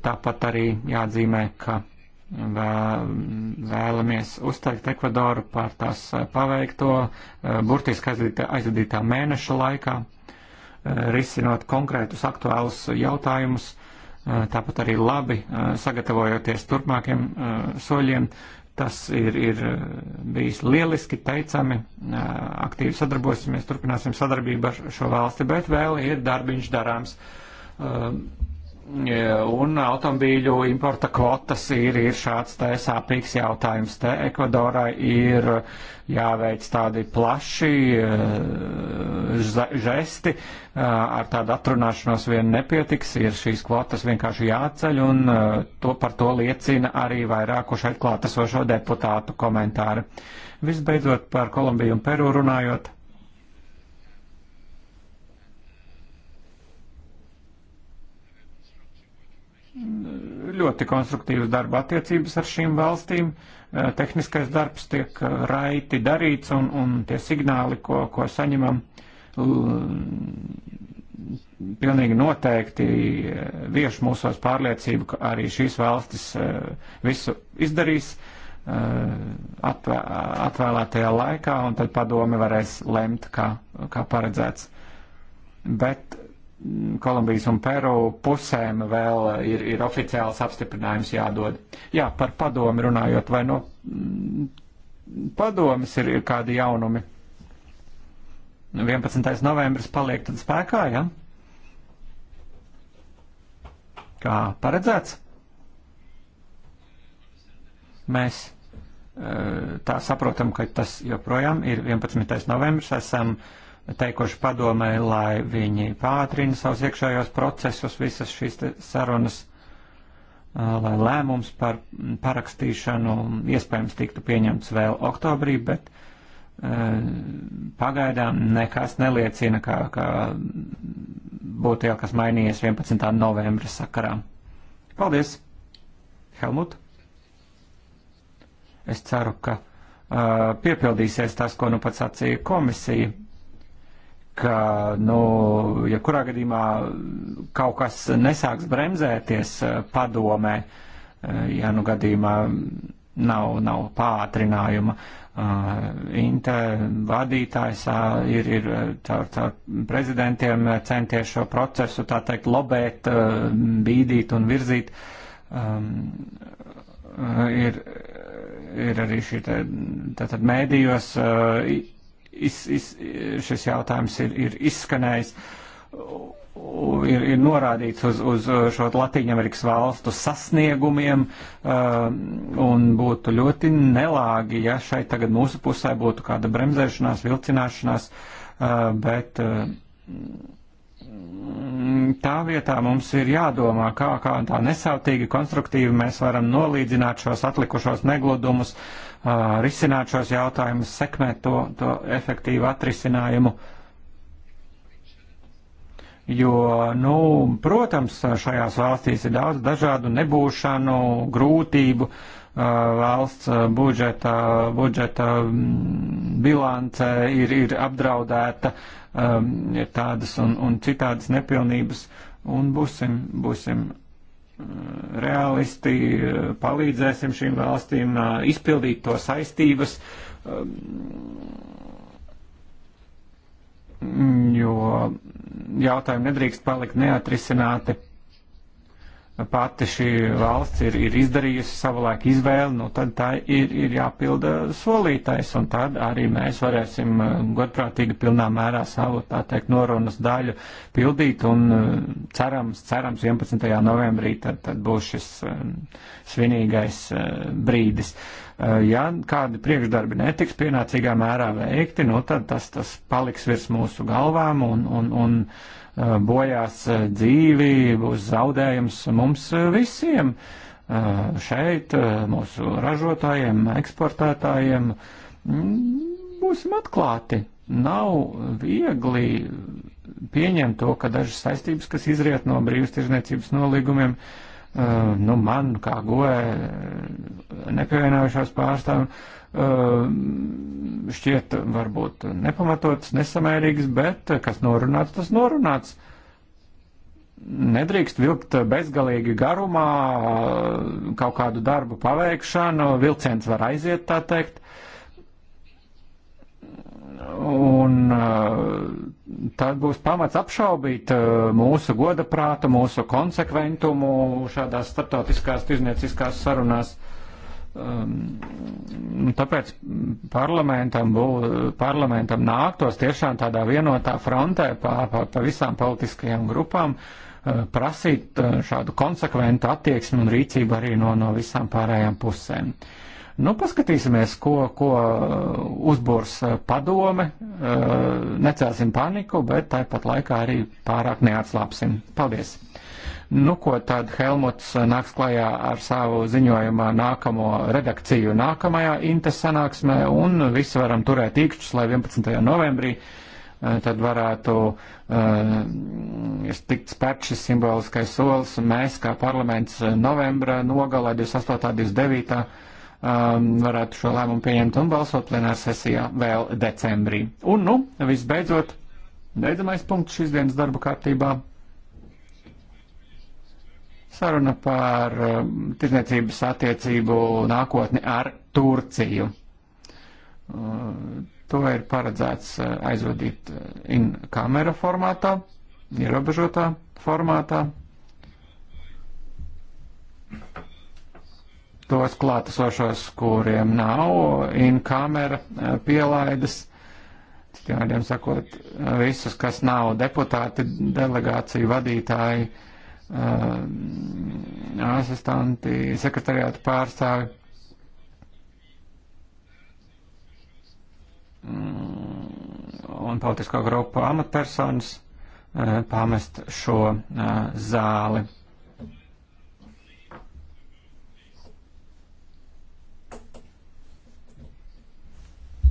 Tāpat arī jāatzīmē, ka vēlamies uzteikt Ekvadoru par tās eh, paveikto, eh, burtiski aizvadītā mēneša laikā, eh, risinot konkrētus aktuālus jautājumus, tāpat arī labi sagatavojoties turpmākiem soļiem. Tas ir, ir bijis lieliski, teicami, aktīvi sadarbosimies, turpināsim sadarbību ar šo valsti, bet vēl ir darbiņš darāms Un automobīļu importa kvotas ir, ir šāds te sāpīgs jautājums. Te Ekvadorai ir jāveic tādi plaši eh, žesti, eh, ar tādu atrunāšanos vien nepietiks, ir šīs kvotas vienkārši jāceļ, un eh, to par to liecina arī vairāku šeit klātesošo deputātu komentāri. Visbeidzot par Kolumbiju un Peru runājot. ļoti konstruktīvas darba attiecības ar šīm valstīm. Eh, tehniskais darbs tiek eh, raiti darīts un, un tie signāli, ko, ko saņemam, pilnīgi noteikti eh, vieš mūsos pārliecību, ka arī šīs valstis visu izdarīs atvēlētajā laikā, un tad padome varēs lemt, kā, kā paredzēts. Bet Kolumbijas un Peru pusēm vēl ir, ir oficiāls apstiprinājums jādod. Jā, par padomi runājot, vai no nu, mm, padomis ir, ir kādi jaunumi? 11. Nu, novembris paliek tad spēkā, jā? Ja? Kā paredzēts? Mēs eh, tā saprotam, ka tas joprojām ir 11. novembris, esam uh, teikuši padomē, lai viņi pātrina savus iekšējos procesus, visas šīs sarunas, lai lēmums par parakstīšanu iespējams tiktu pieņemts vēl oktobrī, bet pagaidām nekas neliecina, ka, ka būtu jau kas mainījies 11. novembra sakarā. Paldies, Helmut! Es ceru, ka uh, piepildīsies tas, ko nu pats sacīja komisija ka, nu, ja kurā gadījumā kaut kas nesāks bremzēties eh, padomē, eh, ja nu gadījumā nav, nav pātrinājuma, eh, Inta vadītājs ir, ir caur, caur prezidentiem centies šo procesu, tā teikt, lobēt, bīdīt un virzīt. Ehm, ir, ir arī šī, tātad mēdījos iz, iz, šis jautājums ir, ir izskanējis. Ir, ir norādīts uz, uz šo Latvijas valstu sasniegumiem, um, un būtu ļoti nelāgi, ja šeit tagad mūsu pusē būtu kāda bremzēšanās, vilcināšanās, uh, bet uh, tā vietā mums ir jādomā, kā, kā tā nesautīgi, konstruktīvi mēs varam nolīdzināt šos atlikušos negludumus, uh, risināt šos jautājumus, sekmēt to, to efektīvu atrisinājumu. Jo, nu, protams, šajās valstīs ir daudz dažādu nebūšanu, grūtību, valsts budžeta, budžeta mm, bilance ir, ir apdraudēta, ir tādas un, un citādas nepilnības, un būsim, būsim reālisti palīdzēsim šīm valstīm izpildīt to saistības, jo jautājumi nedrīkst palikt neatrisināti pati šī valsts ir, ir izdarījusi savulaik izvēli, nu tad tā ir, ir jāpilda solītais, un tad arī mēs varēsim uh, godprātīgi pilnā mērā savu, tā teikt, norunas daļu pildīt, un uh, cerams, cerams 11. novembrī tad, tad būs šis uh, svinīgais brīdis. Ja kādi priekšdarbi netiks pienācīgā mērā veikti, nu tad tas, tas paliks virs mūsu galvām un, un, un Eh, bojās eh, dzīvi, būs zaudējums mums eh, visiem šeit, mūsu ražotājiem, eksportētājiem. Mm, būsim atklāti. Nav viegli pieņemt to, ka dažas saistības, kas izriet no brīvas tirzniecības nolīgumiem, uh, Eh, nu, man kā goē nepievienojušās pārstāvjiem eh, šķiet varbūt nepamatots, nesamērīgs, bet eh, kas norunāts, tas norunāts. Nedrīkst vilkt bezgalīgi garumā kaut kādu darbu paveikšanu, vilciens var aiziet, tā teikt, Un uh, tad būs pamats apšaubīt uh, mūsu godaprātu, mūsu konsekventumu šādās starptautiskās tirzniecīskās sarunās. Um, tāpēc parlamentam, bū, parlamentam nāktos tiešām tādā vienotā frontē pa, pa, pa visām politiskajām grupām uh, prasīt uh, šādu konsekventu attieksmi un rīcību arī no, no visām pārējām pusēm. Uh, Nu, paskatīsimies, ko, ko uh, uzbūrs uh, padome, uh, necelsim paniku, bet tāpat laikā arī pārāk neatslāpsim. Paldies! Nu, ko tad Helmuts nāks klajā ar savu ziņojumā nākamo redakciju nākamajā Intes sanāksmē, un visi varam turēt īkšķus, lai 11. novembrī tad varētu uh, tikt spērt šis simboliskais solis, un mēs kā parlaments novembra nogalē 28. 29 Um, varētu šo lēmumu pieņemt un balsot plenāra sesijā vēl decembrī. Un, nu, visbeidzot, beidzamais punkts šīs dienas darba kārtībā. Saruna par um, tirdzniecības attiecību nākotni ar Turciju. Uh, to ir paredzēts uh, aizvadīt uh, in kamera formātā, ierobežotā formātā. Thank you tos klātesošos, kuriem nav in-kamera eh, pielaidas. Tādiem sakot, visus, kas nav deputāti, delegāciju vadītāji, eh, asistanti, sekretariāta pārstāvi. Mm, un politiskā grupa amatpersonas eh, pamest šo zāli.